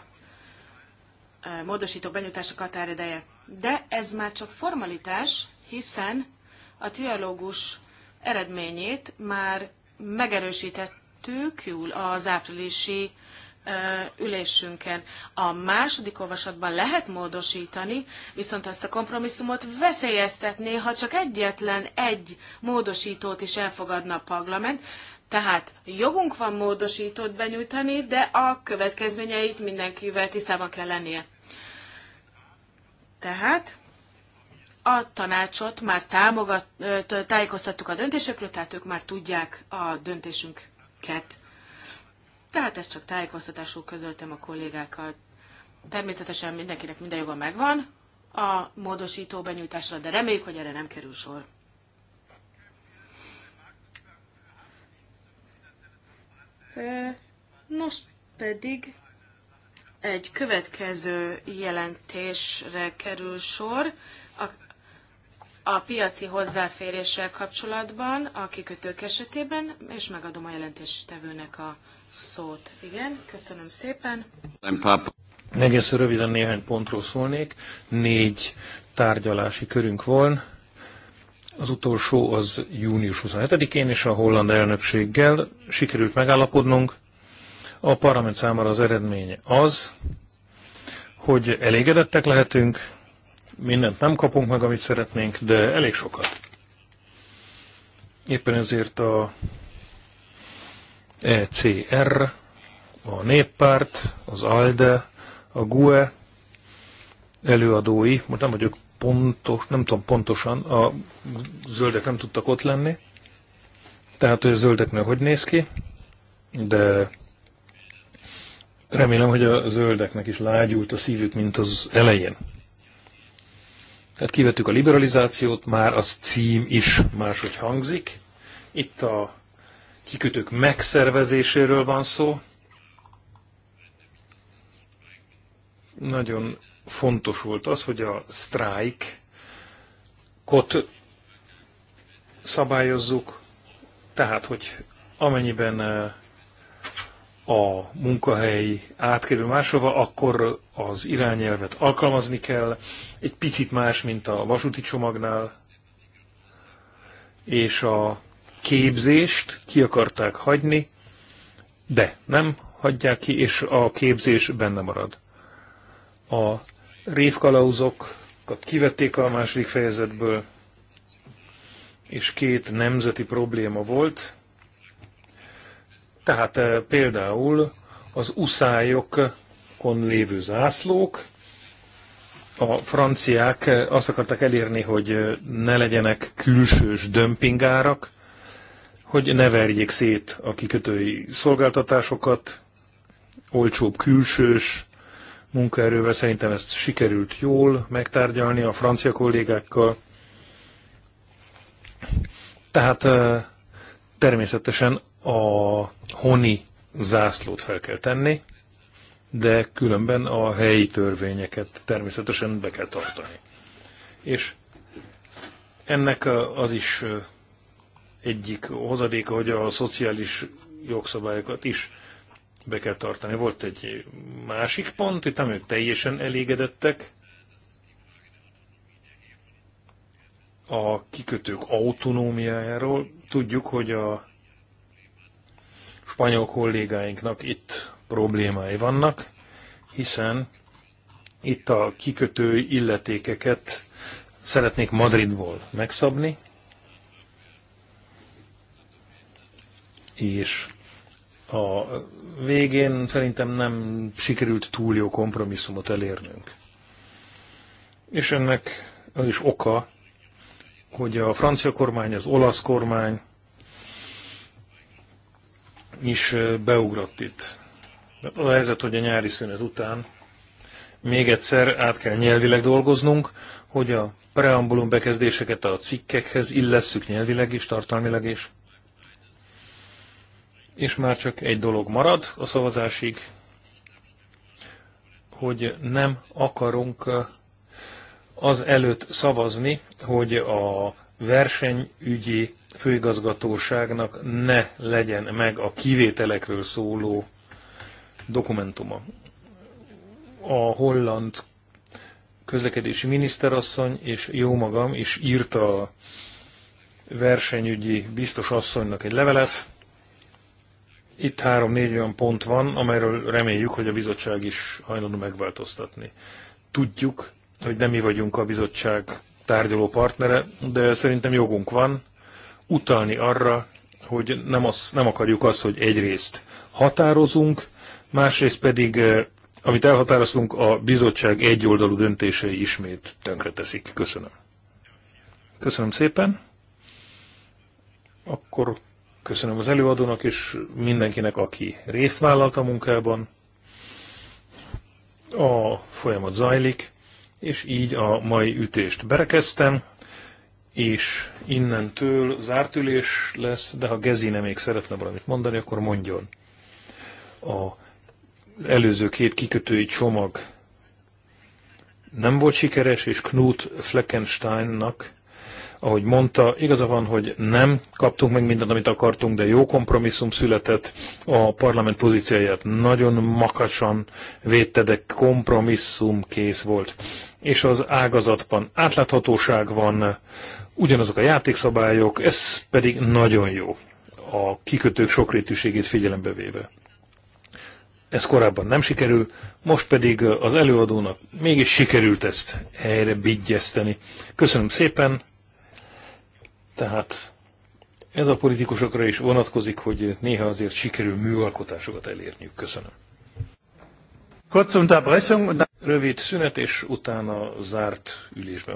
módosító benyújtások határideje. De ez már csak formalitás, hiszen a trialógus eredményét már megerősítettük jól az áprilisi ülésünken. A második olvasatban lehet módosítani, viszont ezt a kompromisszumot veszélyeztetné, ha csak egyetlen egy módosítót is elfogadna a parlament, tehát jogunk van módosítót benyújtani, de a következményeit mindenkivel tisztában kell lennie. Tehát a tanácsot már támogat, tájékoztattuk a döntésekről, tehát ők már tudják a döntésünket. Tehát ezt csak tájékoztatásul közöltem a kollégákkal. Természetesen mindenkinek minden joga megvan a módosító benyújtásra, de reméljük, hogy erre nem kerül sor. Nos, pedig egy következő jelentésre kerül sor a piaci hozzáféréssel kapcsolatban a kikötők esetében, és megadom a jelentéstevőnek a szót. Igen, köszönöm szépen. Egészen röviden néhány pontról szólnék. Négy tárgyalási körünk van. Az utolsó az június 27-én, és a holland elnökséggel sikerült megállapodnunk. A parlament számára az eredmény az, hogy elégedettek lehetünk, mindent nem kapunk meg, amit szeretnénk, de elég sokat. Éppen ezért a ECR, a Néppárt, az ALDE, a GUE előadói, most nem vagyok pontos, nem tudom pontosan, a zöldek nem tudtak ott lenni, tehát hogy a zöldeknél hogy néz ki, de remélem, hogy a zöldeknek is lágyult a szívük, mint az elején. Tehát kivettük a liberalizációt, már az cím is máshogy hangzik. Itt a kikötők megszervezéséről van szó. Nagyon fontos volt az, hogy a strike kot szabályozzuk, tehát hogy amennyiben eh, a munkahely átkerül máshova, akkor az irányelvet alkalmazni kell, egy picit más, mint a vasúti csomagnál, és a képzést ki akarták hagyni, de nem hagyják ki, és a képzés benne marad. A révkalauzokat kivették a második fejezetből, és két nemzeti probléma volt, tehát eh, például az uszályokon lévő zászlók, a franciák eh, azt akartak elérni, hogy eh, ne legyenek külsős dömpingárak, hogy ne verjék szét a kikötői szolgáltatásokat, olcsóbb külsős munkaerővel. Szerintem ezt sikerült jól megtárgyalni a francia kollégákkal. Tehát természetesen a honi zászlót fel kell tenni, de különben a helyi törvényeket természetesen be kell tartani. És ennek az is egyik hozadéka, hogy a szociális jogszabályokat is be kell tartani. Volt egy másik pont, itt nem ők teljesen elégedettek. A kikötők autonómiájáról tudjuk, hogy a spanyol kollégáinknak itt problémái vannak, hiszen itt a kikötői illetékeket szeretnék Madridból megszabni, és a végén szerintem nem sikerült túl jó kompromisszumot elérnünk. És ennek az is oka, hogy a francia kormány, az olasz kormány is beugrott itt. A helyzet, hogy a nyári szünet után még egyszer át kell nyelvileg dolgoznunk, hogy a preambulum bekezdéseket a cikkekhez illesszük nyelvileg is, tartalmilag is. És már csak egy dolog marad a szavazásig, hogy nem akarunk az előtt szavazni, hogy a versenyügyi főigazgatóságnak ne legyen meg a kivételekről szóló dokumentuma. A holland közlekedési miniszterasszony és jó magam is írta a versenyügyi biztos asszonynak egy levelet. Itt három-négy olyan pont van, amelyről reméljük, hogy a bizottság is hajlandó megváltoztatni. Tudjuk, hogy nem mi vagyunk a bizottság tárgyaló partnere, de szerintem jogunk van utalni arra, hogy nem, az, nem akarjuk azt, hogy egyrészt határozunk, másrészt pedig, eh, amit elhatároztunk, a bizottság egyoldalú döntései ismét tönkreteszik. Köszönöm. Köszönöm szépen. Akkor köszönöm az előadónak és mindenkinek, aki részt vállalt a munkában. A folyamat zajlik, és így a mai ütést berekeztem és innentől zárt ülés lesz, de ha Gezine még szeretne valamit mondani, akkor mondjon. A előző két kikötői csomag nem volt sikeres, és Knut Fleckensteinnak, ahogy mondta, igaza van, hogy nem kaptunk meg mindent, amit akartunk, de jó kompromisszum született. A parlament pozícióját nagyon makacsan védte, de kompromisszum kész volt. És az ágazatban átláthatóság van, ugyanazok a játékszabályok, ez pedig nagyon jó a kikötők sokrétűségét figyelembe véve. Ez korábban nem sikerül, most pedig az előadónak mégis sikerült ezt helyre bigyeszteni. Köszönöm szépen, tehát ez a politikusokra is vonatkozik, hogy néha azért sikerül műalkotásokat elérniük. Köszönöm. Rövid szünet, és utána zárt ülésben